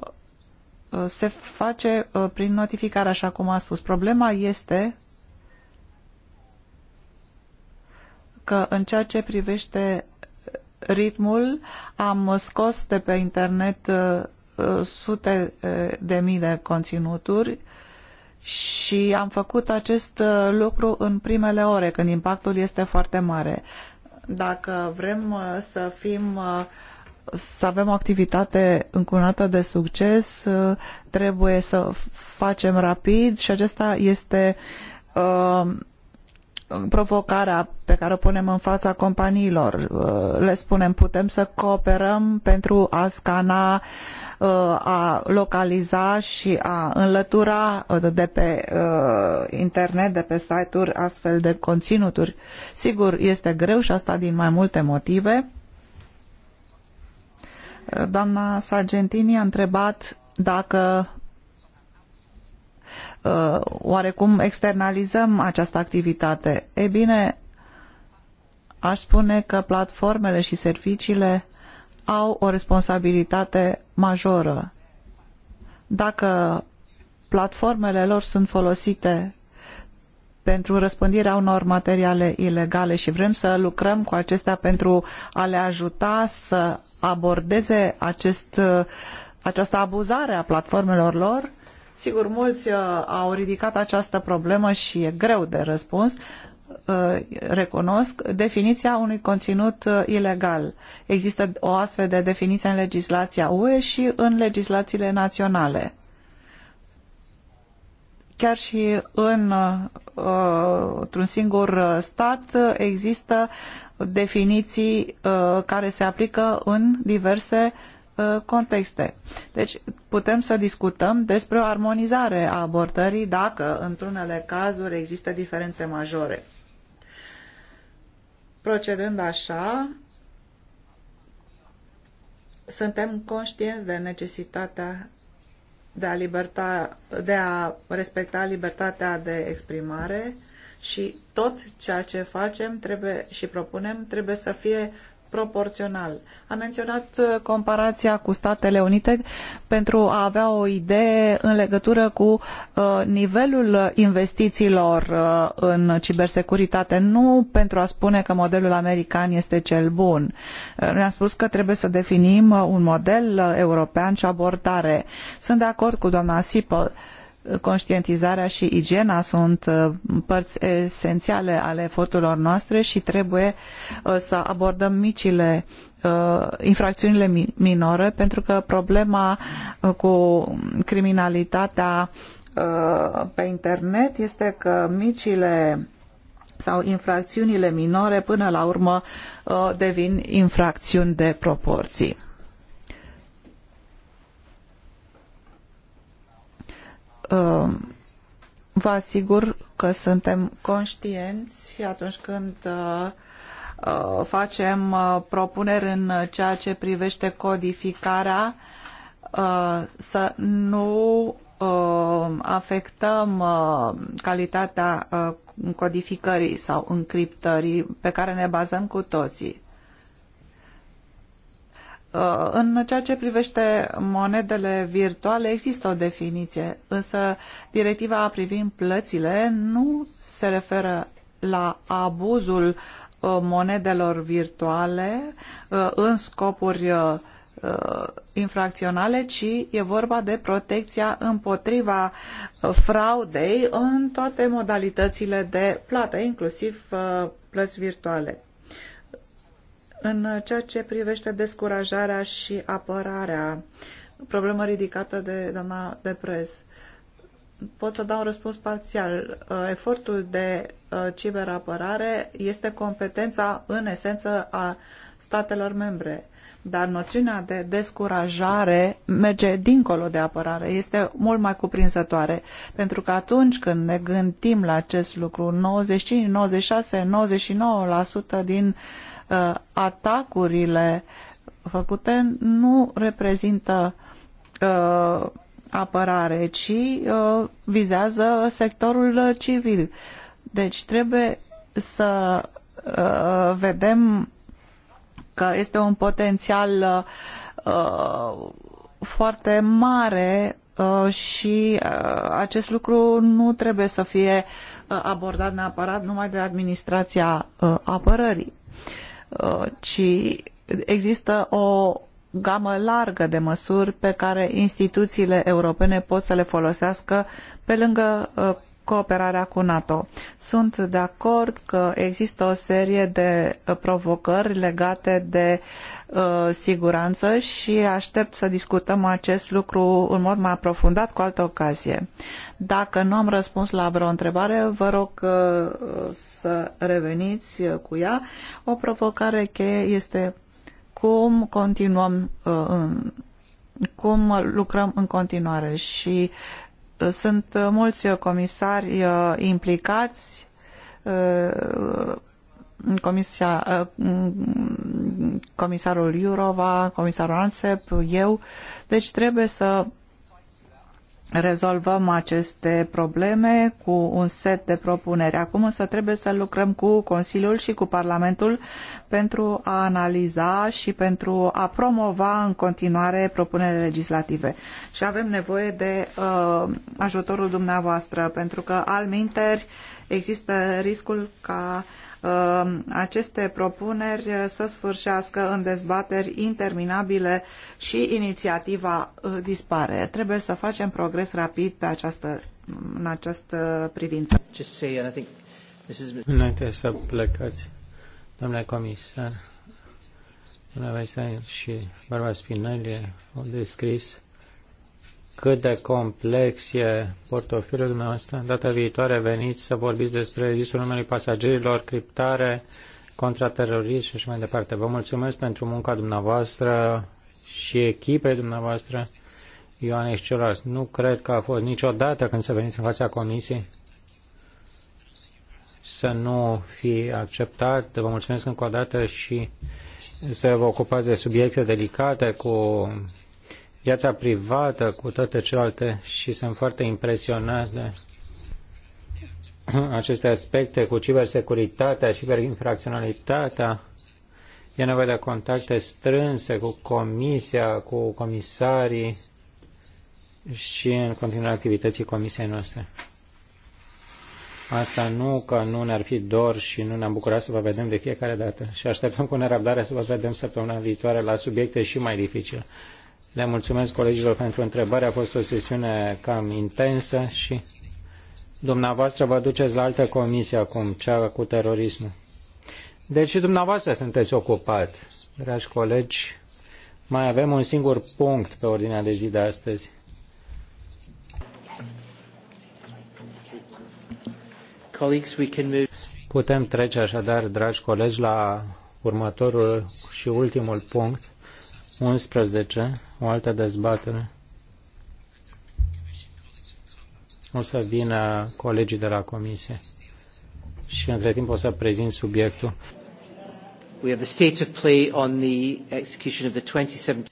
se face uh, prin notificare, așa cum a spus. Problema este că în ceea ce privește ritmul, am scos de pe internet uh, sute uh, de mii de conținuturi și am făcut acest uh, lucru în primele ore, când impactul este foarte mare. Dacă vrem să fim să avem o activitate încunată de succes, trebuie să facem rapid și acesta este provocarea pe care o punem în fața companiilor. Uh, le spunem, putem să cooperăm pentru a scana, uh, a localiza și a înlătura uh, de pe internet, de pe site-uri, astfel de coninuturi Sigur, este greu și asta din mai multe motive. Doamna Sargentini a întrebat dacă Uh, oarecum externalizăm această activitate? E bine, aș spune că platformele și serviciile au o responsabilitate majoră. Dacă platformele lor sunt folosite pentru răspândirea unor materiale ilegale și vrem să lucrăm cu acestea pentru a le ajuta să abordeze acest, uh, această abuzare a platformelor lor, Sigur, mulți uh, au ridicat această problemă și e greu de răspuns. Uh, recunosc definiția unui conținut uh, ilegal. Există o astfel de definiție în legislația UE și în legislațiile naționale chiar și în, într-un singur stat există definiții care se aplică în diverse Uh, contexte. Deci putem să discutăm despre o armonizare a abordării dacă într-unele cazuri există diferențe majore. Procedând așa, suntem conștienți de necesitatea de a, liberta, de a respecta libertatea de exprimare și tot ceea ce facem trebuie și propunem trebuie să fie proporțional. A menționat uh, comparația cu Statele Unite pentru a avea o idee în legătură cu uh, nivelul investițiilor uh, în cibersecuritate, nu pentru a spune că modelul american este cel bun. ne a spus că trebuie să definim un model european și abordare. Sunt de acord cu doamna Sipel conștientizarea și igiena sunt uh, părți esențiale ale eforturilor noastre și trebuie uh, să abordăm micile uh, infracțiunile minore pentru că problema cu criminalitatea pe internet este că micile sau infracțiunile minore până la urmă devin infracțiuni de proporții. Uh, vă asigur că suntem conștienți atunci când uh, uh, facem propuneri în ceea ce privește codificarea să nu afectăm calitatea codificării sau încriptării pe care ne bazăm cu toții. Uh, în ceea ce privește monedele virtuale, există o definiție, însă directiva privind plățile nu se referă la abuzul uh, monedelor virtuale uh, în scopuri infracționale, ci e vorba de protecția împotriva fraudei în toate modalitățile de plată, inclusiv plăți virtuale. În ceea ce privește descurajarea și apărarea, problemă ridicată de doamna de prez, pot să dau un răspuns parțial. Uh, efortul de uh, ciberapărare este competența în esență a statelor membre, dar noțiunea de descurajare merge dincolo de apărare, este mult mai cuprinzătoare, pentru că atunci când ne gândim la acest lucru, 95, 96, 99% din Uh, atacurile făcute nu reprezintă uh, apărare, ci uh, vizează sectorul civil. Deci trebuie să vedem că este un potențial foarte mare și acest lucru nu trebuie să fie abordat neapărat numai de administrația apărării. Uh, ci există o gamă largă de măsuri pe care instituțiile europene pot să le folosească pe lângă uh, cooperarea cu NATO. Sunt de acord că există o serie de uh, provocări legate de uh, siguranță și aștept să discutăm acest lucru în mod mai aprofundat cu altă ocazie. Dacă nu am răspuns la vreo întrebare, vă rog uh, să reveniți uh, cu ea. O provocare cheie este cum continuăm uh, în, cum lucrăm în continuare și sunt mulți comisari uh, implicați uh, Comisia, uh, comisarul Iurova, comisarul Ansep, eu. Deci trebuie să rezolvăm aceste probleme cu un set de propuneri. Acum însă trebuie să lucrăm cu Consiliul și cu Parlamentul pentru a analiza și pentru a promova în continuare propunerile legislative. Și avem nevoie de uh, ajutorul dumneavoastră, pentru că al minteri există riscul ca uh, Uh, aceste propuneri uh, să sfârșească în dezbateri interminabile și inițiativa uh, dispare. Trebuie să facem progres rapid pe această, în această privință. Înainte să plecați, domnule comisar, domnule Weistein și Barbara Spinelli au descris cât de complex e portofoliul dumneavoastră. Data viitoare veniți să vorbiți despre registrul numelui pasagerilor, criptare, contraterorism și așa mai departe. Vă mulțumesc pentru munca dumneavoastră și echipei dumneavoastră. Ioan Excelas, nu cred că a fost niciodată când să veniți în fața comisiei să nu fi acceptat. Vă mulțumesc încă o dată și să vă ocupați de subiecte delicate cu viața privată cu toate celelalte și sunt foarte impresionat de aceste aspecte cu cibersecuritatea, ciberinfracționalitatea. E nevoie de contacte strânse cu comisia, cu comisarii și în continuare activității comisiei noastre. Asta nu că nu ne-ar fi dor și nu ne-am bucurat să vă vedem de fiecare dată și așteptăm cu nerăbdare să vă vedem săptămâna viitoare la subiecte și mai dificile. Le mulțumesc colegilor pentru întrebare. A fost o sesiune cam intensă și dumneavoastră vă duceți la altă comisie acum, cea cu terorismul. Deci și dumneavoastră sunteți ocupat, dragi colegi. Mai avem un singur punct pe ordinea de zi de astăzi. Putem trece așadar, dragi colegi, la următorul și ultimul punct 11, o altă dezbatere. O să vină colegii de la comisie și între timp o să prezint subiectul. We have the state of play on the execution of the 2017.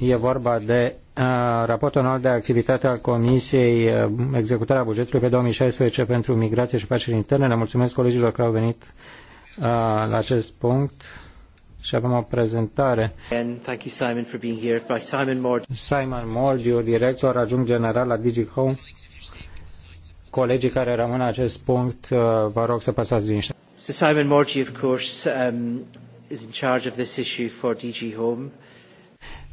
E vorba de uh, raportul anual de activitate al Comisiei uh, executarea bugetului pe 2016 pentru migrație și afaceri interne. Le mulțumesc colegilor că au venit uh, la acest punct și avem o prezentare. And thank you Simon for being here. By Simon Mord. Simon Mordiu, director adjunct general la DigiHome. Colegii care rămân la acest punct, uh, vă rog să păsați liniște. So Simon Morgi, of course, um, is in charge of this issue for DG Home.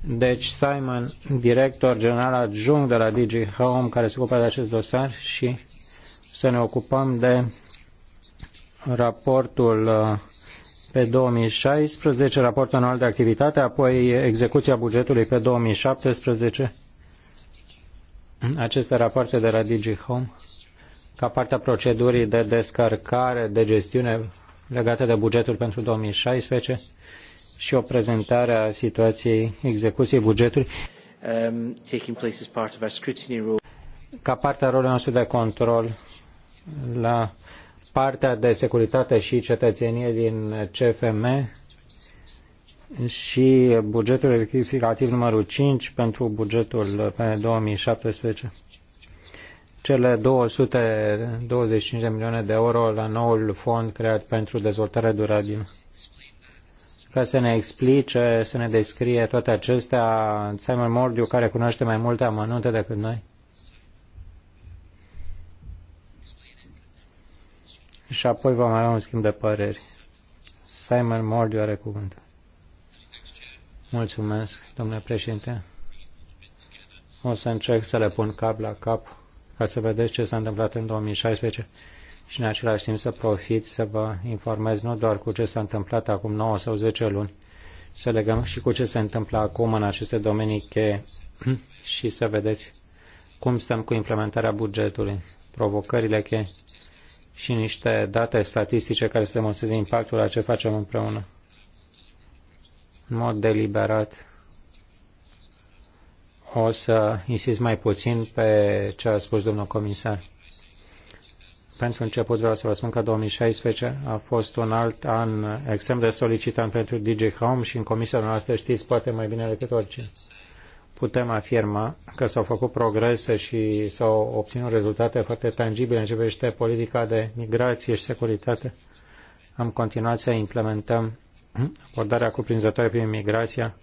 Deci Simon, director general adjunct de la DG Home, care se ocupă de acest dosar și să ne ocupăm de raportul uh, pe 2016, raport anual de activitate, apoi execuția bugetului pe 2017, aceste rapoarte de la DigiHome, ca partea procedurii de descărcare, de gestiune legate de bugetul pentru 2016 și o prezentare a situației execuției bugetului um, part ca parte a rolului nostru de control la partea de securitate și cetățenie din CFM și bugetul rectificativ numărul 5 pentru bugetul pe 2017. Cele 225 de milioane de euro la noul fond creat pentru dezvoltare durabilă. Ca să ne explice, să ne descrie toate acestea, Simon Mordiu, care cunoaște mai multe amănunte decât noi, și apoi vom avea un schimb de păreri. Simon Mordiu are cuvântul. Mulțumesc, domnule președinte. O să încerc să le pun cap la cap ca să vedeți ce s-a întâmplat în 2016 și în același timp să profit să vă informez nu doar cu ce s-a întâmplat acum 9 sau 10 luni, să legăm și cu ce se întâmplă acum în aceste domenii cheie și să vedeți cum stăm cu implementarea bugetului, provocările cheie și niște date statistice care să demonstreze impactul la ce facem împreună. În mod deliberat o să insist mai puțin pe ce a spus domnul comisar. Pentru început vreau să vă spun că 2016 a fost un alt an extrem de solicitant pentru DJ Home și în comisia noastră știți poate mai bine decât oricine putem afirma că s-au făcut progrese și s-au obținut rezultate foarte tangibile în ce privește politica de migrație și securitate. Am continuat să implementăm abordarea cuprinzătoare prin migrația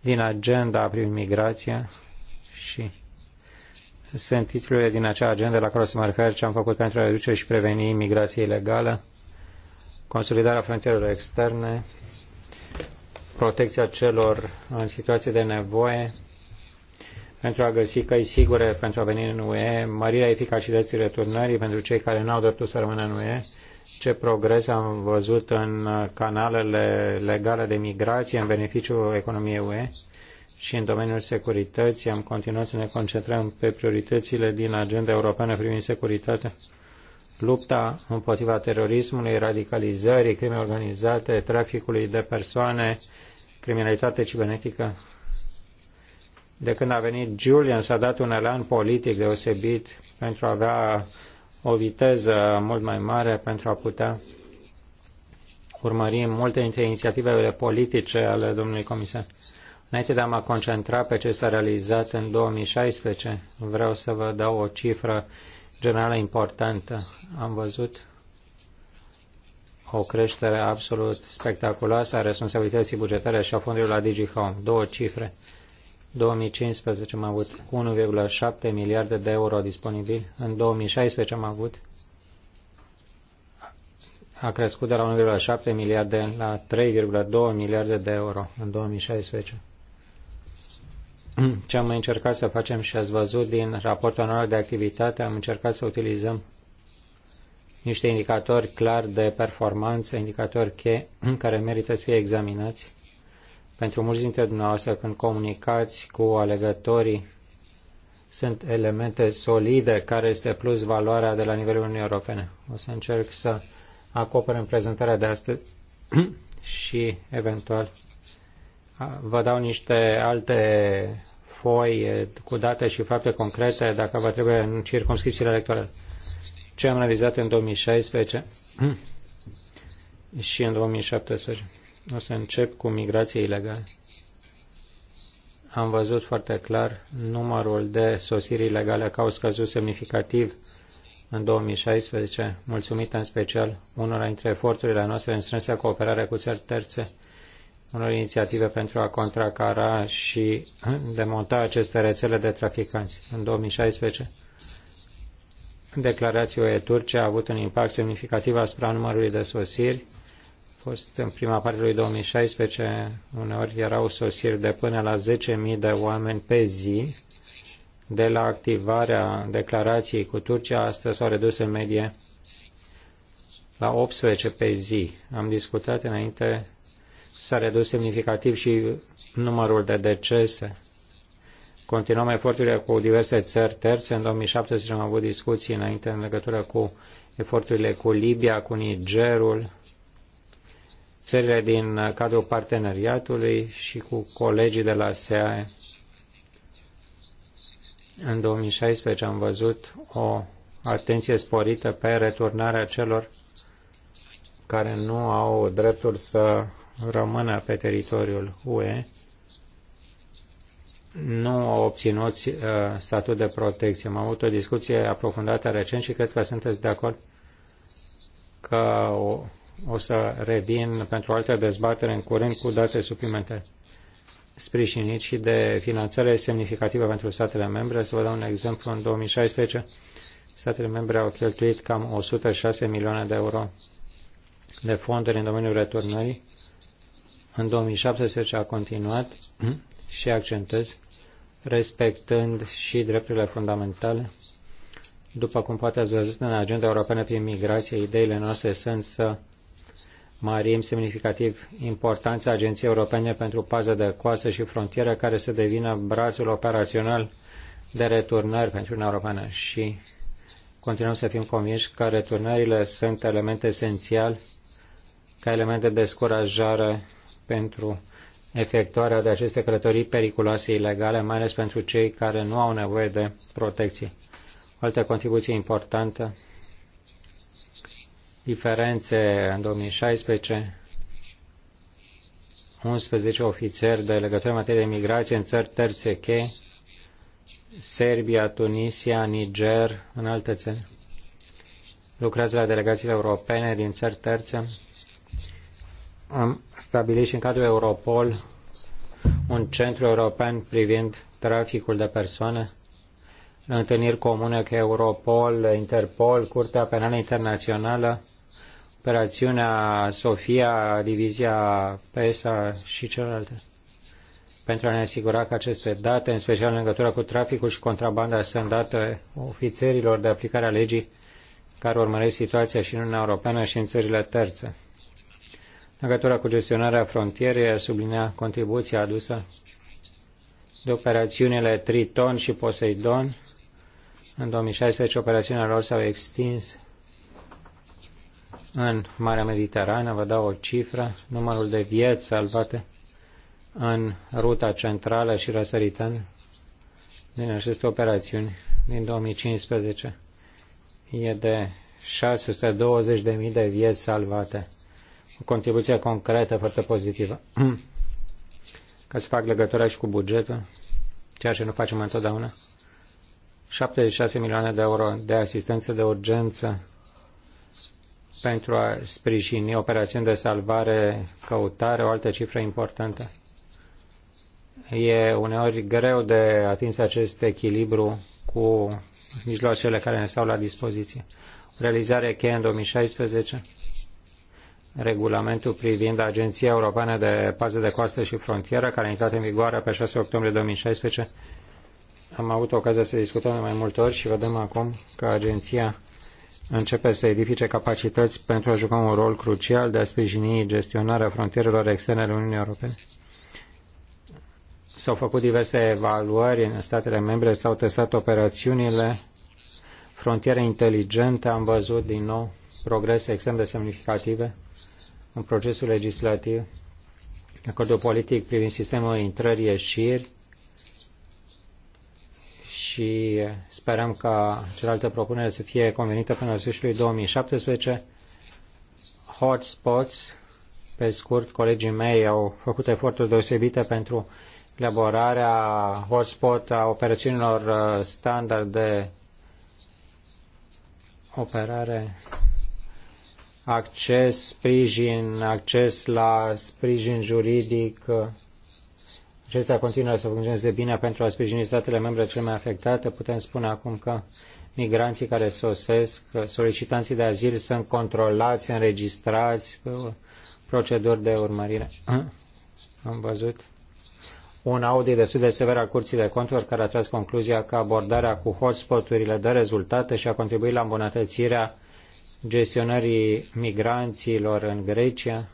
din agenda prin migrația și sunt titlurile din acea agenda la care o să mă refer ce am făcut pentru a reduce și preveni migrația ilegală, consolidarea frontierelor externe, protecția celor în situații de nevoie, pentru a găsi căi sigure pentru a veni în UE, mărirea eficacității returnării pentru cei care nu au dreptul să rămână în UE, ce progres am văzut în canalele legale de migrație în beneficiul economiei UE și în domeniul securității am continuat să ne concentrăm pe prioritățile din agenda europeană privind securitatea, lupta împotriva terorismului, radicalizării, crime organizate, traficului de persoane, criminalitate cibernetică de când a venit Julian, s-a dat un elan politic deosebit pentru a avea o viteză mult mai mare, pentru a putea urmări multe dintre inițiativele politice ale domnului comisar. Înainte de a mă concentra pe ce s-a realizat în 2016, vreau să vă dau o cifră generală importantă. Am văzut o creștere absolut spectaculoasă a responsabilității bugetare și a fondurilor la DigiHome. Două cifre. 2015 am avut 1,7 miliarde de euro disponibili, în 2016 am avut a crescut de la 1,7 miliarde la 3,2 miliarde de euro în 2016. Ce am încercat să facem și ați văzut din raportul anual de activitate, am încercat să utilizăm niște indicatori clar de performanță, indicatori cheie care merită să fie examinați pentru mulți dintre dumneavoastră, când comunicați cu alegătorii, sunt elemente solide care este plus valoarea de la nivelul Uniunii Europene. O să încerc să acopăr în prezentarea de astăzi și eventual vă dau niște alte foi cu date și fapte concrete dacă vă trebuie în circumscripțiile electorale. Ce am realizat în 2016 și în 2017? O să încep cu migrația ilegală. Am văzut foarte clar numărul de sosiri ilegale că au scăzut semnificativ în 2016, mulțumită în special unora dintre eforturile noastre în strânsă cooperare cu țări terțe, unor inițiative pentru a contracara și demonta aceste rețele de traficanți. În 2016, declarația UE Turcia a avut un impact semnificativ asupra numărului de sosiri, fost în prima parte lui 2016, uneori erau sosiri de până la 10.000 de oameni pe zi. De la activarea declarației cu Turcia, astăzi s-au redus în medie la 18 pe zi. Am discutat înainte, s-a redus semnificativ și numărul de decese. Continuăm eforturile cu diverse țări terțe. În 2017 am avut discuții înainte în legătură cu eforturile cu Libia, cu Nigerul, țările din cadrul parteneriatului și cu colegii de la SEAE. În 2016 am văzut o atenție sporită pe returnarea celor care nu au dreptul să rămână pe teritoriul UE nu au obținut uh, statut de protecție. Am avut o discuție aprofundată recent și cred că sunteți de acord că o o să revin pentru alte dezbatere în curând cu date suplimentare sprijinit și de finanțare semnificativă pentru statele membre. Să vă dau un exemplu. În 2016, statele membre au cheltuit cam 106 milioane de euro de fonduri în domeniul returnării. În 2017 a continuat și accentez, respectând și drepturile fundamentale. După cum poate ați văzut în agenda europeană prin migrație, ideile noastre sunt să mărim semnificativ importanța Agenției Europene pentru Pază de Coastă și Frontieră, care să devină brațul operațional de returnări pentru Uniunea Europeană și continuăm să fim convinși că returnările sunt element esențial ca element de descurajare pentru efectuarea de aceste călătorii periculoase ilegale, mai ales pentru cei care nu au nevoie de protecție. O altă contribuție importantă diferențe în 2016, 11 ofițeri de legătură în materie de migrație în țări terțe che, Serbia, Tunisia, Niger, în alte țări. Lucrează la delegațiile europene din țări terțe. Am stabilit și în cadrul Europol un centru european privind traficul de persoane, întâlniri comune cu Europol, Interpol, Curtea Penală Internațională operațiunea Sofia, divizia PESA și celelalte pentru a ne asigura că aceste date, în special în legătură cu traficul și contrabanda, sunt date ofițerilor de aplicare a legii care urmăresc situația și în Uniunea Europeană și în țările terțe. În legătură cu gestionarea frontierei, sublinea contribuția adusă de operațiunile Triton și Poseidon. În 2016 operațiunea lor s-au extins în Marea Mediterană, vă dau o cifră, numărul de vieți salvate în ruta centrală și răsăritan din aceste operațiuni din 2015 e de 620.000 de vieți salvate. O contribuție concretă foarte pozitivă. Ca să fac legătura și cu bugetul, ceea ce nu facem întotdeauna, 76 milioane de euro de asistență de urgență pentru a sprijini operațiuni de salvare, căutare, o altă cifră importantă. E uneori greu de atins acest echilibru cu mijloacele care ne stau la dispoziție. Realizarea cheie în 2016, regulamentul privind Agenția Europeană de Pază de Coastă și Frontieră, care a intrat în vigoare pe 6 octombrie 2016. Am avut ocazia să discutăm de mai multe ori și vedem acum că agenția începe să edifice capacități pentru a juca un rol crucial de a sprijini gestionarea frontierelor externe ale Uniunii Europene. S-au făcut diverse evaluări în statele membre, s-au testat operațiunile, frontiere inteligente, am văzut din nou progrese extrem de semnificative în procesul legislativ, acordul politic privind sistemul intrări-ieșiri, și sperăm ca celelalte propunere să fie convenită până la sfârșitul 2017. Hotspots, pe scurt, colegii mei au făcut eforturi deosebite pentru elaborarea hotspot a operațiunilor uh, standard de operare acces, sprijin, acces la sprijin juridic, uh, acestea continuă să funcționeze bine pentru a sprijini statele membre cele mai afectate, putem spune acum că migranții care sosesc, solicitanții de azil sunt controlați, înregistrați, uh, proceduri de urmărire. Am văzut un audit destul de sever al Curții de Conturi care a tras concluzia că abordarea cu hotspoturile dă rezultate și a contribuit la îmbunătățirea gestionării migranților în Grecia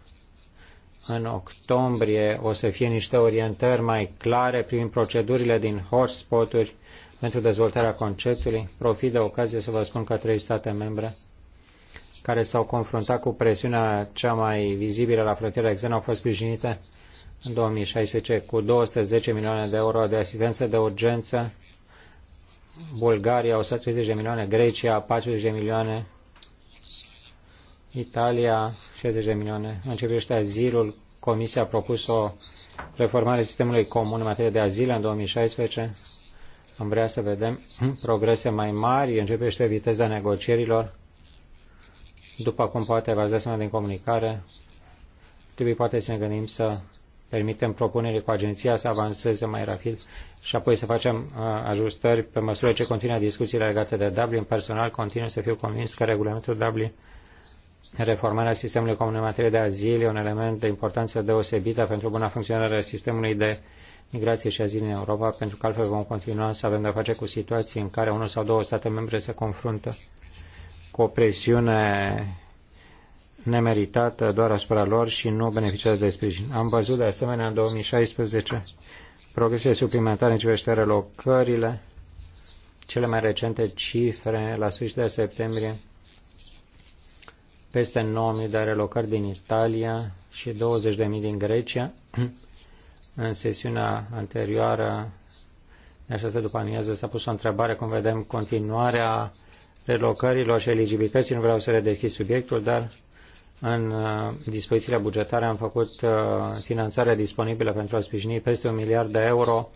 în octombrie o să fie niște orientări mai clare prin procedurile din hotspot-uri pentru dezvoltarea conceptului. Profit de ocazie să vă spun că trei state membre care s-au confruntat cu presiunea cea mai vizibilă la frontiera externă au fost sprijinite în 2016 cu 210 milioane de euro de asistență de urgență, Bulgaria 130 de milioane, Grecia 40 de milioane, Italia 60 de milioane. În ce privește azilul, Comisia a propus o reformare sistemului comun în materie de azil în 2016. Am vrea să vedem progrese mai mari, începește viteza negocierilor. După cum poate v-ați dat seama din comunicare, trebuie poate să ne gândim să permitem propunerile cu agenția să avanseze mai rapid și apoi să facem uh, ajustări pe măsură ce continuă discuțiile legate de Dublin. Personal continuu să fiu convins că regulamentul Dublin Reformarea sistemului comun în materie de azil e un element de importanță deosebită pentru buna funcționare a sistemului de migrație și azil în Europa, pentru că altfel vom continua să avem de-a face cu situații în care unul sau două state membre se confruntă cu o presiune nemeritată doar asupra lor și nu beneficiază de sprijin. Am văzut de asemenea în 2016 progrese suplimentare în ce privește relocările, cele mai recente cifre la sfârșitul septembrie peste 9.000 de relocări din Italia și 20.000 din Grecia. În sesiunea anterioară, în această după amiază, s-a pus o întrebare cum vedem continuarea relocărilor și eligibilității. Nu vreau să redeschid subiectul, dar în uh, dispozițiile bugetare am făcut uh, finanțarea disponibilă pentru a sprijini peste un miliard de euro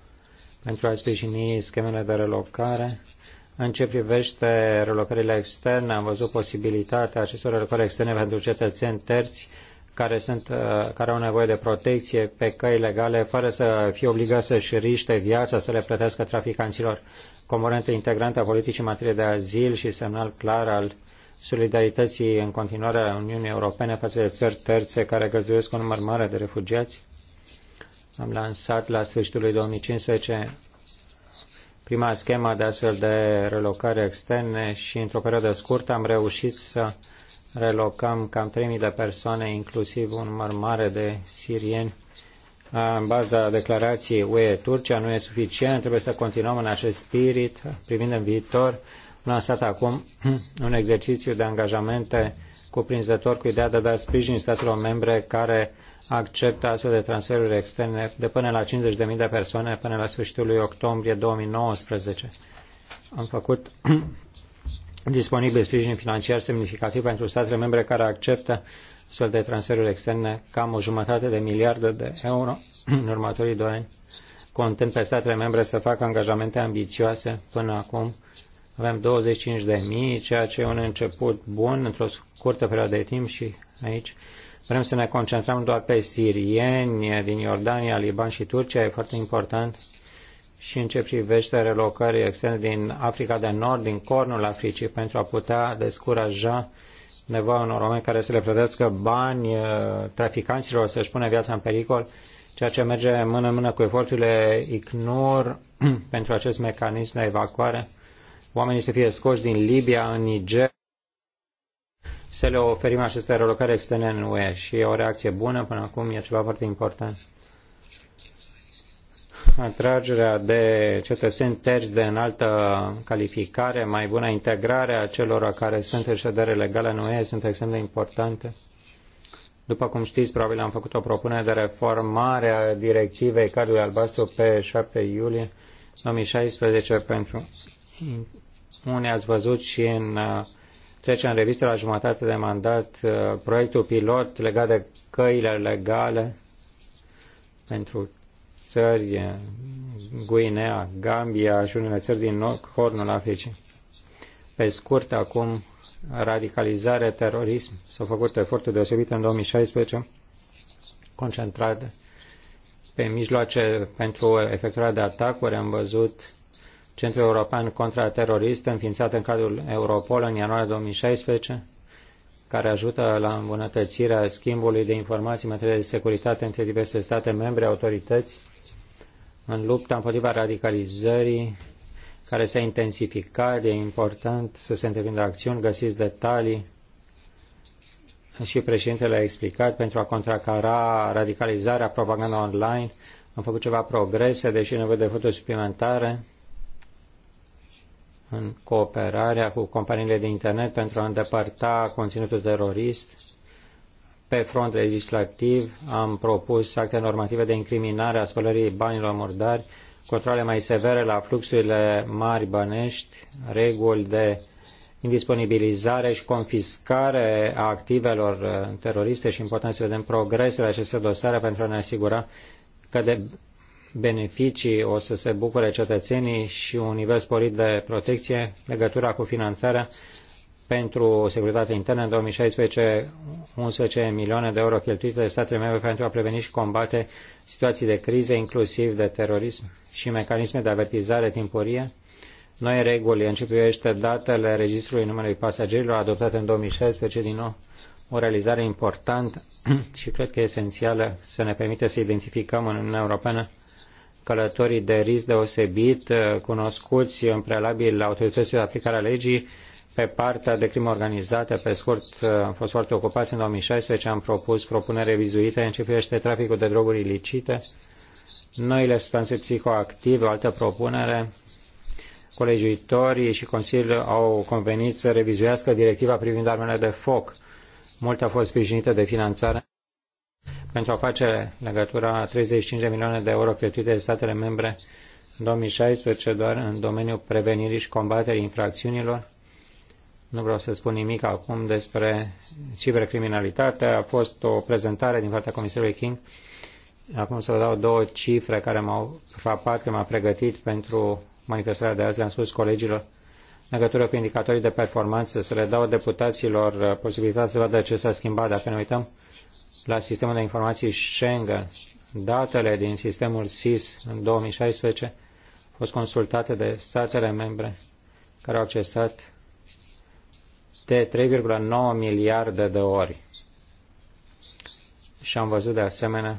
pentru a sprijini schemele de relocare în ce privește relocările externe, am văzut posibilitatea acestor relocări externe pentru cetățeni terți care, sunt, uh, care au nevoie de protecție pe căi legale, fără să fie obligați să-și riște viața, să le plătească traficanților. Componentă integrante a politicii în materie de azil și semnal clar al solidarității în continuare a Uniunii Europene față de țări terțe care găzduiesc un număr mare de refugiați. Am lansat la sfârșitul lui 2015 prima schemă de astfel de relocare externe și într-o perioadă scurtă am reușit să relocăm cam 3.000 de persoane, inclusiv un număr mare de sirieni. În baza declarației UE Turcia nu e suficient, trebuie să continuăm în acest spirit, privind în viitor. Am lansat acum un exercițiu de angajamente cuprinzător cu ideea de a da sprijin statelor membre care acceptă astfel de transferuri externe de până la 50.000 de persoane până la sfârșitul lui octombrie 2019. Am făcut disponibil sprijin financiar semnificativ pentru statele membre care acceptă astfel de transferuri externe, cam o jumătate de miliarde de euro în următorii doi ani, contând pe statele membre să facă angajamente ambițioase până acum. Avem 25 de mii, ceea ce e un început bun într-o scurtă perioadă de timp și aici Vrem să ne concentrăm doar pe sirieni din Iordania, Liban și Turcia, e foarte important și în ce privește relocării externe din Africa de Nord, din cornul Africii, pentru a putea descuraja nevoia unor oameni care să le plătească bani eh, traficanților, să-și pune viața în pericol, ceea ce merge mână în mână cu eforturile ICNUR pentru acest mecanism de evacuare. Oamenii să fie scoși din Libia în Niger să le oferim aceste relocări externe în UE și e o reacție bună până acum, e ceva foarte important. Atragerea de cetățeni terți de înaltă calificare, mai bună integrare a celor care sunt în ședere legală în UE sunt extrem de importante. După cum știți, probabil am făcut o propunere de reformare a directivei cadrului albastru pe 7 iulie 2016 pentru unii ați văzut și în uh, trece în revistă la jumătate de mandat uh, proiectul pilot legat de căile legale pentru țări, uh, Guinea, Gambia și unele țări din nord, Hornul Africii. Pe scurt, acum, radicalizare, terorism. S-au făcut eforturi deosebite în 2016, concentrate pe mijloace pentru efectuarea de atacuri. Am văzut Centrul European Contraterorist, înființat în cadrul Europol în ianuarie 2016, care ajută la îmbunătățirea schimbului de informații în materie de securitate între diverse state membre, autorități, în lupta împotriva radicalizării, care s-a intensificat, e important să se întreprindă acțiuni, găsiți detalii și președintele a explicat pentru a contracara radicalizarea, propaganda online. Am făcut ceva progrese, deși e nevoie de eforturi suplimentare în cooperarea cu companiile de internet pentru a îndepărta conținutul terorist. Pe front legislativ am propus acte normative de incriminare a spălării banilor murdari, controle mai severe la fluxurile mari bănești, reguli de indisponibilizare și confiscare a activelor uh, teroriste și important să vedem progresele acestor dosare pentru a ne asigura că de beneficii o să se bucure cetățenii și un nivel sporit de protecție, legătura cu finanțarea pentru securitatea internă în 2016 11 milioane de euro cheltuite de statele membre pentru a preveni și combate situații de crize, inclusiv de terorism și mecanisme de avertizare timpurie. Noi reguli în ce datele registrului numărului pasagerilor adoptate în 2016 din nou o realizare importantă și cred că esențială să ne permite să identificăm în Uniunea Europeană călătorii de risc deosebit, uh, cunoscuți în prealabil autorităților de aplicare a legii, pe partea de crimă organizată, pe scurt, uh, am fost foarte ocupați în 2016, am propus propuneri revizuite în ce privește traficul de droguri ilicite, noile substanțe psihoactive, o altă propunere. Colegiuitorii și Consiliul au convenit să revizuiască directiva privind armele de foc. Multe au fost sprijinite de finanțare pentru face legătura 35 de milioane de euro cheltuite de statele membre în 2016 doar în domeniul prevenirii și combaterii infracțiunilor. Nu vreau să spun nimic acum despre cibercriminalitate. A fost o prezentare din partea Comisarului King. Acum să vă dau două cifre care m-au frapat, că m-am pregătit pentru manifestarea de azi. Le-am spus colegilor în legătură cu indicatorii de performanță, să le dau deputaților posibilitatea să vadă ce s-a schimbat. Dacă ne uităm la sistemul de informații Schengen. Datele din sistemul SIS în 2016 au fost consultate de statele membre care au accesat de 3,9 miliarde de ori. Și am văzut de asemenea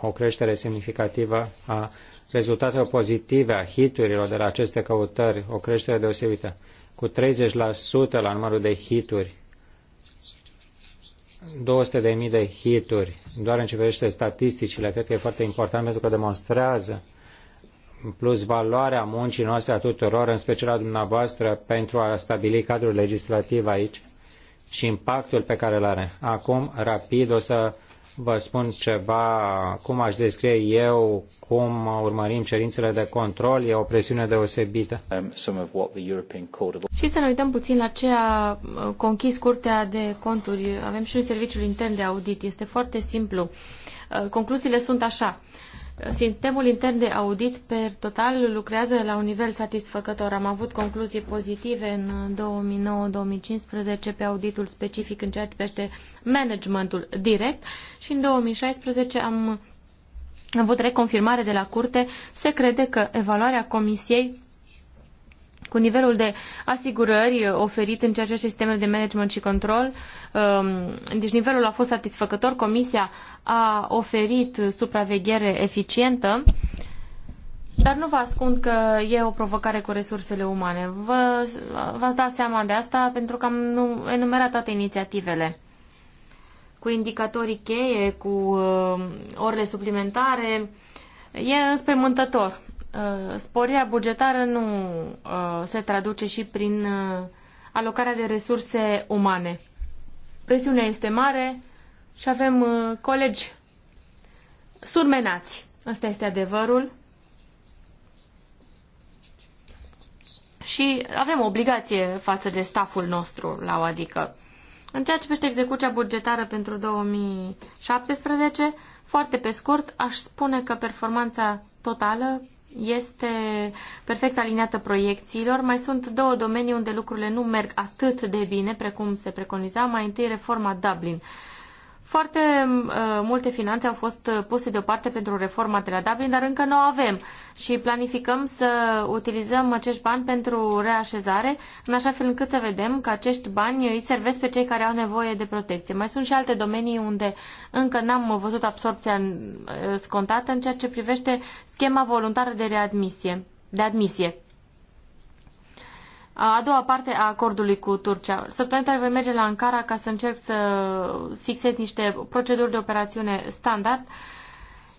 o creștere semnificativă a rezultatelor pozitive a hiturilor de la aceste căutări, o creștere deosebită, cu 30% la numărul de hituri 200.000 de hituri, doar în ce privește statisticile, cred că e foarte important pentru că demonstrează plus valoarea muncii noastre a tuturor, în special a dumneavoastră, pentru a stabili cadrul legislativ aici și impactul pe care îl are. Acum, rapid, o să vă spun ceva, cum aș descrie eu, cum urmărim cerințele de control, e o presiune deosebită. Um, și să ne uităm puțin la ce a uh, conchis Curtea de Conturi. Avem și un serviciul intern de audit. Este foarte simplu. Uh, concluziile sunt așa. Sistemul intern de audit pe total lucrează la un nivel satisfăcător. Am avut concluzii pozitive în 2009-2015 pe auditul specific în ceea ce privește managementul direct și în 2016 am avut reconfirmare de la curte. Se crede că evaluarea comisiei cu nivelul de asigurări oferit în ceea ce sistemele de management și control. Um, deci nivelul a fost satisfăcător, comisia a oferit supraveghere eficientă, dar nu vă ascund că e o provocare cu resursele umane. Vă, v-ați dat seama de asta pentru că am enumerat toate inițiativele cu indicatorii cheie, cu um, orele suplimentare, E înspăimântător. Uh, sporirea bugetară nu uh, se traduce și prin uh, alocarea de resurse umane. Presiunea este mare și avem colegi surmenați. Asta este adevărul. Și avem obligație față de staful nostru la o adică. În ceea ce privește execuția bugetară pentru 2017, foarte pe scurt, aș spune că performanța totală este perfect aliniată proiecțiilor. Mai sunt două domenii unde lucrurile nu merg atât de bine precum se preconiza. Mai întâi reforma Dublin. Uh, foarte uh, multe finanțe au fost uh, puse deoparte pentru reforma de la Dublin, dar încă nu o avem și planificăm să utilizăm acești bani pentru reașezare, în așa fel încât să vedem că acești bani îi servesc pe cei care au nevoie de protecție. Mai sunt și alte domenii unde încă n-am văzut absorpția uh, scontată în ceea ce privește schema voluntară de readmisie. De admisie a doua parte a acordului cu Turcia. Săptămâna viitoare voi merge la Ankara ca să încerc să fixez niște proceduri de operațiune standard.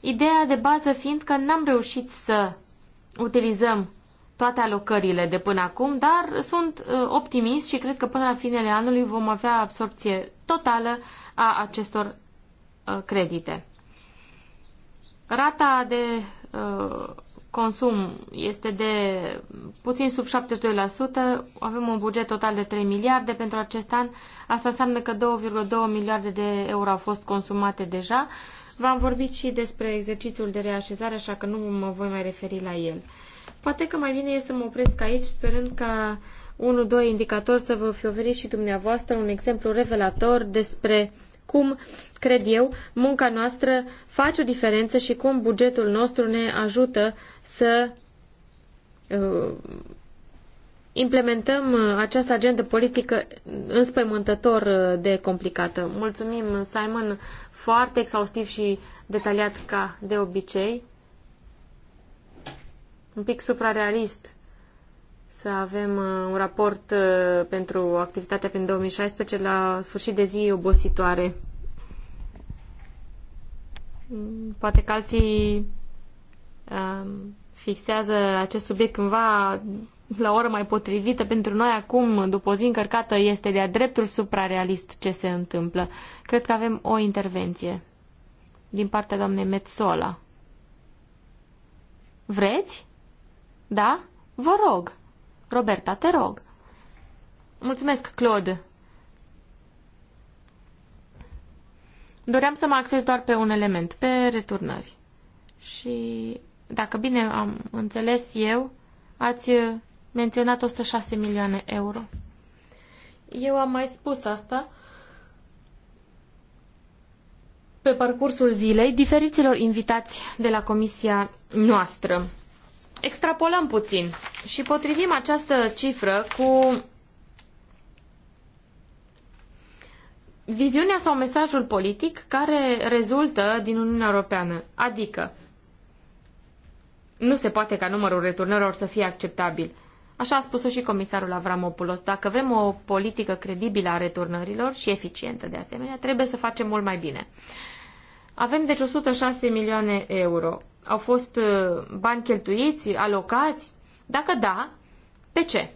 Ideea de bază fiind că n-am reușit să utilizăm toate alocările de până acum, dar sunt ă, optimist și cred că până la finele anului vom avea absorpție totală a acestor ă, credite. Rata de Uh, consum este de puțin sub 72%, avem un buget total de 3 miliarde pentru acest an, asta înseamnă că 2,2 miliarde de euro au fost consumate deja. V-am vorbit și despre exercițiul de reașezare, așa că nu mă voi mai referi la el. Poate că mai bine e să mă opresc aici, sperând ca unul, doi indicatori să vă fi oferit și dumneavoastră un exemplu revelator despre cum, cred eu, munca noastră face o diferență și cum bugetul nostru ne ajută să uh, implementăm această agendă politică înspăimântător uh, de complicată. Mulțumim, Simon, foarte exhaustiv și detaliat ca de obicei. Un pic suprarealist să avem uh, un raport uh, pentru activitatea prin 2016 la sfârșit de zi obositoare. Mm, poate că alții um, fixează acest subiect cândva la o oră mai potrivită pentru noi acum, după o zi încărcată, este de-a dreptul suprarealist ce se întâmplă. Cred că avem o intervenție din partea doamnei Metzola. Vreți? Da? Vă rog! Roberta, te rog. Mulțumesc, Claude. Doream să mă acces doar pe un element, pe returnări. Și, dacă bine am înțeles eu, ați menționat 106 milioane euro. Eu am mai spus asta pe parcursul zilei diferiților invitați de la comisia noastră extrapolăm puțin și potrivim această cifră cu viziunea sau mesajul politic care rezultă din Uniunea Europeană. Adică, nu se poate ca numărul returnărilor să fie acceptabil. Așa a spus-o și comisarul Avramopoulos. Dacă vrem o politică credibilă a returnărilor și eficientă de asemenea, trebuie să facem mult mai bine. Avem deci 106 milioane euro. Au fost uh, bani cheltuiți, alocați? Dacă da, pe ce?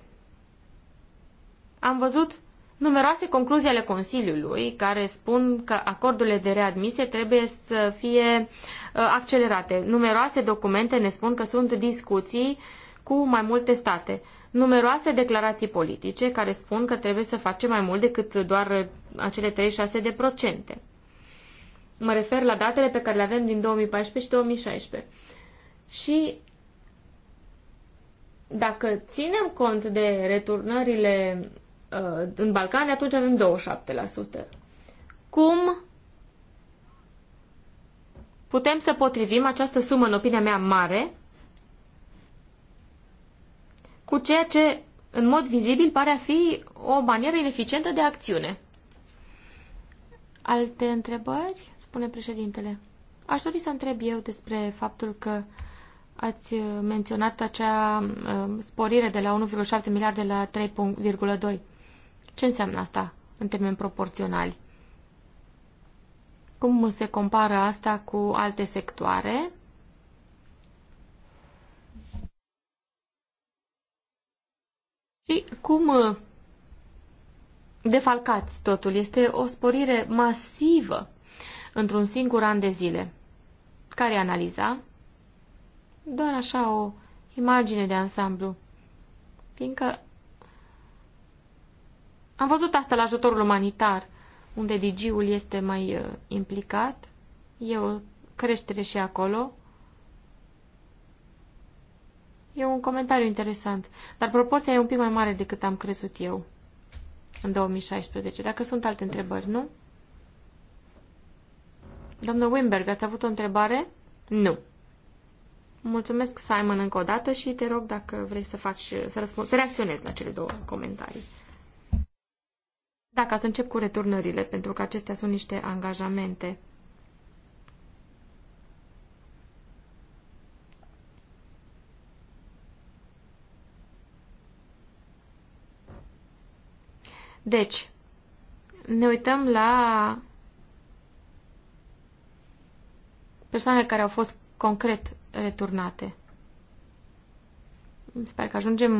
Am văzut numeroase concluzii ale Consiliului care spun că acordurile de readmisie trebuie să fie uh, accelerate. Numeroase documente ne spun că sunt discuții cu mai multe state. Numeroase declarații politice care spun că trebuie să facem mai mult decât doar acele 36 de procente. Mă refer la datele pe care le avem din 2014 și 2016. Și dacă ținem cont de returnările uh, în Balcani, atunci avem 27%. Cum putem să potrivim această sumă, în opinia mea, mare cu ceea ce, în mod vizibil, pare a fi o manieră ineficientă de acțiune? Alte întrebări? spune președintele. Aș dori să întreb eu despre faptul că ați menționat acea uh, sporire de la 1,7 miliarde la 3,2. Ce înseamnă asta în termeni proporționali? Cum se compară asta cu alte sectoare? Și cum uh, defalcați totul? Este o sporire masivă într-un singur an de zile. Care analiza? Doar așa o imagine de ansamblu. Fiindcă am văzut asta la ajutorul umanitar, unde Digiul este mai uh, implicat. E o creștere și acolo. E un comentariu interesant, dar proporția e un pic mai mare decât am crezut eu în 2016. Dacă sunt alte întrebări, nu? Doamnă Wimberg, ați avut o întrebare? Nu. Mulțumesc, Simon, încă o dată și te rog dacă vrei să faci, să, răspund, să reacționezi la cele două comentarii. Da, ca să încep cu returnările, pentru că acestea sunt niște angajamente. Deci, ne uităm la persoanele care au fost concret returnate. Sper că ajungem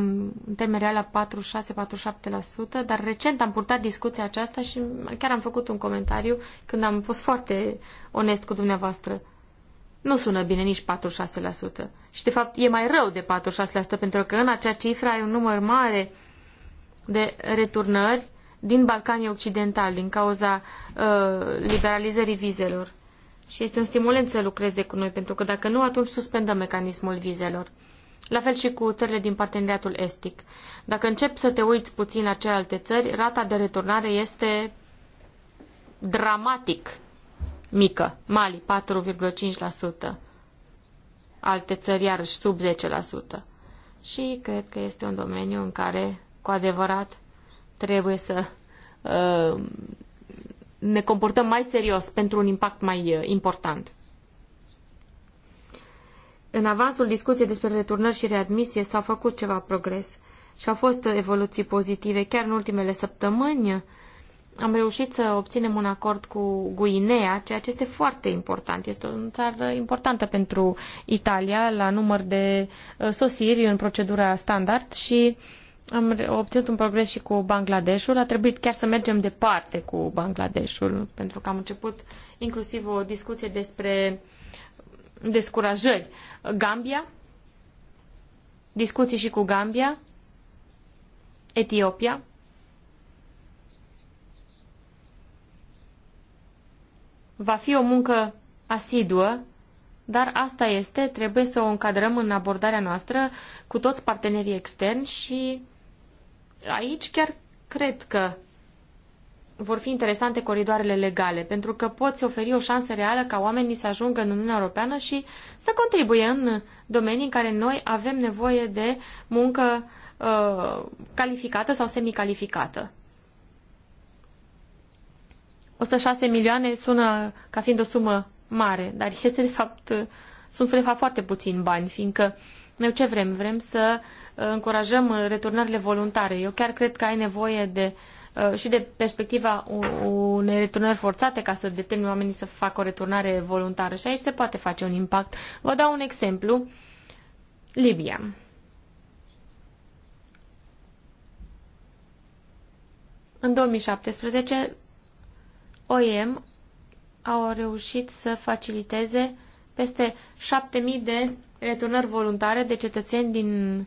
în temerea la 46-47%, dar recent am purtat discuția aceasta și chiar am făcut un comentariu când am fost foarte onest cu dumneavoastră. Nu sună bine nici 46%. Și de fapt e mai rău de 46% pentru că în acea cifră ai un număr mare de returnări din Balcanii Occidentali din cauza uh, liberalizării vizelor și este un stimulant să lucreze cu noi, pentru că dacă nu, atunci suspendăm mecanismul vizelor. La fel și cu țările din parteneriatul estic. Dacă încep să te uiți puțin la celelalte țări, rata de returnare este dramatic mică. Mali 4,5%, alte țări iarăși sub 10%. Și cred că este un domeniu în care cu adevărat trebuie să uh, ne comportăm mai serios pentru un impact mai uh, important. În avansul discuției despre returnări și readmisie s a făcut ceva progres și au fost evoluții pozitive. Chiar în ultimele săptămâni am reușit să obținem un acord cu Guinea, ceea ce este foarte important. Este o țară importantă pentru Italia la număr de uh, sosiri în procedura standard și uh, am obținut un progres și cu Bangladeshul. A trebuit chiar să mergem departe cu Bangladeshul, pentru că am început inclusiv o discuție despre descurajări. Gambia, discuții și cu Gambia, Etiopia. Va fi o muncă asiduă, dar asta este, trebuie să o încadrăm în abordarea noastră cu toți partenerii externi și aici chiar cred că vor fi interesante coridoarele legale, pentru că poți oferi o șansă reală ca oamenii să ajungă în Uniunea Europeană și să contribuie în domenii în care noi avem nevoie de muncă uh, calificată sau semicalificată. 106 milioane sună ca fiind o sumă mare, dar este de fapt, sunt de fapt foarte puțini bani, fiindcă noi ce vrem? Vrem să uh, încurajăm returnările voluntare. Eu chiar cred că ai nevoie de uh, și de perspectiva unei returnări forțate ca să determine oamenii să facă o returnare voluntară și aici se poate face un impact. Vă dau un exemplu. Libia. În 2017, OIM au reușit să faciliteze peste 7.000 de returnări voluntare de cetățeni din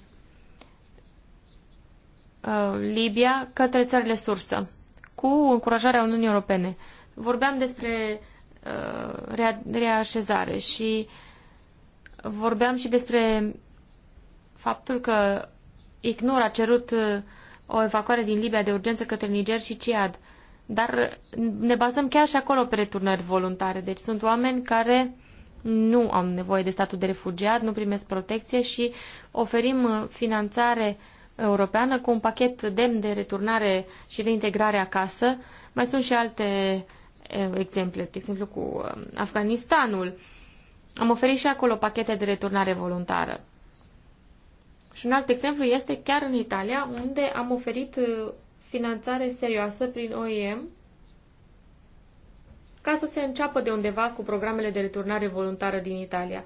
Uh, Libia către țările sursă, cu încurajarea Uniunii Europene. Vorbeam despre uh, reașezare și vorbeam și despre faptul că ICNUR a cerut uh, o evacuare din Libia de urgență către Niger și Ciad. Dar ne bazăm chiar și acolo pe returnări voluntare. Deci sunt oameni care nu au nevoie de statul de refugiat, nu primesc protecție și oferim finanțare uh, europeană cu un pachet demn de returnare și de integrare acasă. Mai sunt și alte exemple, de exemplu cu um, Afganistanul. Am oferit și acolo pachete de returnare voluntară. Și un alt exemplu este chiar în Italia, unde am oferit uh, finanțare serioasă prin OIM ca să se înceapă de undeva cu programele de returnare voluntară din Italia.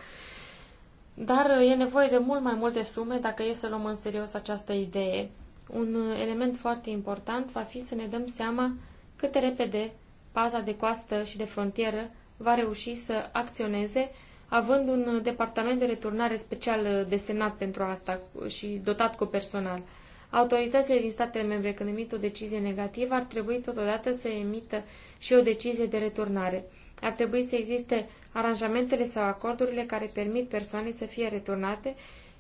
Dar uh, e nevoie de mult mai multe sume dacă e să luăm în serios această idee. Un uh, element foarte important va fi să ne dăm seama cât de repede paza de coastă și de frontieră va reuși să acționeze, având un uh, departament de returnare special desenat pentru asta și dotat cu personal. Autoritățile din statele membre, când emit o decizie negativă, ar trebui totodată să emită și o decizie de returnare. Ar trebui să existe aranjamentele sau acordurile care permit persoanei să fie returnate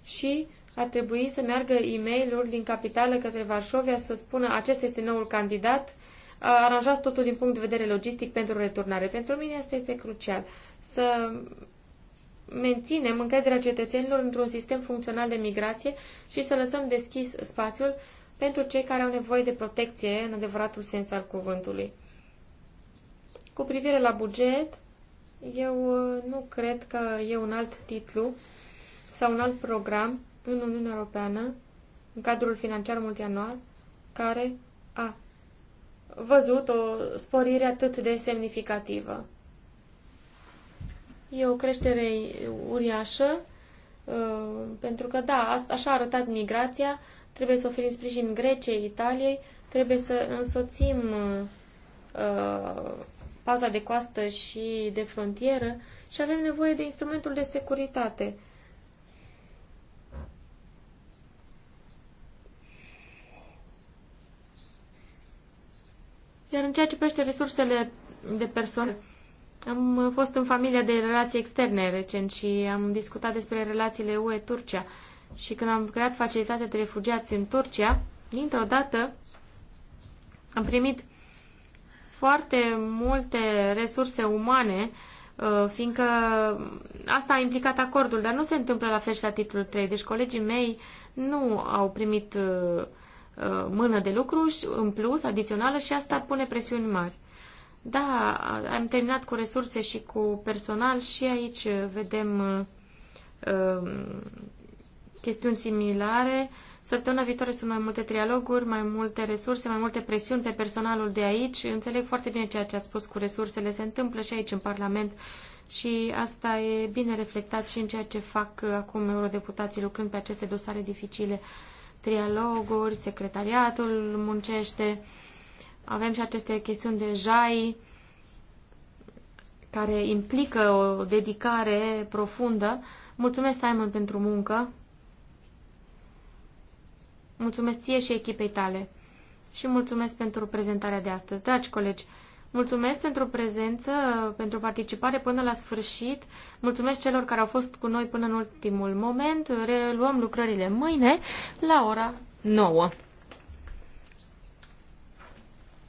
și ar trebui să meargă e mail din capitală către Varșovia să spună acesta este noul candidat, aranjați totul din punct de vedere logistic pentru returnare. Pentru mine asta este crucial. Să menținem încrederea cetățenilor într-un sistem funcțional de migrație și să lăsăm deschis spațiul pentru cei care au nevoie de protecție în adevăratul sens al cuvântului. Cu privire la buget, eu uh, nu cred că e un alt titlu sau un alt program în Uniunea Europeană, în cadrul financiar multianual, care a văzut o sporire atât de semnificativă. E o creștere uriașă, uh, pentru că, da, așa a arătat migrația, trebuie să oferim sprijin Greciei, Italiei, trebuie să însoțim uh, paza de coastă și de frontieră și avem nevoie de instrumentul de securitate. Iar în ceea ce privește resursele de persoane, am fost în familia de relații externe recent și am discutat despre relațiile UE-Turcia. Și când am creat facilitatea de refugiați în Turcia, dintr-o dată am primit foarte multe resurse umane, uh, fiindcă asta a implicat acordul, dar nu se întâmplă la fel și la titlul 3. Deci colegii mei nu au primit uh, uh, mână de lucru în plus, adițională, și asta pune presiuni mari. Da, am terminat cu resurse și cu personal și aici vedem um, chestiuni similare. Uh, Săptămâna viitoare sunt mai multe trialoguri, mai multe resurse, mai multe presiuni pe personalul de aici. Înțeleg foarte bine ceea ce ați spus cu resursele. Se întâmplă și aici în Parlament și asta e bine reflectat și în ceea ce fac acum eurodeputații lucrând pe aceste dosare dificile. Trialoguri, secretariatul muncește, avem și aceste chestiuni de jai care implică o dedicare profundă. Mulțumesc, Simon, pentru muncă. Mulțumesc ție și echipei tale. Și mulțumesc pentru prezentarea de astăzi. Dragi colegi, mulțumesc pentru prezență, pentru participare până la sfârșit. Mulțumesc celor care au fost cu noi până în ultimul moment. Reluăm lucrările mâine la ora 9.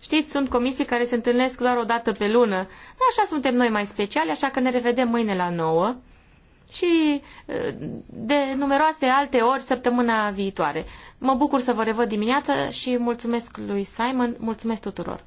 Știți, sunt comisii care se întâlnesc doar o dată pe lună. Așa suntem noi mai speciali, așa că ne revedem mâine la 9 și de numeroase alte ori săptămâna viitoare. Mă bucur să vă revăd dimineața și mulțumesc lui Simon, mulțumesc tuturor.